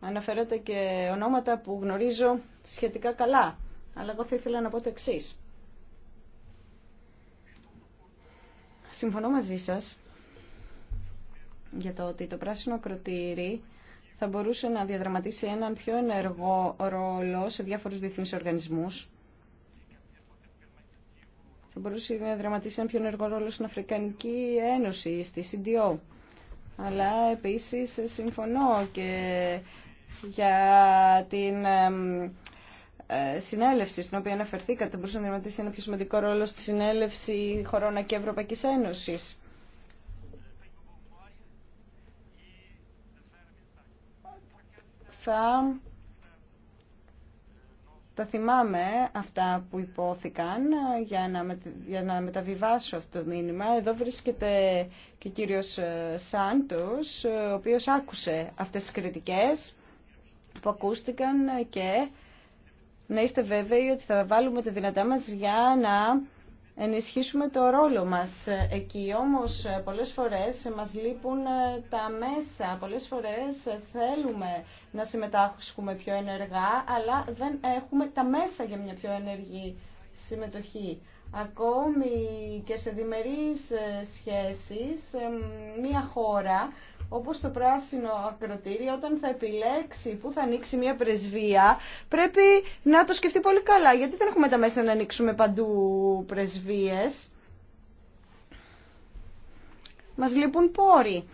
Αναφέρεται και ονόματα που γνωρίζω σχετικά καλά. Αλλά εγώ θα ήθελα να πω το εξή. Συμφωνώ μαζί σας για το ότι το πράσινο κροτήρι θα μπορούσε να διαδραματίσει έναν πιο ενεργό ρόλο σε διάφορους διεθνείς οργανισμούς. Θα μπορούσε να διαδραματίσει έναν πιο ενεργό ρόλο στην Αφρικανική Ένωση, στη CDO. Αλλά επίσης συμφωνώ και για την ε, συνέλευση στην οποία αναφερθήκατε. Θα μπορούσε να διαδραματίσει ένα πιο σημαντικό ρόλο στη συνέλευση χωρών και Ευρωπαϊκής Ένωσης. θα τα θυμάμαι αυτά που υπόθηκαν ε, για να, για να μεταβιβάσω αυτό το μήνυμα. Εδώ βρίσκεται και ο κύριος ε, Σάντος, ε, ο οποίος άκουσε αυτές τις κριτικές που ακούστηκαν και να είστε βέβαιοι ότι θα βάλουμε τη δυνατά μας για να ενισχύσουμε το ρόλο μας εκεί. Όμως πολλές φορές μας λείπουν ε, τα μέσα. Πολλές φορές θέλουμε να συμμετάσχουμε πιο ενεργά, αλλά δεν έχουμε τα μέσα για μια πιο ενεργή συμμετοχή. Ακόμη και σε διμερείς ε, σχέσεις, ε, μια χώρα όπως το πράσινο ακροτήριο, όταν θα επιλέξει που θα ανοίξει μια πρεσβεία, πρέπει να το σκεφτεί πολύ καλά. Γιατί δεν έχουμε τα μέσα να ανοίξουμε παντού πρεσβείες. Μας λείπουν πόροι.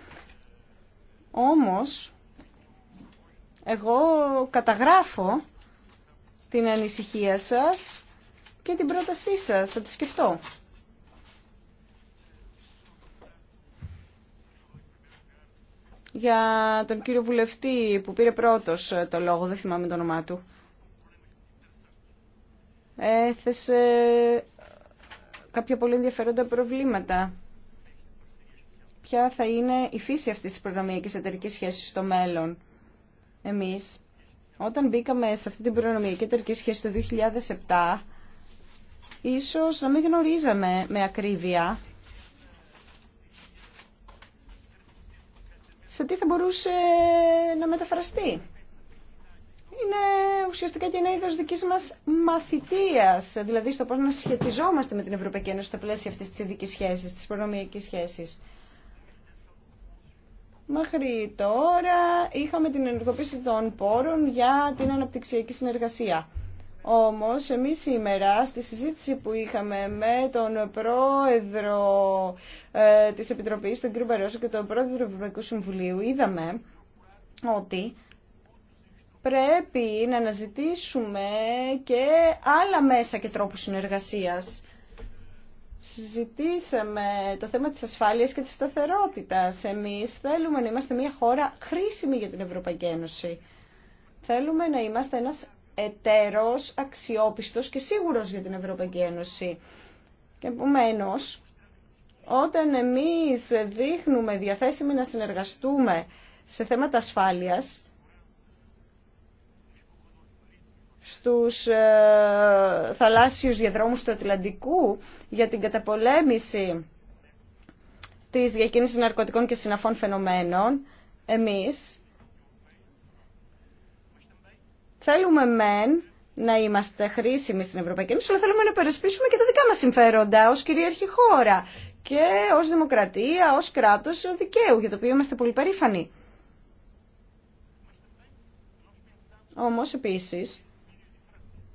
Όμως, εγώ καταγράφω την ανησυχία σας και την πρότασή σας. Θα τη σκεφτώ. για τον κύριο βουλευτή που πήρε πρώτος το λόγο, δεν θυμάμαι το όνομά του. Έθεσε κάποια πολύ ενδιαφέροντα προβλήματα. Ποια θα είναι η φύση αυτής της προνομιακής εταιρική σχέσης στο μέλλον. Εμείς, όταν μπήκαμε σε αυτή την προνομιακή εταιρική σχέση το 2007, ίσως να μην γνωρίζαμε με ακρίβεια σε τι θα μπορούσε να μεταφραστεί. Είναι ουσιαστικά και ένα είδο δική μας μαθητείας. δηλαδή στο πώς να σχετιζόμαστε με την Ευρωπαϊκή Ένωση στα πλαίσια αυτή τη ειδική σχέσης, τη προνομιακή σχέση. Μέχρι τώρα είχαμε την ενεργοποίηση των πόρων για την αναπτυξιακή συνεργασία. Όμως εμείς σήμερα στη συζήτηση που είχαμε με τον πρόεδρο ε, της Επιτροπής, τον κ. Μπαρόσο και τον πρόεδρο του Ευρωπαϊκού Συμβουλίου είδαμε ότι πρέπει να αναζητήσουμε και άλλα μέσα και τρόπους συνεργασίας. Συζητήσαμε το θέμα της ασφάλειας και της σταθερότητας. Εμείς θέλουμε να είμαστε μια χώρα χρήσιμη για την Ευρωπαϊκή Ένωση. Θέλουμε να είμαστε ένας εταίρος αξιόπιστος και σίγουρος για την Ευρωπαϊκή Ένωση. Και επομένως, όταν εμείς δείχνουμε διαθέσιμοι να συνεργαστούμε σε θέματα ασφάλειας, στους ε, θαλάσσιους διαδρόμους του Ατλαντικού για την καταπολέμηση της διακίνησης ναρκωτικών και συναφών φαινομένων, εμείς Θέλουμε μεν να είμαστε χρήσιμοι στην Ευρωπαϊκή Ένωση, αλλά θέλουμε να υπερασπίσουμε και τα δικά μας συμφέροντα ως κυρίαρχη χώρα και ως δημοκρατία, ως κράτος δικαίου, για το οποίο είμαστε πολύ περήφανοι. Όμως, επίσης,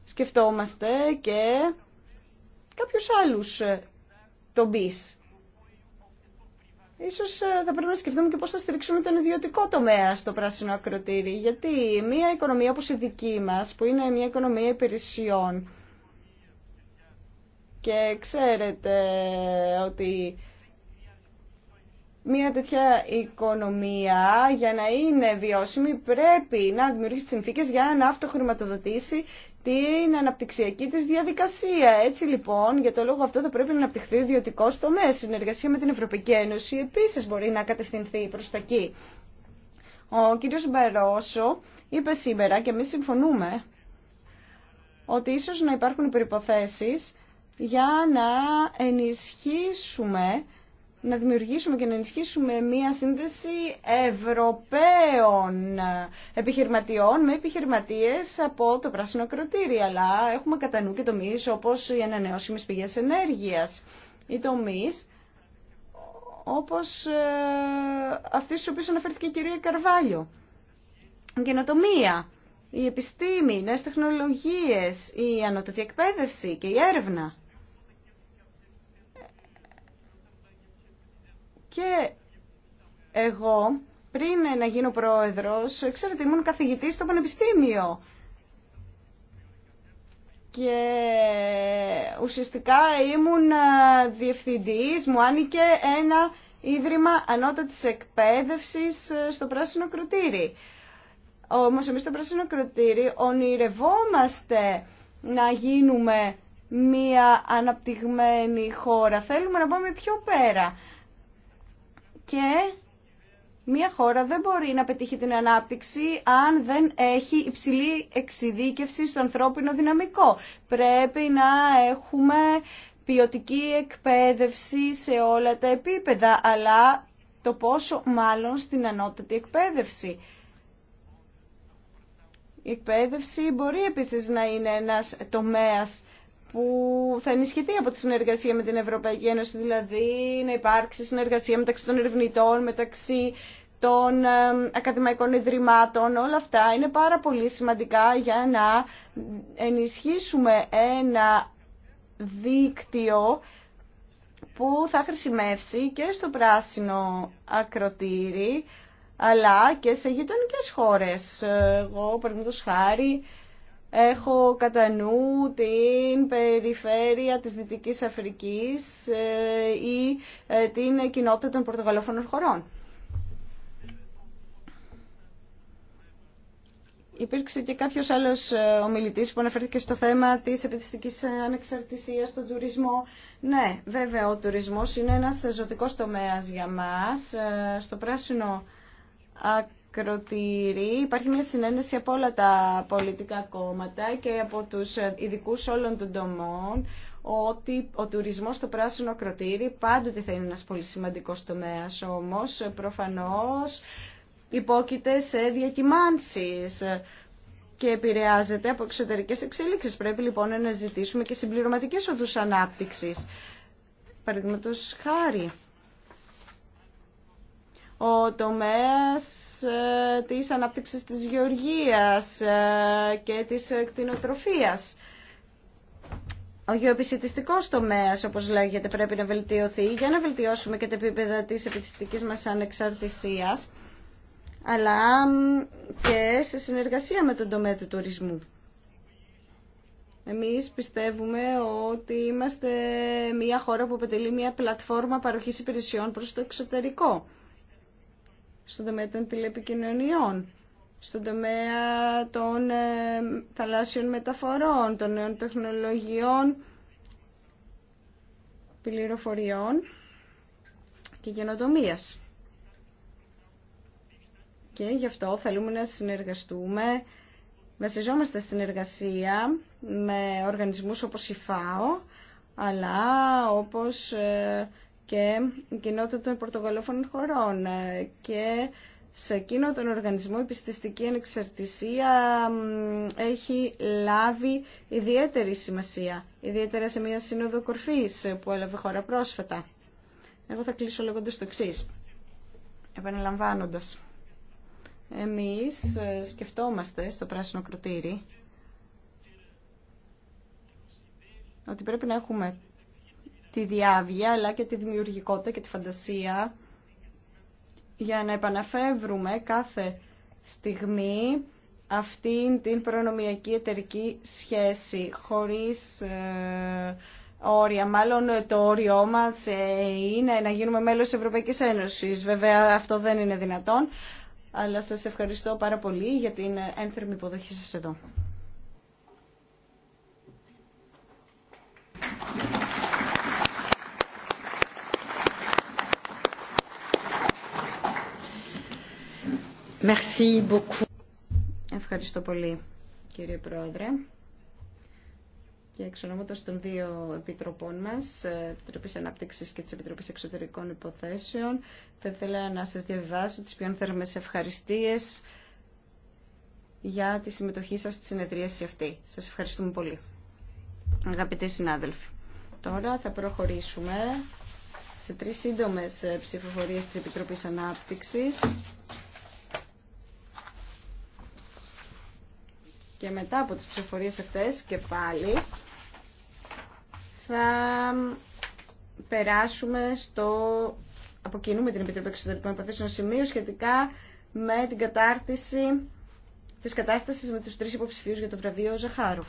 σκεφτόμαστε και κάποιους άλλους τομπείς Ίσως ε, θα πρέπει να σκεφτούμε και πώ θα στηρίξουμε τον ιδιωτικό τομέα στο πράσινο ακροτήρι. Γιατί μια οικονομία όπω η δική μα, που είναι μια οικονομία υπηρεσιών, και ξέρετε ότι μια τέτοια οικονομία για να είναι βιώσιμη πρέπει να δημιουργήσει συνθήκε για να αυτοχρηματοδοτήσει την αναπτυξιακή της διαδικασία. Έτσι λοιπόν, για το λόγο αυτό θα πρέπει να αναπτυχθεί ο ιδιωτικό τομέα. Συνεργασία με την Ευρωπαϊκή Ένωση επίσης μπορεί να κατευθυνθεί προς τα εκεί. Ο κύριος Μπαρόσο είπε σήμερα και εμείς συμφωνούμε ότι ίσως να υπάρχουν περιποθέσεις για να ενισχύσουμε να δημιουργήσουμε και να ενισχύσουμε μία σύνδεση Ευρωπαίων επιχειρηματιών με επιχειρηματίες από το πράσινο κροτήρι. Αλλά έχουμε κατά νου και τομεί όπως οι ανανεώσιμε πηγές ενέργειας. Οι τομεί όπως ε, αυτή στους οποίους αναφέρθηκε η κυρία Καρβάλιο. Καινοτομία, η επιστήμη, νέες τεχνολογίες, η ανωτατή εκπαίδευση και η έρευνα. Και εγώ πριν να γίνω πρόεδρος, ξέρετε, ήμουν καθηγητής στο Πανεπιστήμιο. Και ουσιαστικά ήμουν διευθυντής, μου άνοιγε ένα ίδρυμα ανώτατης εκπαίδευσης στο Πράσινο Κροτήρι. Όμως εμείς στο Πράσινο Κροτήρι ονειρευόμαστε να γίνουμε μία αναπτυγμένη χώρα. Θέλουμε να πάμε πιο πέρα και μια χώρα δεν μπορεί να πετύχει την ανάπτυξη αν δεν έχει υψηλή εξειδίκευση στο ανθρώπινο δυναμικό. Πρέπει να έχουμε ποιοτική εκπαίδευση σε όλα τα επίπεδα, αλλά το πόσο μάλλον στην ανώτατη εκπαίδευση. Η εκπαίδευση μπορεί επίσης να είναι ένας τομέας που θα ενισχυθεί από τη συνεργασία με την Ευρωπαϊκή Ένωση, δηλαδή να υπάρξει συνεργασία μεταξύ των ερευνητών, μεταξύ των ε, ακαδημαϊκών ιδρυμάτων, όλα αυτά είναι πάρα πολύ σημαντικά για να ενισχύσουμε ένα δίκτυο που θα χρησιμεύσει και στο πράσινο ακροτήρι, αλλά και σε γειτονικές χώρες. Εγώ, παραδείγματος χάρη, Έχω κατά νου την περιφέρεια της Δυτικής Αφρικής ε, ή ε, την κοινότητα των Πορτογαλόφωνων χωρών. Υπήρξε και κάποιος άλλος ε, ομιλητής που αναφέρθηκε στο θέμα της επιτιστικής ανεξαρτησίας, στον τουρισμό. Ναι, βέβαια, ο τουρισμός είναι ένας ζωτικός τομέας για μας. Στο πράσινο κροτήρι. Υπάρχει μια συνένεση από όλα τα πολιτικά κόμματα και από τους ειδικού όλων των τομών ότι ο τουρισμός στο πράσινο ακροτήρι πάντοτε θα είναι ένας πολύ σημαντικός τομέας όμως προφανώς υπόκειται σε διακυμάνσεις και επηρεάζεται από εξωτερικές εξέλιξεις. Πρέπει λοιπόν να ζητήσουμε και συμπληρωματικές οδούς ανάπτυξης. Παραδείγματος χάρη ο τομέας ε, της ανάπτυξης της γεωργίας ε, και της κτηνοτροφίας. Ο γεωπισητιστικός τομέας, όπως λέγεται, πρέπει να βελτιωθεί για να βελτιώσουμε και τα επίπεδα της επιστημικής μας ανεξαρτησίας, αλλά και σε συνεργασία με τον τομέα του τουρισμού. Εμείς πιστεύουμε ότι είμαστε μια χώρα που αποτελεί μια πλατφόρμα παροχής υπηρεσιών προς το εξωτερικό στον τομέα των τηλεπικοινωνιών, στον τομέα των ε, θαλάσσιων μεταφορών, των νέων τεχνολογιών, πληροφοριών και γενοτομίας. Και γι' αυτό θέλουμε να συνεργαστούμε, βασιζόμαστε στην συνεργασία με οργανισμούς όπως η ΦΑΟ, αλλά όπως ε, και η κοινότητα των πορτογαλόφων χωρών ε, και σε εκείνο τον οργανισμό η πιστιστική ανεξαρτησία έχει λάβει ιδιαίτερη σημασία, ιδιαίτερα σε μια σύνοδο κορφής ε, που έλαβε χώρα πρόσφατα. Εγώ θα κλείσω λέγοντας το εξή. επαναλαμβάνοντας. Εμείς ε, σκεφτόμαστε στο πράσινο κροτήρι ότι πρέπει να έχουμε τη διάβια αλλά και τη δημιουργικότητα και τη φαντασία για να επαναφεύρουμε κάθε στιγμή αυτήν την προνομιακή εταιρική σχέση χωρίς ε, όρια. Μάλλον το όριό μας ε, είναι να γίνουμε μέλος της Ευρωπαϊκής Ένωσης. Βέβαια αυτό δεν είναι δυνατόν, αλλά σας ευχαριστώ πάρα πολύ για την ένθερμη υποδοχή σας εδώ. Ευχαριστώ πολύ, κύριε Πρόεδρε. Και εξ ονόματος των δύο επιτροπών μας, ε, Επιτροπής Ανάπτυξης και της Επιτροπής Εξωτερικών Υποθέσεων, θα ήθελα να σας διαβάσω τις πιο θερμές ευχαριστίες για τη συμμετοχή σας στη συνεδρίαση αυτή. Σας ευχαριστούμε πολύ. Αγαπητοί συνάδελφοι, τώρα θα προχωρήσουμε σε τρεις σύντομες ε, ψηφοφορίες της Επιτροπής Ανάπτυξης. Και μετά από τις ψηφοφορίες αυτές και πάλι θα περάσουμε στο από κοινού με την Επιτροπή Εξωτερικών Υποθέσεων σημείο σχετικά με την κατάρτιση της κατάστασης με τους τρεις υποψηφίους για το βραβείο Ζαχάροφ.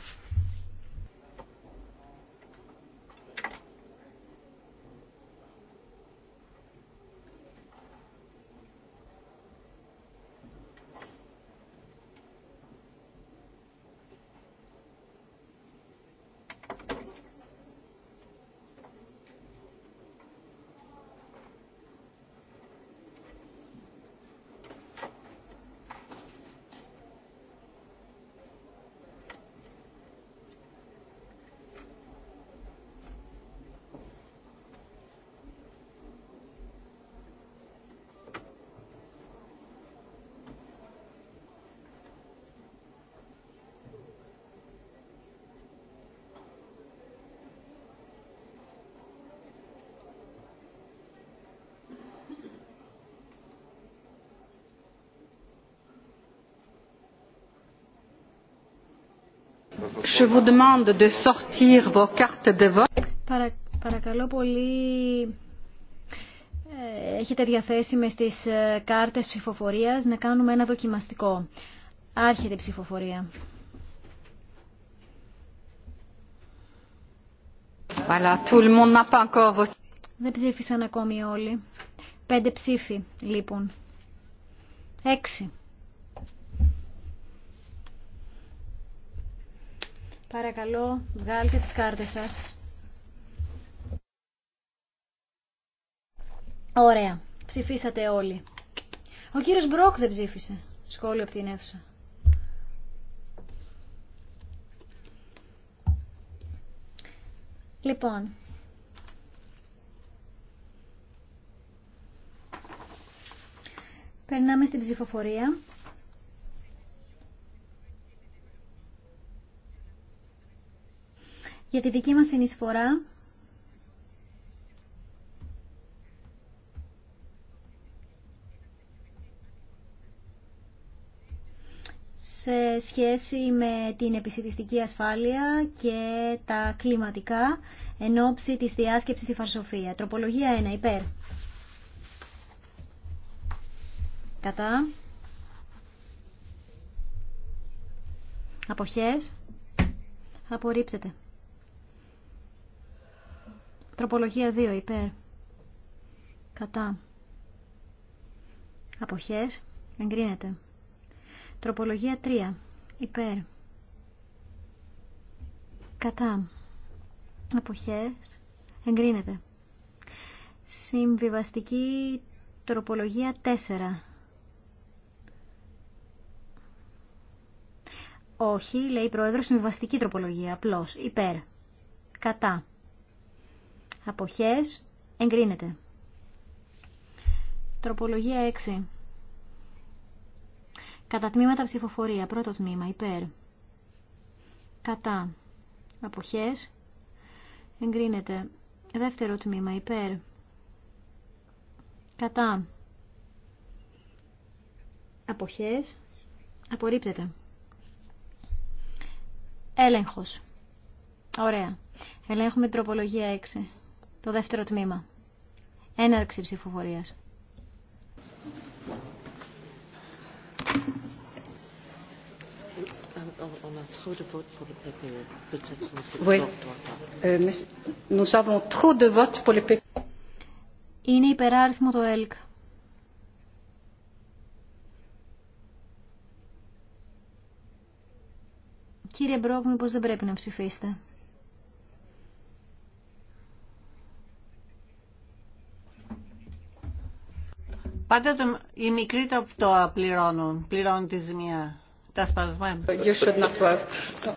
παρακαλώ πολύ ε, έχετε διαθέσιμες τις ε, κάρτες ψηφοφορίας να κάνουμε ένα δοκιμαστικό. Άρχεται η ψηφοφορία. Voilà, tout le monde pas Δεν ψήφισαν ακόμη όλοι. Πέντε ψήφοι, λοιπόν. Έξι. Παρακαλώ, βγάλτε τις κάρτες σας. Ωραία. Ψηφίσατε όλοι. Ο κύριος Μπρόκ δεν ψήφισε. Σχόλιο από την αίθουσα. Λοιπόν, περνάμε στην ψηφοφορία. για τη δική μας συνεισφορά σε σχέση με την επιστημιστική ασφάλεια και τα κλιματικά εν ώψη της διάσκεψης στη Φαρσοφία. Τροπολογία 1. Υπέρ. Κατά. Αποχές. Απορρίπτεται. Τροπολογία 2 υπέρ. Κατά. Αποχές. Εγκρίνεται. Τροπολογία 3 υπέρ. Κατά. Αποχές. Εγκρίνεται. Συμβιβαστική τροπολογία 4. Όχι, λέει η Πρόεδρος, συμβιβαστική τροπολογία, απλώς, υπέρ, κατά, αποχές, εγκρίνεται. Τροπολογία 6. Κατά τμήματα ψηφοφορία. Πρώτο τμήμα. Υπέρ. Κατά. Αποχές. Εγκρίνεται. Δεύτερο τμήμα. Υπέρ. Κατά. Αποχές. Απορρίπτεται. Έλεγχος. Ωραία. Ελέγχουμε τροπολογία 6. Το δεύτερο τμήμα. Έναρξη ψηφοφορίας. Είναι υπεράριθμο το ΕΛΚ. Κύριε Μπρόκ, μήπως δεν πρέπει να ψηφίσετε. Πάντα το, οι μικροί το, το πληρώνουν, πληρώνουν τη ζημιά. Τα σπασμένα.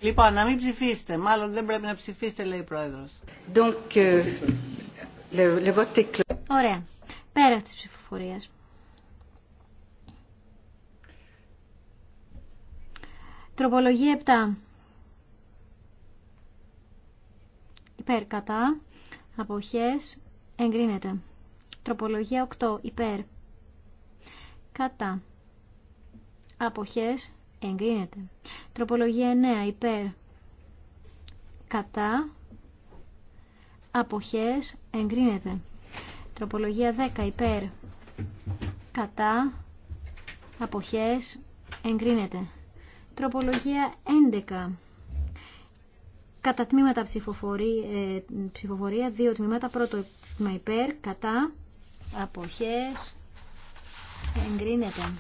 Λοιπόν, να μην ψηφίσετε. Μάλλον δεν πρέπει να ψηφίσετε, λέει η πρόεδρος. Euh, Ωραία. Πέρα της ψηφοφορίας. Τροπολογία 7. Υπέρ κατά. Αποχές. Εγκρίνεται. Τροπολογία 8. Υπέρ κατά. Αποχές εγκρίνεται. Τροπολογία 9 υπέρ κατά. Αποχές εγκρίνεται. Τροπολογία 10 υπέρ κατά. Αποχές εγκρίνεται. Τροπολογία 11. Κατά τμήματα ε, ψηφοφορία, δύο τμήματα, πρώτο τμήμα υπέρ, κατά, αποχές, εγκρίνεται.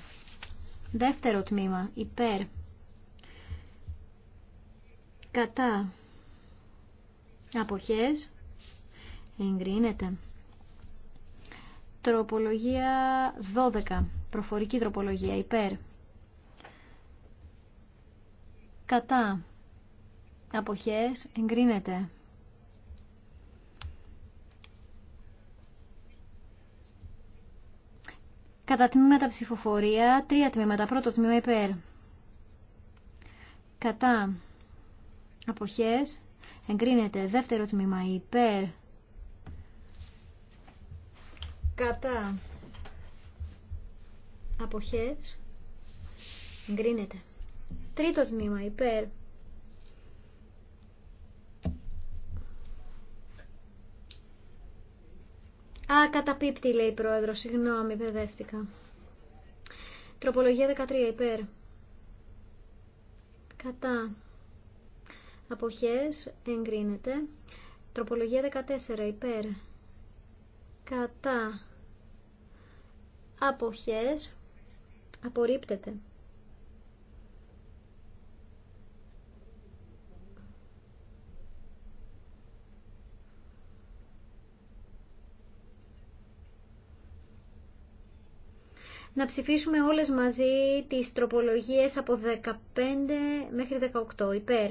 Δεύτερο τμήμα, υπέρ, κατά, αποχές, εγκρίνεται. Τροπολογία 12, προφορική τροπολογία, υπέρ, κατά, αποχές, εγκρίνεται. Κατά τμήματα ψηφοφορία, τρία τμήματα. Πρώτο τμήμα υπέρ. Κατά αποχές εγκρίνεται. Δεύτερο τμήμα υπέρ. Κατά αποχές εγκρίνεται. Τρίτο τμήμα υπέρ. Α, καταπίπτει λέει η πρόεδρο, συγγνώμη, μπερδεύτηκα. Τροπολογία 13, υπέρ. Κατά. Αποχές, εγκρίνεται. Τροπολογία 14, υπέρ. Κατά. Αποχές, απορρίπτεται. να ψηφίσουμε όλες μαζί τις τροπολογίες από 15 μέχρι 18 υπέρ.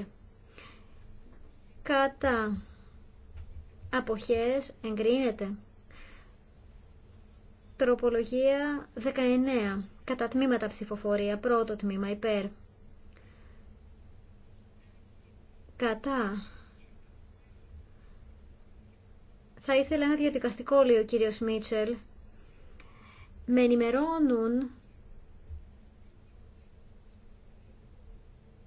Κατά αποχές εγκρίνεται. Τροπολογία 19. Κατά τμήματα ψηφοφορία. Πρώτο τμήμα υπέρ. Κατά. Θα ήθελα ένα διαδικαστικό, λέει ο κύριος Μίτσελ με ενημερώνουν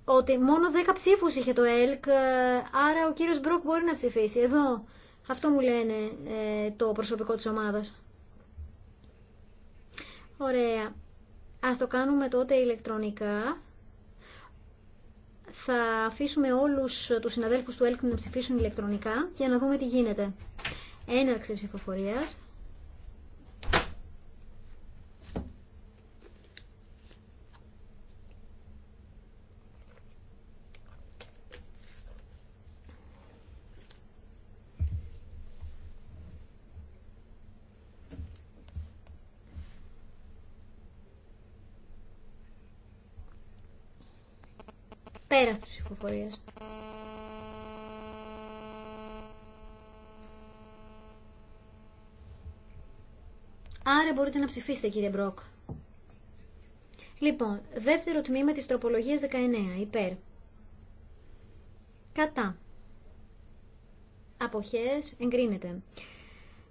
ότι μόνο 10 ψήφους είχε το ΕΛΚ, ε, άρα ο κύριος Μπροκ μπορεί να ψηφίσει. Εδώ, αυτό μου λένε ε, το προσωπικό της ομάδας. Ωραία. Ας το κάνουμε τότε ηλεκτρονικά. Θα αφήσουμε όλους τους συναδέλφους του ΕΛΚ να ψηφίσουν ηλεκτρονικά για να δούμε τι γίνεται. Έναρξη ψηφοφορίας. Πέρα της Άρα μπορείτε να ψηφίσετε κύριε Μπρόκ. Λοιπόν, δεύτερο τμήμα της τροπολογίας 19, υπέρ. Κατά. Αποχές, εγκρίνεται.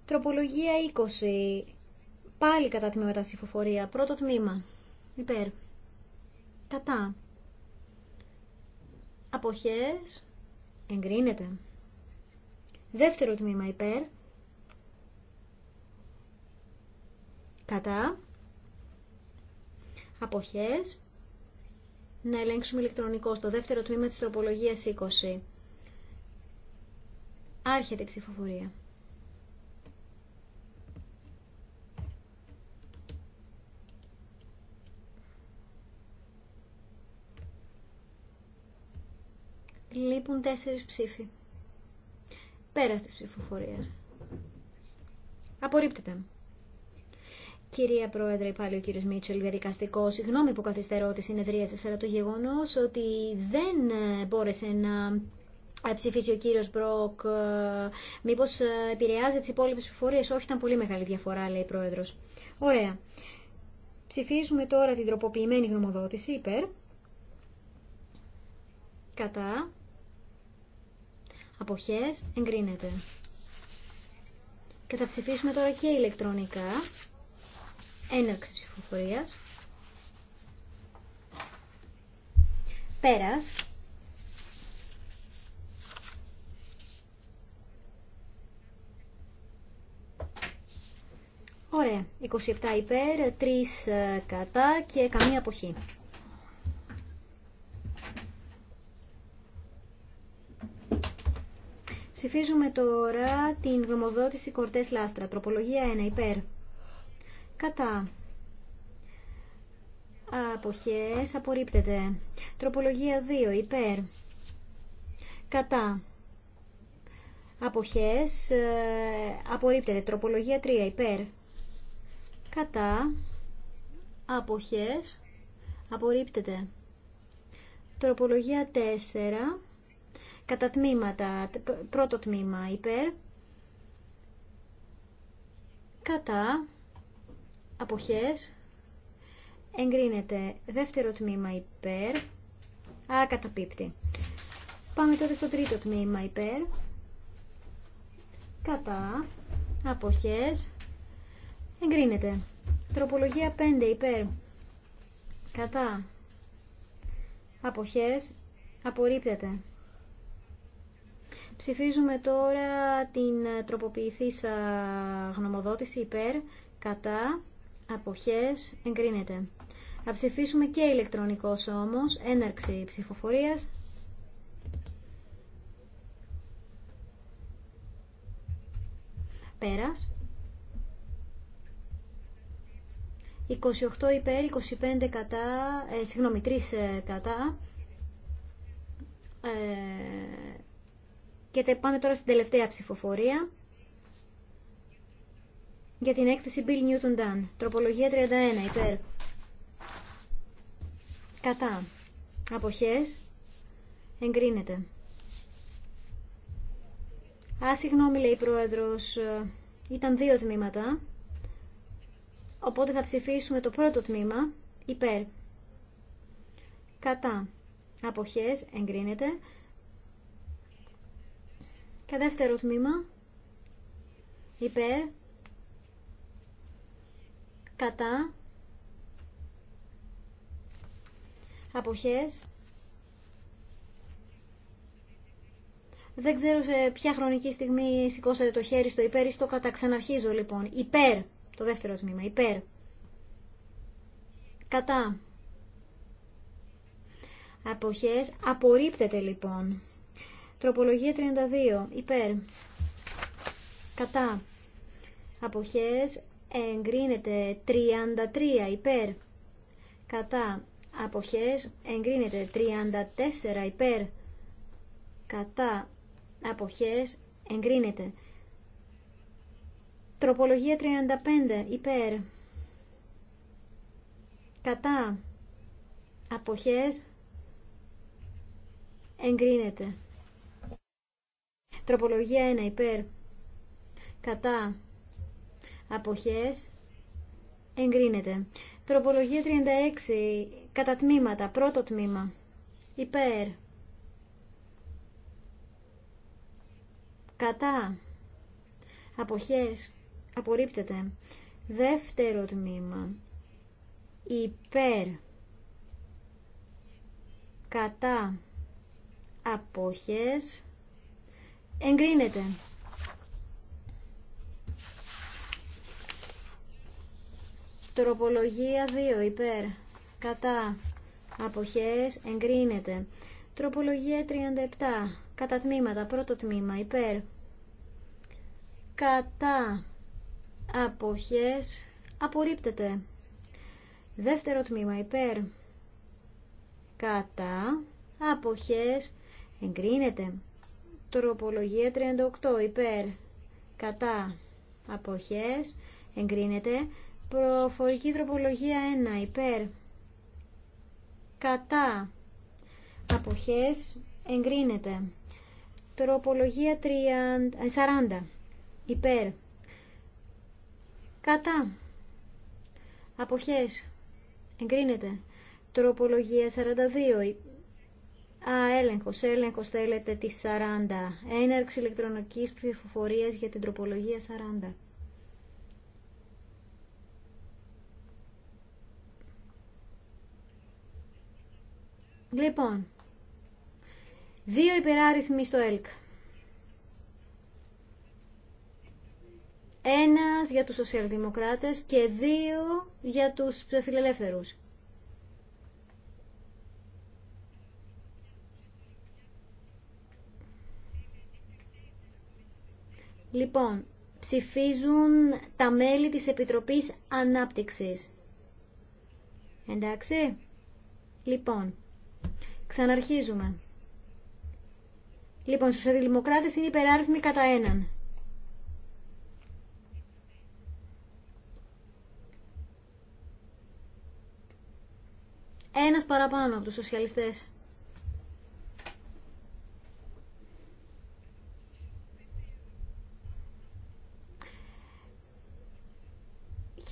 Τροπολογία 20, πάλι κατά τμήματα ψηφοφορία, πρώτο τμήμα, υπέρ. Κατά αποχές εγκρίνεται. Δεύτερο τμήμα υπέρ, κατά, αποχές, να ελέγξουμε ηλεκτρονικό στο δεύτερο τμήμα της τροπολογίας 20. Άρχεται η ψηφοφορία. Λείπουν τέσσερις ψήφοι. Πέρα τη ψηφοφορίες. Απορρίπτεται. Κυρία Πρόεδρε, πάλι ο κύριος Μίτσελ, διαδικαστικό, συγγνώμη που καθυστερώ τη συνεδρία σας, αλλά το γεγονός ότι δεν ε, μπόρεσε να ε, ψηφίσει ο κύριος Μπρόκ, ε, μήπως επηρεάζει τις υπόλοιπες ψηφοφορίες, όχι ήταν πολύ μεγάλη διαφορά, λέει η Πρόεδρος. Ωραία. Ψηφίζουμε τώρα την τροποποιημένη γνωμοδότηση, υπέρ, κατά, αποχές, εγκρίνεται. Και θα ψηφίσουμε τώρα και ηλεκτρονικά. Έναρξη ψηφοφορίας. Πέρας. Ωραία. 27 υπέρ, 3 ε, κατά και καμία αποχή. Ψηφίζουμε τώρα την γνωμοδότηση κορτέ Λάστρα. Τροπολογία 1. Υπέρ. Κατά. Αποχές. Απορρίπτεται. Τροπολογία 2. Ε, υπέρ. Κατά. Αποχές. Απορρίπτεται. Τροπολογία 3. Υπέρ. Κατά. Αποχές. Απορρίπτεται. Τροπολογία 4 κατά τμήματα. Πρώτο τμήμα υπέρ, κατά, αποχές, εγκρίνεται. Δεύτερο τμήμα υπέρ, α, καταπίπτει. Πάμε τώρα στο τρίτο τμήμα υπέρ, κατά, αποχές, εγκρίνεται. Τροπολογία 5 υπέρ, κατά, αποχές, απορρίπτεται. Ψηφίζουμε τώρα την τροποποιηθήσα γνωμοδότηση υπέρ, κατά, αποχές, εγκρίνεται. Θα ψηφίσουμε και ηλεκτρονικός όμως, έναρξη ψηφοφορίας. Πέρας. 28 υπέρ, 25 κατά, ε, συγγνώμη, 3 ε, κατά. Ε, και πάμε τώρα στην τελευταία ψηφοφορία για την έκθεση Bill Newton Dunn. Τροπολογία 31 υπέρ. Κατά. Αποχές. Εγκρίνεται. Α, συγγνώμη, λέει η Πρόεδρος, ε, ήταν δύο τμήματα. Οπότε θα ψηφίσουμε το πρώτο τμήμα, υπέρ. Κατά. Αποχές, εγκρίνεται. Και δεύτερο τμήμα. Υπέρ. Κατά. Αποχές. Δεν ξέρω σε ποια χρονική στιγμή σηκώσατε το χέρι στο υπέρ ή στο κατά. Ξαναρχίζω λοιπόν. Υπέρ. Το δεύτερο τμήμα. Υπέρ. Κατά. Αποχές. Απορρίπτεται λοιπόν. Τροπολογία 32. Υπέρ. Κατά. Αποχές εγκρίνεται 33. Υπέρ. Κατά. Αποχές εγκρίνεται 34. Υπέρ. Κατά. Αποχές εγκρίνεται. Τροπολογία 35. Υπέρ. Κατά. Αποχές εγκρίνεται. Τροπολογία 1 υπέρ κατά αποχές εγκρίνεται. Τροπολογία 36 κατά τμήματα, πρώτο τμήμα υπέρ κατά αποχές απορρίπτεται. Δεύτερο τμήμα υπέρ κατά αποχές εγκρίνεται. Τροπολογία 2 υπέρ κατά αποχές εγκρίνεται. Τροπολογία 37 κατά τμήματα πρώτο τμήμα υπέρ κατά αποχές απορρίπτεται. Δεύτερο τμήμα υπέρ κατά αποχές εγκρίνεται. Τροπολογία 38 υπέρ κατά αποχές εγκρίνεται. Προφορική τροπολογία 1 υπέρ κατά αποχές εγκρίνεται. Τροπολογία 30, 40 υπέρ κατά αποχές εγκρίνεται. Τροπολογία 42 Α, έλεγχος. Έλεγχος θέλετε τη 40. Έναρξη ηλεκτρονικής ψηφοφορίας για την τροπολογία 40. Λοιπόν, δύο υπεράριθμοι στο ΕΛΚ. Ένας για τους σοσιαλδημοκράτες και δύο για τους φιλελεύθερους. Λοιπόν, ψηφίζουν τα μέλη της Επιτροπής Ανάπτυξης. Εντάξει. Λοιπόν, ξαναρχίζουμε. Λοιπόν, στους αντιδημοκράτες είναι υπεράριθμοι κατά έναν. Ένας παραπάνω από τους σοσιαλιστές.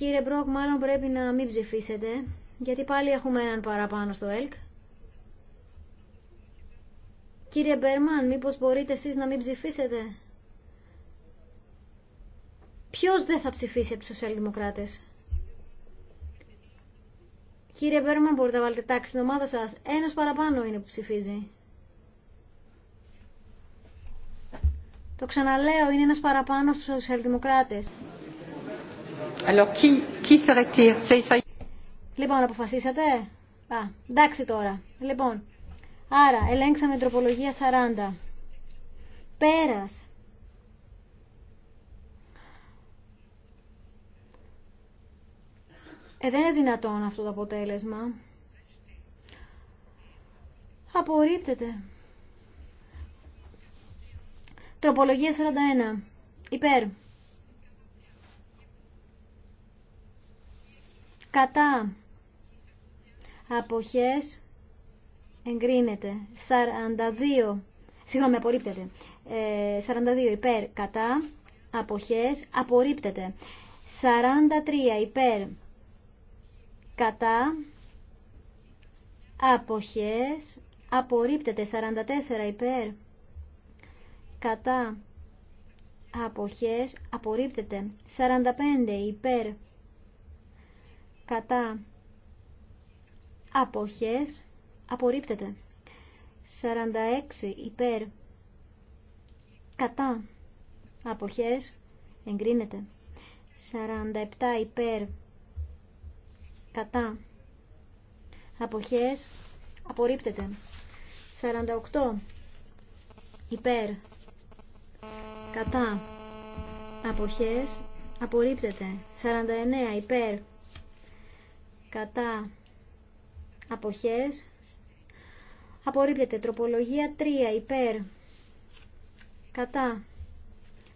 Κύριε Μπρόκ, μάλλον πρέπει να μην ψηφίσετε, γιατί πάλι έχουμε έναν παραπάνω στο ΕΛΚ. Κύριε Μπέρμαν, μήπως μπορείτε εσείς να μην ψηφίσετε. Ποιος δεν θα ψηφίσει από τους σοσιαλδημοκράτες. Κύριε Μπέρμαν, μπορείτε να βάλετε τάξη στην ομάδα σας. Ένας παραπάνω είναι που ψηφίζει. Το ξαναλέω, είναι ένας παραπάνω στους σοσιαλδημοκράτες. Λοιπόν, αποφασίσατε. Α, εντάξει τώρα. Λοιπόν, άρα, ελέγξαμε τροπολογία 40. Πέρας. Ε, δεν είναι δυνατόν αυτό το αποτέλεσμα. Απορρίπτεται. Τροπολογία 41. Υπέρ. κατά αποχές εγκρίνεται 42 συγγνώμη απορρίπτεται 42 ε, υπέρ κατά αποχές απορρίπτεται 43 υπέρ κατά αποχές απορρίπτεται 44 υπέρ κατά αποχές απορρίπτεται 45 υπέρ κατά αποχές απορρίπτεται 46 υπέρ κατά αποχές εγκρίνεται 47 υπέρ κατά αποχές απορρίπτεται 48 υπέρ κατά αποχές απορρίπτεται 49 υπέρ κατά αποχές απορρίπτεται τροπολογία 3 υπέρ κατά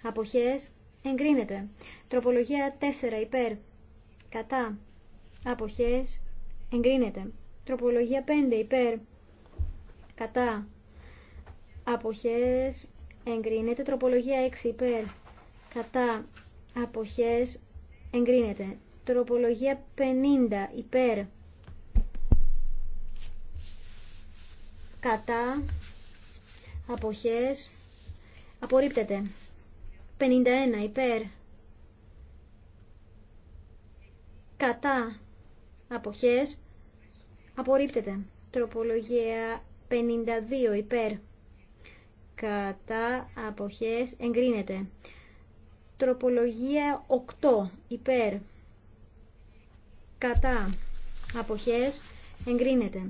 αποχές εγκρίνεται τροπολογία 4 υπέρ κατά αποχές εγκρίνεται τροπολογία 5 υπέρ κατά αποχές εγκρίνεται τροπολογία 6 υπέρ κατά αποχές εγκρίνεται Τροπολογία 50 υπέρ κατά αποχές απορρίπτεται 51 υπέρ κατά αποχές απορρίπτεται τροπολογία 52 υπέρ κατά αποχές εγκρίνεται τροπολογία 8 υπέρ κατά αποχές εγκρίνεται.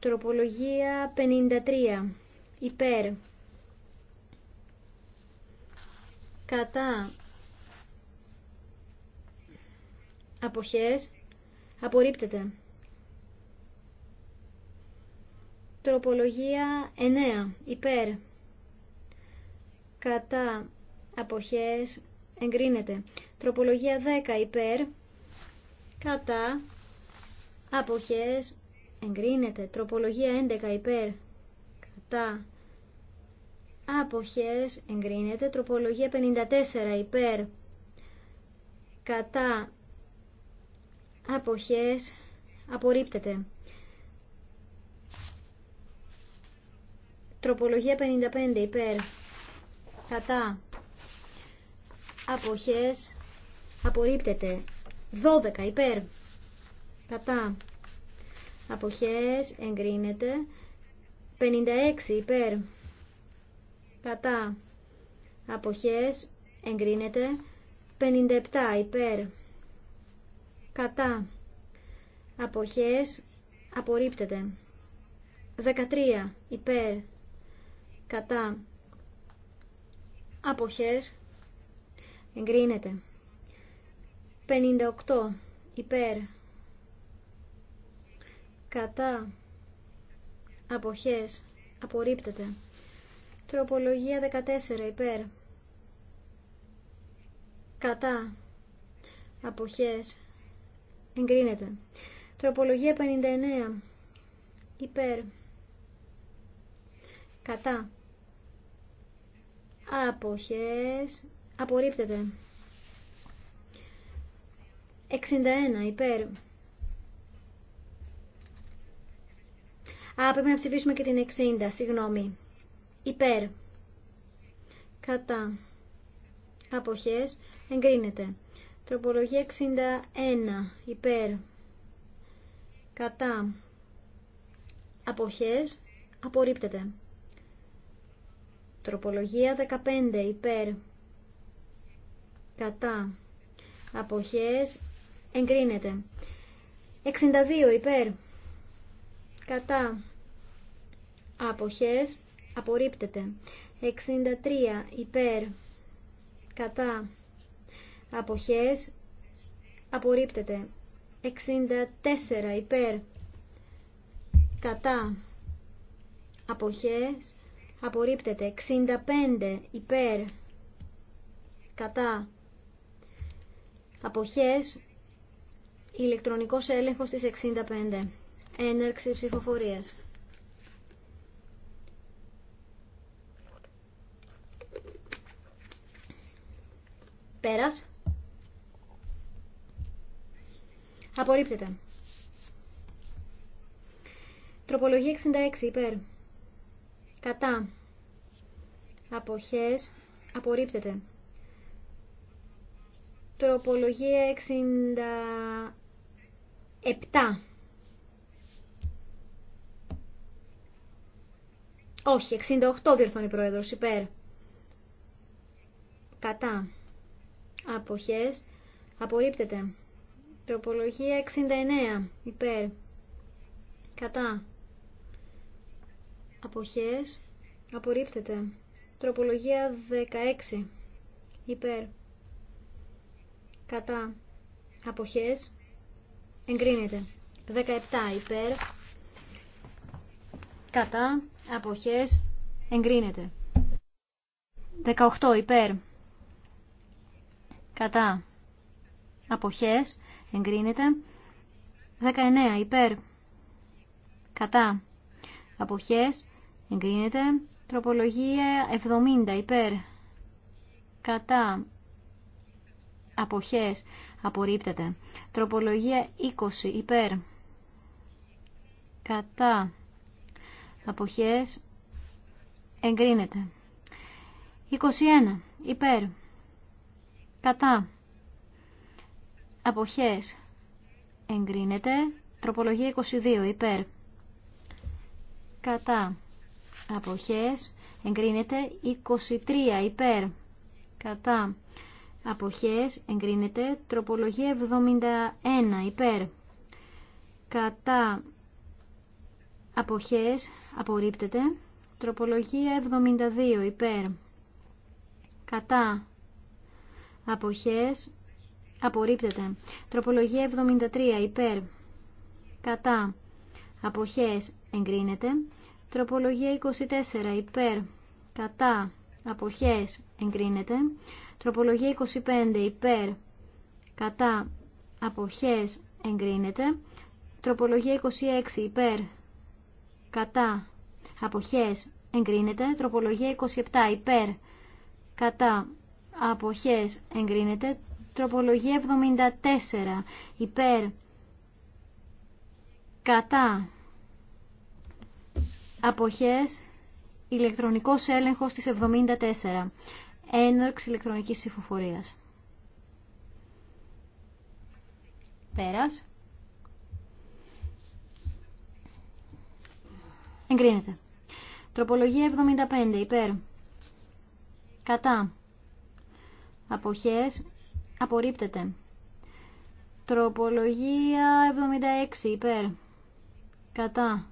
Τροπολογία 53 υπέρ κατά αποχές απορρίπτεται. Τροπολογία 9 υπέρ κατά αποχές εγκρίνεται. Τροπολογία 10 υπέρ κατά αποχές εγκρίνεται τροπολογία 11 υπέρ κατά αποχές εγκρίνεται τροπολογία 54 υπέρ κατά αποχές απορρίπτεται τροπολογία 55 υπέρ κατά αποχές απορρίπτεται 12 υπέρ κατά αποχές εγκρίνεται 56 υπέρ κατά αποχές εγκρίνεται 57 υπέρ κατά αποχές απορρίπτεται 13 υπέρ κατά αποχές εγκρίνεται 58 υπέρ κατά αποχές απορρίπτεται τροπολογία 14 υπέρ κατά αποχές εγκρίνεται τροπολογία 59 υπέρ κατά αποχές απορρίπτεται 61 υπέρ. Α, πρέπει να ψηφίσουμε και την 60, συγγνώμη. Υπέρ. Κατά. Αποχές. Εγκρίνεται. Τροπολογία 61. Υπέρ. Κατά. Αποχές. Απορρίπτεται. Τροπολογία 15. Υπέρ. Κατά. Αποχές εγκρίνεται. 62 υπέρ κατά αποχές απορρίπτεται. 63 υπέρ κατά αποχές απορρίπτεται. 64 υπέρ κατά αποχές απορρίπτεται. 65 υπέρ κατά αποχές Ηλεκτρονικός έλεγχος της 65. Έναρξη ψηφοφορίας. Πέρας. Απορρίπτεται. Τροπολογία 66 υπέρ. Κατά. Αποχές. Απορρίπτεται. Τροπολογία 60... 7. Όχι, 68 διερθώνει η πρόεδρος, υπέρ. Κατά. Αποχές. Απορρίπτεται. Τροπολογία 69, υπέρ. Κατά. Αποχές. Απορρίπτεται. Τροπολογία 16, υπέρ. Κατά. Αποχές εγκρίνεται. 17 υπέρ, κατά, αποχές, εγκρίνεται. 18 υπέρ, κατά, αποχές, εγκρίνεται. 19 υπέρ, κατά, αποχές, εγκρίνεται. Τροπολογία 70 υπέρ, κατά, αποχές, Απορρίπτεται. Τροπολογία 20 υπέρ. Κατά. Αποχές. Εγκρίνεται. 21 υπέρ. Κατά. Αποχές. Εγκρίνεται. Τροπολογία 22 υπέρ. Κατά. Αποχές. Εγκρίνεται. 23 υπέρ. Κατά. Αποχές εγκρίνεται. Τροπολογία 71 υπέρ. Κατά. Αποχές απορρίπτεται. Τροπολογία 72 υπέρ. Κατά. Αποχές απορρίπτεται. Τροπολογία 73 υπέρ. Κατά. Αποχές εγκρίνεται. Τροπολογία 24 υπέρ. Κατά. Αποχές εγκρίνεται. Τροπολογία 25 υπέρ κατά αποχές εγκρίνεται. Τροπολογία 26 υπέρ κατά αποχές εγκρίνεται. Τροπολογία 27 υπέρ κατά αποχές εγκρίνεται. Τροπολογία 74 υπέρ κατά αποχές ηλεκτρονικός έλεγχος της 74 έναρξη ηλεκτρονικής ψηφοφορίας. Πέρας. Εγκρίνεται. Τροπολογία 75. Υπέρ. Κατά. Αποχές. Απορρίπτεται. Τροπολογία 76. Υπέρ. Κατά.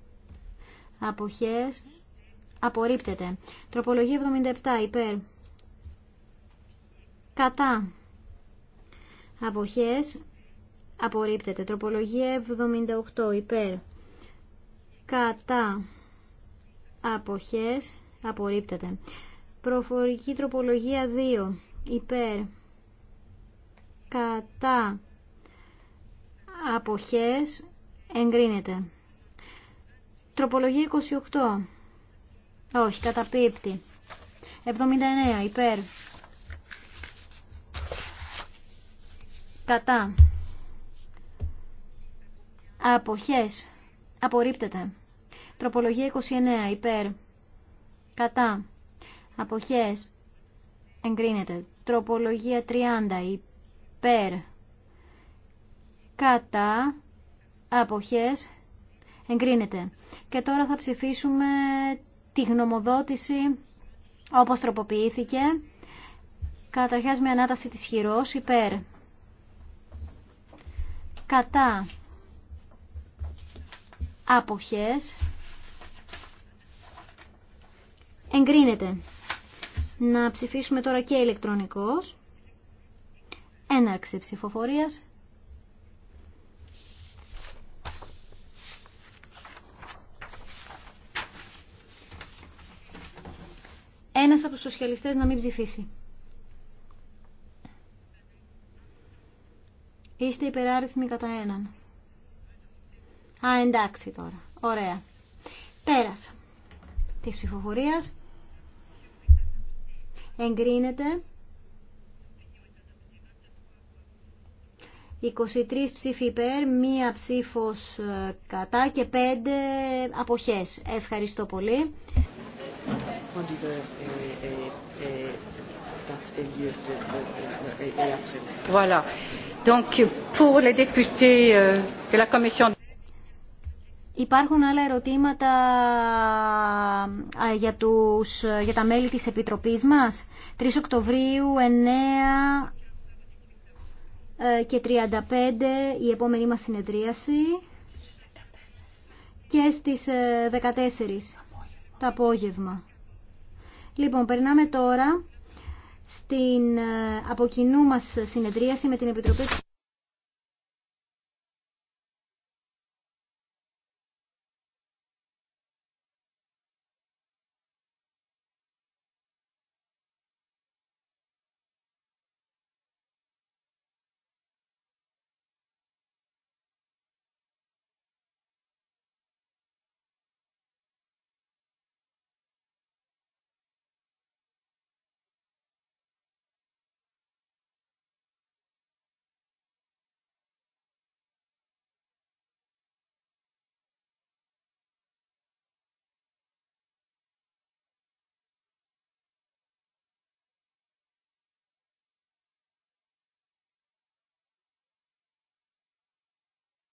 Αποχές. Απορρίπτεται. Τροπολογία 77. Υπέρ κατά αποχές απορρίπτεται. Τροπολογία 78 υπέρ κατά αποχές απορρίπτεται. Προφορική τροπολογία 2 υπέρ κατά αποχές εγκρίνεται. Τροπολογία 28. Όχι, καταπίπτει. 79 υπέρ κατά αποχές απορρίπτεται. Τροπολογία 29 υπέρ κατά αποχές εγκρίνεται. Τροπολογία 30 υπέρ κατά αποχές εγκρίνεται. Και τώρα θα ψηφίσουμε τη γνωμοδότηση όπως τροποποιήθηκε. Καταρχάς με ανάταση της χειρός υπέρ κατά αποχές εγκρίνεται. Να ψηφίσουμε τώρα και ηλεκτρονικός. Έναρξη ψηφοφορίας. Ένας από τους σοσιαλιστές να μην ψηφίσει. Είστε υπεράριθμοι κατά έναν. Α, εντάξει τώρα. Ωραία. Πέρασα. Της ψηφοφορίας. Εγκρίνεται. 23 ψήφοι υπέρ, μία ψήφος ε, κατά και 5 αποχές. Ευχαριστώ πολύ. Ε, ε, Υπάρχουν άλλα ερωτήματα για, για τα μέλη της Επιτροπής μας. 3 Οκτωβρίου, 9 ε, και 35 η επόμενή μας συνεδρίαση και στις 14 ε, το απόγευμα. Λοιπόν, περνάμε τώρα στην ε, από κοινού μας συνεδρίαση με την Επιτροπή